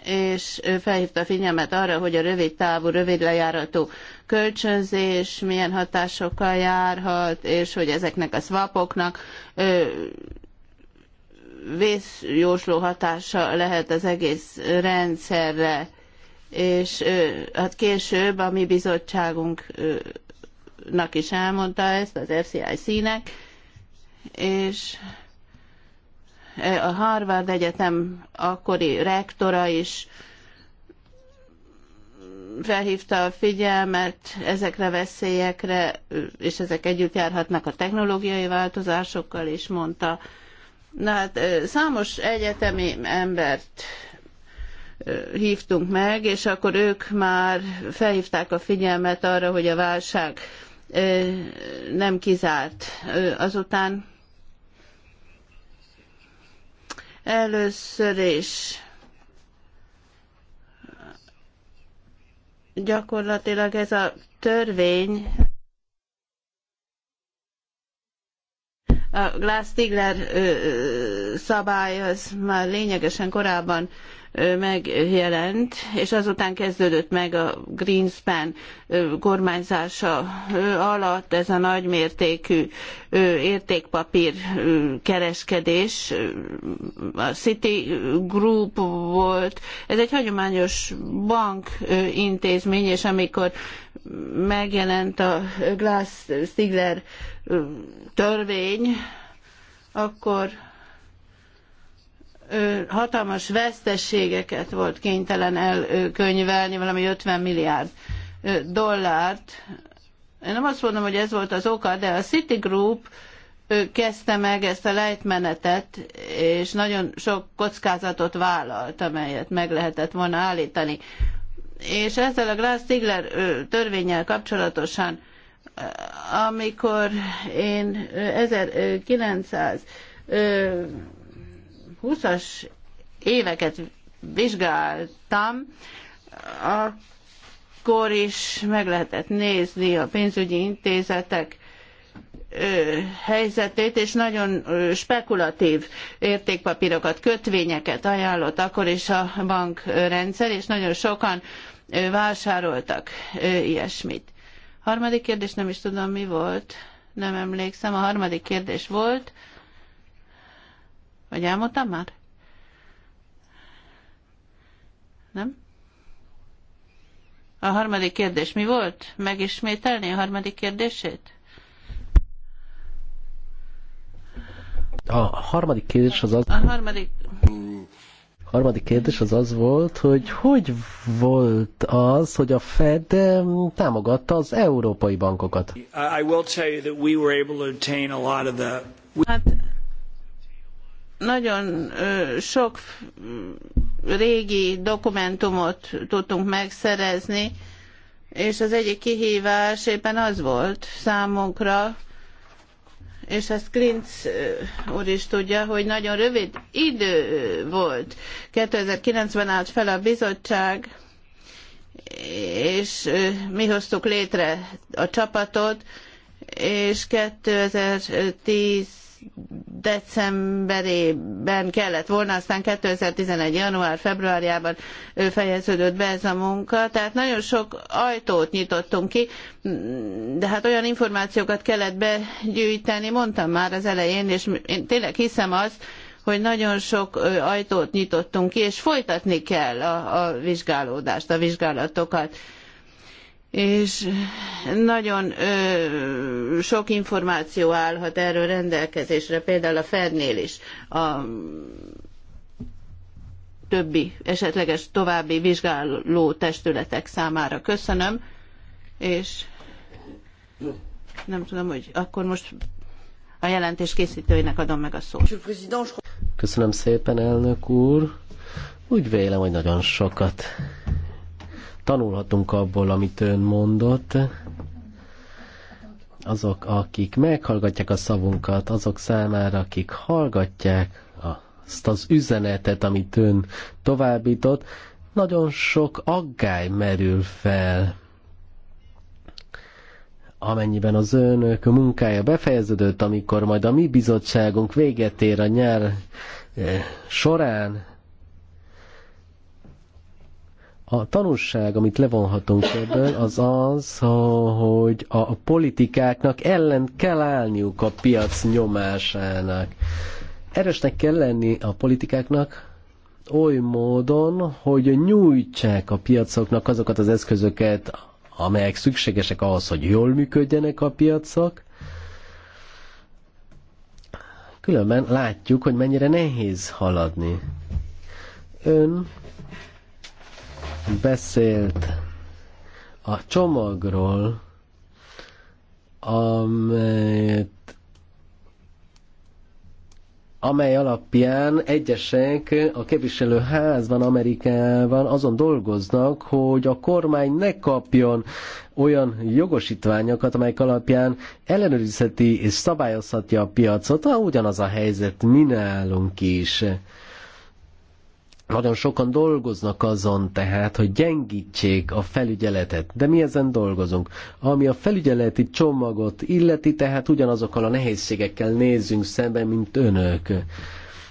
és felhívta a figyelmet arra, hogy a rövid távú, rövid lejáratú kölcsönzés milyen hatásokkal járhat, és hogy ezeknek a swapoknak vészjósló hatása lehet az egész rendszerre, és hát később a mi bizottságunknak is elmondta ezt, az FCIC-nek, és a Harvard Egyetem akkori rektora is felhívta a figyelmet ezekre a veszélyekre, és ezek együtt járhatnak a technológiai változásokkal is, mondta. Na hát számos egyetemi embert hívtunk meg, és akkor ők már felhívták a figyelmet arra, hogy a válság nem kizárt. Azután először is gyakorlatilag ez a törvény a Glass-Stigler szabály az már lényegesen korábban megjelent, és azután kezdődött meg a Greenspan kormányzása alatt ez a nagymértékű értékpapír kereskedés. A City Group volt, ez egy hagyományos bankintézmény, és amikor megjelent a Glass-Stigler törvény, akkor hatalmas veszteségeket volt kénytelen elkönyvelni, valami 50 milliárd dollárt. Én nem azt mondom, hogy ez volt az oka, de a Citigroup kezdte meg ezt a lejtmenetet, és nagyon sok kockázatot vállalt, amelyet meg lehetett volna állítani. És ezzel a Glass-Steagall törvényel kapcsolatosan, amikor én 1900 20-as éveket vizsgáltam, akkor is meg lehetett nézni a pénzügyi intézetek helyzetét, és nagyon spekulatív értékpapírokat, kötvényeket ajánlott akkor is a bankrendszer, és nagyon sokan vásároltak ilyesmit. Harmadik kérdés nem is tudom mi volt, nem emlékszem. A harmadik kérdés volt, vagy elmondtam már? Nem? A harmadik kérdés mi volt? Megismételni a harmadik kérdését? A harmadik kérdés az az... A harmadik... A harmadik kérdés az az volt, hogy hogy volt az, hogy a Fed támogatta az európai bankokat? Hát nagyon sok régi dokumentumot tudtunk megszerezni, és az egyik kihívás éppen az volt számunkra, és ezt Klinz úr is tudja, hogy nagyon rövid idő volt. 2009-ben állt fel a bizottság, és mi hoztuk létre a csapatot, és 2010 decemberében kellett volna, aztán 2011. január februárjában fejeződött be ez a munka, tehát nagyon sok ajtót nyitottunk ki, de hát olyan információkat kellett begyűjteni, mondtam már az elején, és én tényleg hiszem azt, hogy nagyon sok ajtót nyitottunk ki, és folytatni kell a, a vizsgálódást, a vizsgálatokat és nagyon ö, sok információ állhat erről rendelkezésre, például a Fednél is a többi esetleges további vizsgáló testületek számára. Köszönöm, és nem tudom, hogy akkor most a jelentés készítőinek adom meg a szót. Köszönöm szépen, elnök úr. Úgy vélem, hogy nagyon sokat tanulhatunk abból, amit ön mondott. Azok, akik meghallgatják a szavunkat, azok számára, akik hallgatják azt az üzenetet, amit ön továbbított, nagyon sok aggály merül fel. Amennyiben az önök munkája befejeződött, amikor majd a mi bizottságunk véget ér a nyár eh, során, a tanulság, amit levonhatunk ebből, az az, hogy a politikáknak ellen kell állniuk a piac nyomásának. Erősnek kell lenni a politikáknak oly módon, hogy nyújtsák a piacoknak azokat az eszközöket, amelyek szükségesek ahhoz, hogy jól működjenek a piacok. Különben látjuk, hogy mennyire nehéz haladni. Ön beszélt a csomagról, amelyet amely alapján egyesek a képviselőházban, Amerikában azon dolgoznak, hogy a kormány ne kapjon olyan jogosítványokat, amelyek alapján ellenőrizheti és szabályozhatja a piacot, ugyanaz a helyzet mi nálunk is. Nagyon sokan dolgoznak azon tehát, hogy gyengítsék a felügyeletet. De mi ezen dolgozunk? Ami a felügyeleti csomagot illeti, tehát ugyanazokkal a nehézségekkel nézzünk szembe, mint önök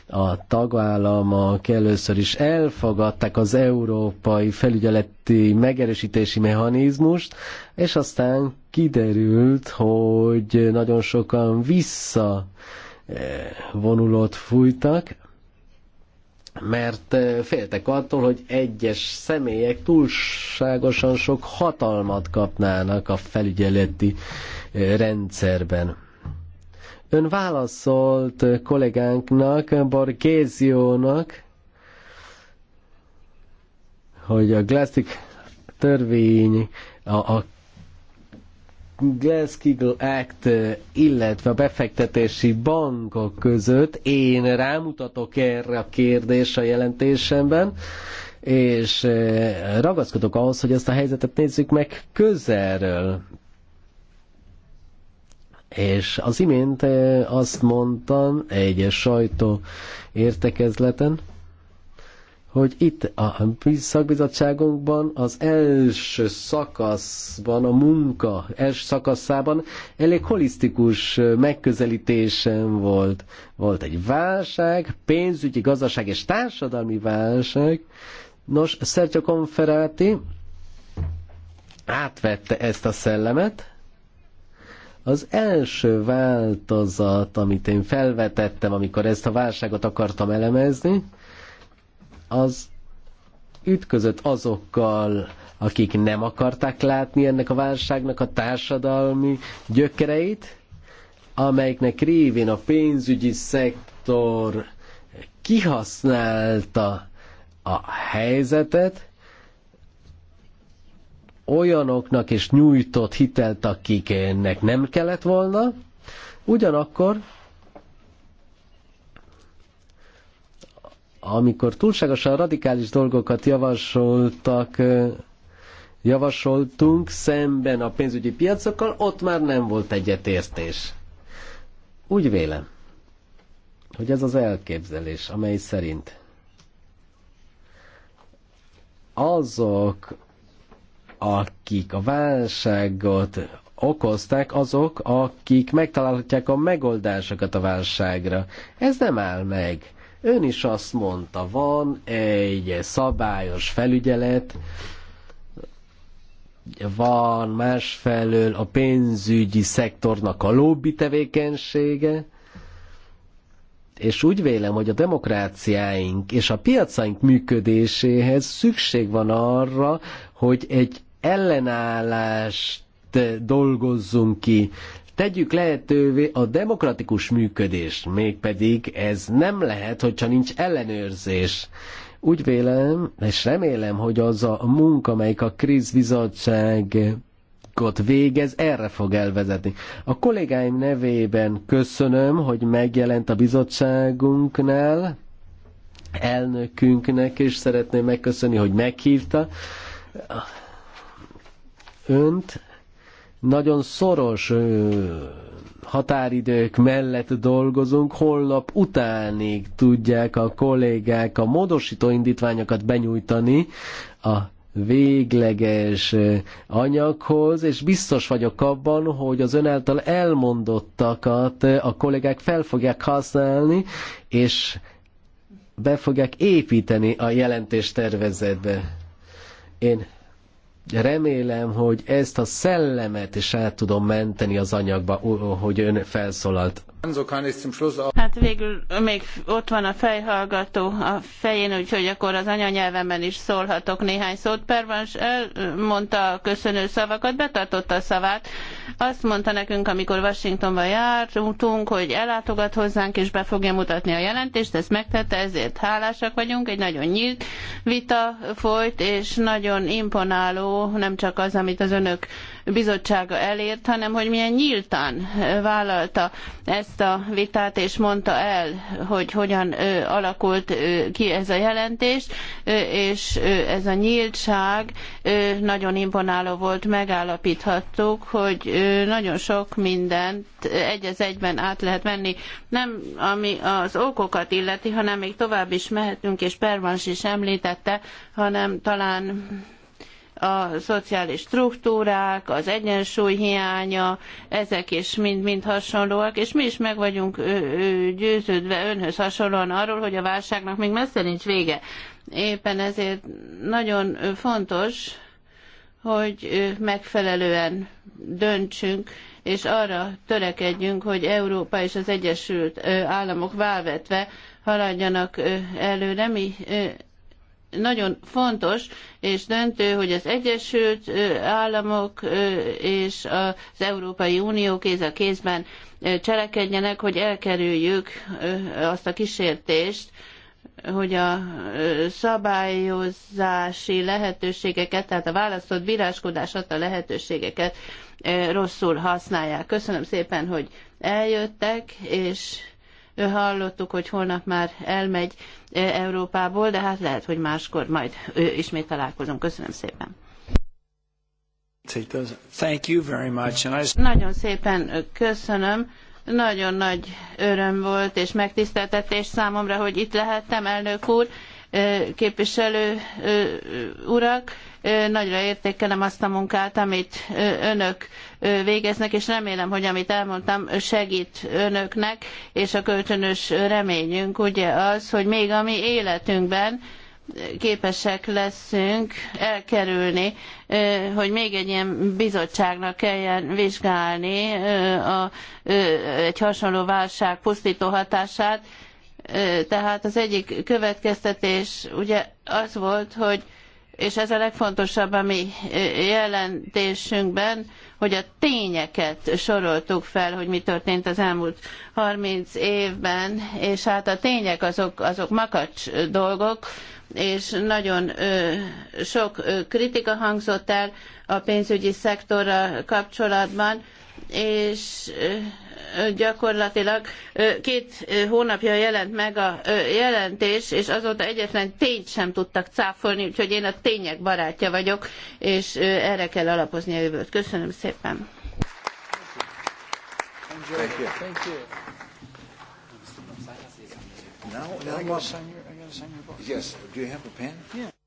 a tagállamok először is elfogadták az európai felügyeleti megerősítési mechanizmust, és aztán kiderült, hogy nagyon sokan vissza vonulót fújtak, mert eh, féltek attól, hogy egyes személyek túlságosan sok hatalmat kapnának a felügyeleti eh, rendszerben. Ön válaszolt eh, kollégánknak, Borgéziónak, hogy a Glasszik törvény a, a glass Act, illetve a befektetési bankok között én rámutatok erre a kérdésre a jelentésemben, és eh, ragaszkodok ahhoz, hogy ezt a helyzetet nézzük meg közelről. És az imént eh, azt mondtam egy sajtó értekezleten, hogy itt a szakbizottságunkban az első szakaszban, a munka első szakaszában elég holisztikus megközelítésem volt. Volt egy válság, pénzügyi, gazdaság és társadalmi válság. Nos, Sergio Conferati átvette ezt a szellemet, az első változat, amit én felvetettem, amikor ezt a válságot akartam elemezni, az ütközött azokkal, akik nem akarták látni ennek a válságnak a társadalmi gyökereit, amelyiknek révén a pénzügyi szektor kihasználta a helyzetet, olyanoknak és nyújtott hitelt, akiknek nem kellett volna, ugyanakkor amikor túlságosan radikális dolgokat javasoltak, javasoltunk szemben a pénzügyi piacokkal, ott már nem volt egyetértés. Úgy vélem, hogy ez az elképzelés, amely szerint azok, akik a válságot okozták, azok, akik megtalálhatják a megoldásokat a válságra. Ez nem áll meg Ön is azt mondta, van egy szabályos felügyelet, van másfelől a pénzügyi szektornak a lobby tevékenysége, és úgy vélem, hogy a demokráciáink és a piacaink működéséhez szükség van arra, hogy egy ellenállást dolgozzunk ki. Tegyük lehetővé a demokratikus működés. mégpedig ez nem lehet, hogyha nincs ellenőrzés. Úgy vélem, és remélem, hogy az a munka, amelyik a krízbizottság ott végez, erre fog elvezetni. A kollégáim nevében köszönöm, hogy megjelent a bizottságunknál, elnökünknek, és szeretném megköszönni, hogy meghívta önt, nagyon szoros határidők mellett dolgozunk, holnap utánig tudják a kollégák a módosító indítványokat benyújtani a végleges anyaghoz, és biztos vagyok abban, hogy az ön által elmondottakat a kollégák fel fogják használni, és be fogják építeni a jelentés tervezetbe. Én remélem, hogy ezt a szellemet is el tudom menteni az anyagba, hogy ön felszólalt. Hát végül még ott van a fejhallgató a fején, úgyhogy akkor az anyanyelvemen is szólhatok néhány szót. Pervans elmondta a köszönő szavakat, betartotta a szavát. Azt mondta nekünk, amikor Washingtonba jártunk, hogy ellátogat hozzánk és be fogja mutatni a jelentést, ezt megtette, ezért hálásak vagyunk. Egy nagyon nyílt vita folyt, és nagyon imponáló, nem csak az, amit az önök bizottsága elért, hanem hogy milyen nyíltan vállalta ezt a vitát, és mondta el, hogy hogyan alakult ki ez a jelentés, és ez a nyíltság nagyon imponáló volt, megállapíthattuk, hogy nagyon sok mindent egy az egyben át lehet venni. Nem ami az okokat illeti, hanem még tovább is mehetünk, és Pervans is említette, hanem talán a szociális struktúrák, az egyensúly hiánya, ezek is mind-mind hasonlóak, és mi is meg vagyunk győződve önhöz hasonlóan arról, hogy a válságnak még messze nincs vége. Éppen ezért nagyon fontos, hogy megfelelően döntsünk, és arra törekedjünk, hogy Európa és az Egyesült Államok válvetve haladjanak előre. Mi nagyon fontos és döntő, hogy az Egyesült Államok és az Európai Unió kéz a kézben cselekedjenek, hogy elkerüljük azt a kísértést, hogy a szabályozási lehetőségeket, tehát a választott bíráskodás adta lehetőségeket rosszul használják. Köszönöm szépen, hogy eljöttek, és hallottuk, hogy holnap már elmegy e, Európából, de hát lehet, hogy máskor majd ismét találkozunk. Köszönöm szépen. Thank you very much. And I... Nagyon szépen köszönöm. Nagyon nagy öröm volt és megtiszteltetés számomra, hogy itt lehettem, elnök úr képviselő urak, nagyra értékelem azt a munkát, amit önök végeznek, és remélem, hogy amit elmondtam, segít önöknek, és a kölcsönös reményünk ugye az, hogy még a mi életünkben képesek leszünk elkerülni, hogy még egy ilyen bizottságnak kelljen vizsgálni a, egy hasonló válság pusztító hatását, tehát az egyik következtetés ugye az volt, hogy és ez a legfontosabb a mi jelentésünkben, hogy a tényeket soroltuk fel, hogy mi történt az elmúlt 30 évben, és hát a tények azok, azok makacs dolgok, és nagyon ö, sok ö, kritika hangzott el a pénzügyi szektorral kapcsolatban, és ö, gyakorlatilag két hónapja jelent meg a jelentés, és azóta egyetlen tényt sem tudtak cáfolni, úgyhogy én a tények barátja vagyok, és erre kell alapozni a jövőt. Köszönöm szépen. Thank you. Thank you. Now, now